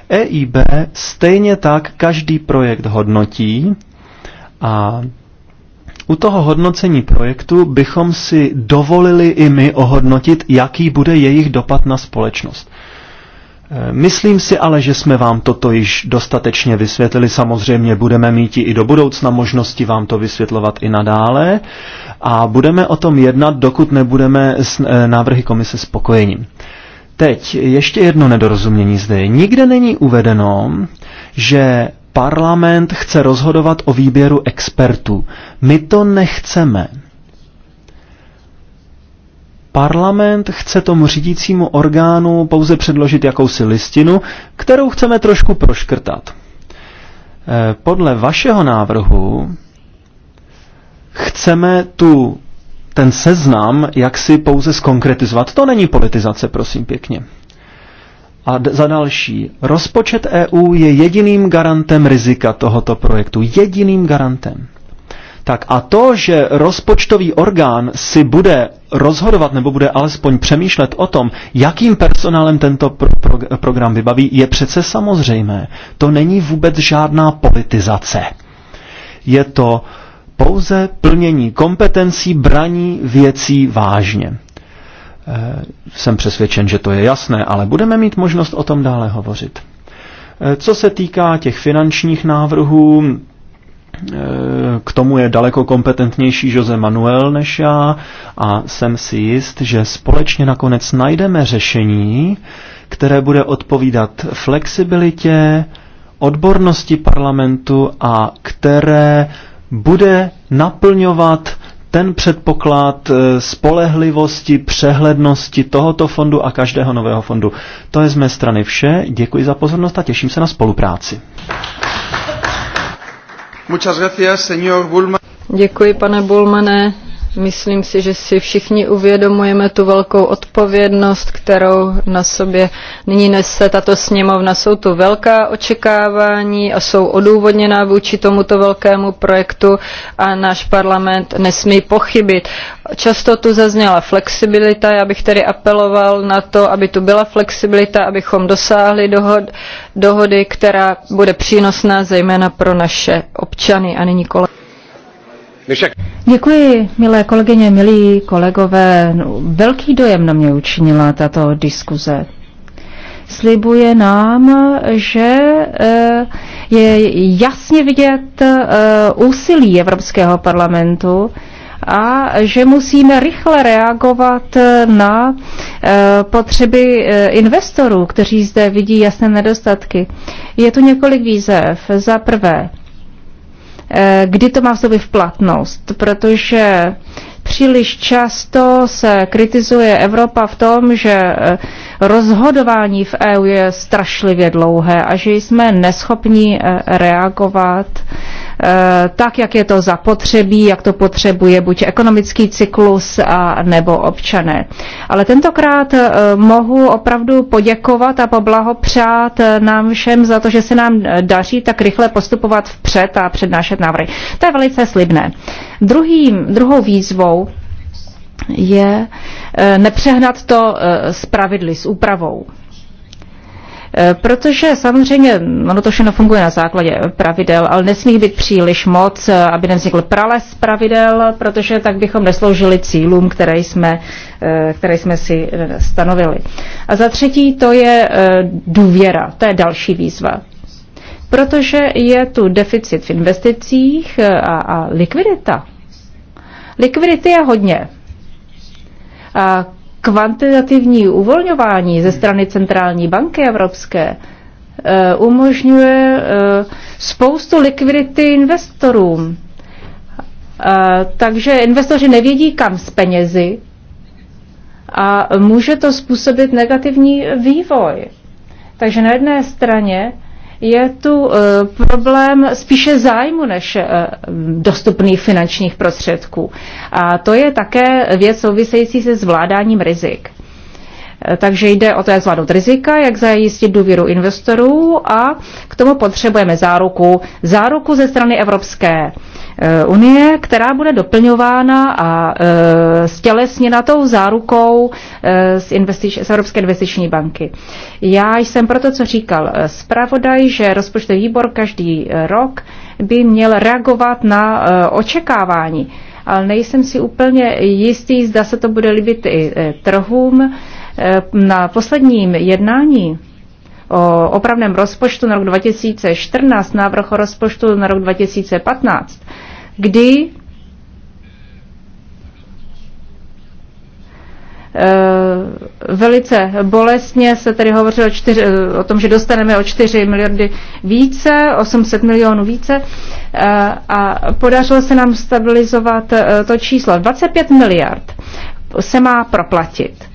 EIB stejně tak každý projekt hodnotí a u toho hodnocení projektu bychom si dovolili i my ohodnotit, jaký bude jejich dopad na společnost. E, myslím si ale, že jsme vám toto již dostatečně vysvětlili. Samozřejmě budeme mít i do budoucna možnosti vám to vysvětlovat i nadále a budeme o tom jednat, dokud nebudeme s e, návrhy komise spokojení. Teď ještě jedno nedorozumění zde. Nikde není uvedeno, že parlament chce rozhodovat o výběru expertů. My to nechceme. Parlament chce tomu řídícímu orgánu pouze předložit jakousi listinu, kterou chceme trošku proškrtat. Eh, podle vašeho návrhu chceme tu ten seznam, jak si pouze skonkretizovat. To není politizace, prosím pěkně. A za další, rozpočet EU je jediným garantem rizika tohoto projektu. Jediným garantem. Tak a to, že rozpočtový orgán si bude rozhodovat nebo bude alespoň přemýšlet o tom, jakým personálem tento pro, pro, program vybaví, je přece samozřejmé. To není vůbec žádná politizace. Je to pouze plnění kompetencí braní věcí vážně. Eh, jsem přesvědčen, že to je jasné, ale budeme mít možnost o tom dále hovořit. Eh, co se týká těch finančních návrhů, eh, k tomu je daleko kompetentnější Jose Manuel než já a jsem si jist, že společně nakonec najdeme řešení, které bude odpovídat flexibilitě, odbornosti parlamentu a které bude naplňovat ten předpoklad eh, spolehlivosti, přehlednosti tohoto fondu a každého nového fondu. To je z mé strany vše. Děkuji za pozornost a těším se na spolupráci. Děkuji, pane Bulmane. Myslím si, že si všichni uvědomujeme tu velkou odpovědnost, kterou na sobě nyní nese tato sněmovna. Jsou tu velká očekávání a jsou odůvodněná vůči tomuto velkému projektu a náš parlament nesmí pochybit. Často tu zazněla flexibilita, já bych tedy apeloval na to, aby tu byla flexibilita, abychom dosáhli dohod, dohody, která bude přínosná zejména pro naše občany a nyní kolem. No Děkuji, milé kolegyně, milí kolegové. No, velký dojem na mě učinila tato diskuze. Slibuje nám, že eh, je jasně vidět eh, úsilí Evropského parlamentu a že musíme rychle reagovat eh, na potřeby investorů, kteří zde vidí jasné nedostatky. Je tu několik výzev. Za prvé, Eh, kdy to má sobě v platnost, protože příliš často se kritizuje Evropa v tom, že eh, rozhodování v EU je strašlivě dlouhé a že jsme neschopni eh, reagovat eh, tak, jak je to zapotřebí, jak to potřebuje buď ekonomický cyklus a nebo občané. Ale tentokrát eh, mohu opravdu poděkovat a poblahopřát nám všem za to, že se nám daří tak rychle postupovat vpřed a přednášet návrhy. To je velice slibné. Druhým, druhou výzvou je eh, nepřehnat to s eh, pravidly, s úpravou. Eh, protože samozřejmě ono to všechno funguje na základě pravidel, ale nesmí být příliš moc, aby nevznikl prales pravidel, protože tak bychom nesloužili cílům, které jsme, které jsme si stanovili. A za třetí to je důvěra, to je další výzva. Protože je tu deficit v investicích a, a likvidita. Likvidity je hodně kvantitativní uvolňování ze strany Centrální banky Evropské e, umožňuje e, spoustu likvidity investorům. Takže investoři nevědí, kam s penězi a může to způsobit negativní vývoj. Takže na jedné straně je tu eh, problém spíše zájmu než eh, dostupných finančních prostředků. A to je také věc související se zvládáním rizik. Eh, takže jde o to, jak zvládnout rizika, jak zajistit důvěru investorů a k tomu potřebujeme záruku. Záruku ze strany Evropské Eh, unie, která bude doplňována a eh, stělesněna tou zárukou eh, z, investič, z Evropské investiční banky. Já jsem proto, co říkal zpravodaj, že rozpočtový výbor každý rok by měl reagovat na očekávání ale nejsem si úplně jistý, zda se to bude líbit i trhům. Na posledním jednání o opravném rozpočtu na rok 2014, návrh o rozpočtu na rok 2015, kdy eh, velice bolestně se tedy hovořilo čtyři, eh, o tom, že dostaneme o 4 miliardy více, 800 milionů více eh, a podařilo se nám stabilizovat to číslo. 25 miliard se má proplatit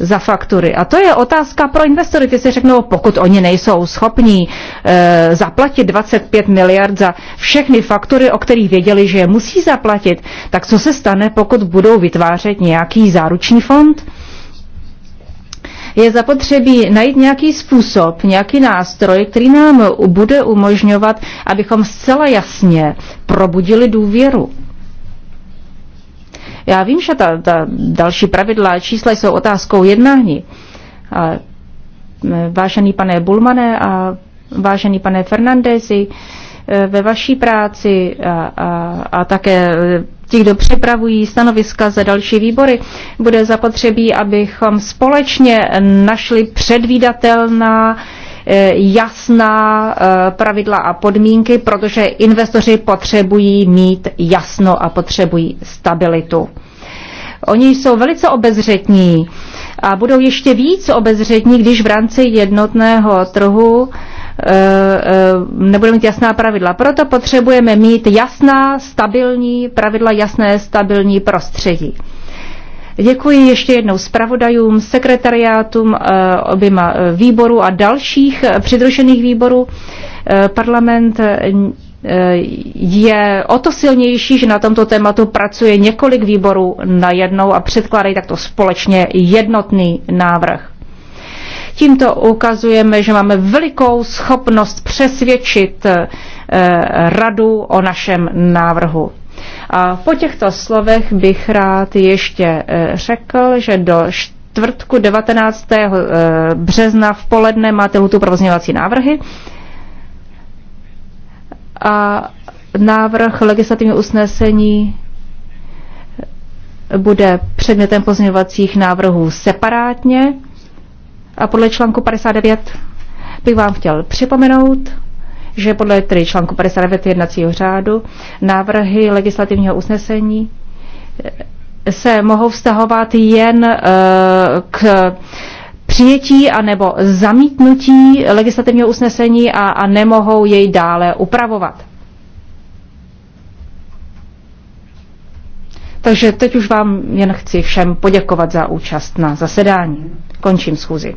za faktury. A to je otázka pro investory, ty si řeknou, pokud oni nejsou schopní e, zaplatit 25 miliard za všechny faktury, o kterých věděli, že je musí zaplatit, tak co se stane, pokud budou vytvářet nějaký záruční fond? je zapotřebí najít nějaký způsob, nějaký nástroj, který nám bude umožňovat, abychom zcela jasně probudili důvěru. Já vím, že ta, ta další pravidla a čísla jsou otázkou jednání. Ale vážený pane Bulmane a vážený pane Fernandezi, e, ve vaší práci a, a, a také e, ti, kdo připravují stanoviska za další výbory, bude zapotřebí, abychom společně našli předvídatelná Eh, jasná eh, pravidla a podmínky, protože investoři potřebují mít jasno a potřebují stabilitu. Oni jsou velice obezřetní a budou ještě víc obezřetní, když v rámci jednotného trhu eh, nebudeme mít jasná pravidla. Proto potřebujeme mít jasná, stabilní pravidla, jasné, stabilní prostředí. Děkuji ještě jednou zpravodajům, sekretariátům, eh, oběma eh, výboru a dalších eh, přidružených výborů. Parlament je o to silnější, že na tomto tématu pracuje několik výborů na jednou a předkládají takto společně jednotný návrh. Tímto ukazujeme, že máme velikou schopnost přesvědčit radu o našem návrhu. A po těchto slovech bych rád ještě eh, řekl, že do čtvrtku 19. Eh, března v poledne máte lhutu provozňovací návrhy. A návrh legislativního usnesení bude předmětem pozměňovacích návrhů separátně. A podle článku 59 bych vám chtěl připomenout, že podle tedy článku 59 jednacího řádu návrhy legislativního usnesení eh, se mohou vztahovat jen eh, k přijetí anebo zamítnutí legislativního usnesení a, a nemohou jej dále upravovat. Takže teď už vám jen chci všem poděkovat za účast na zasedání. Končím schůzi.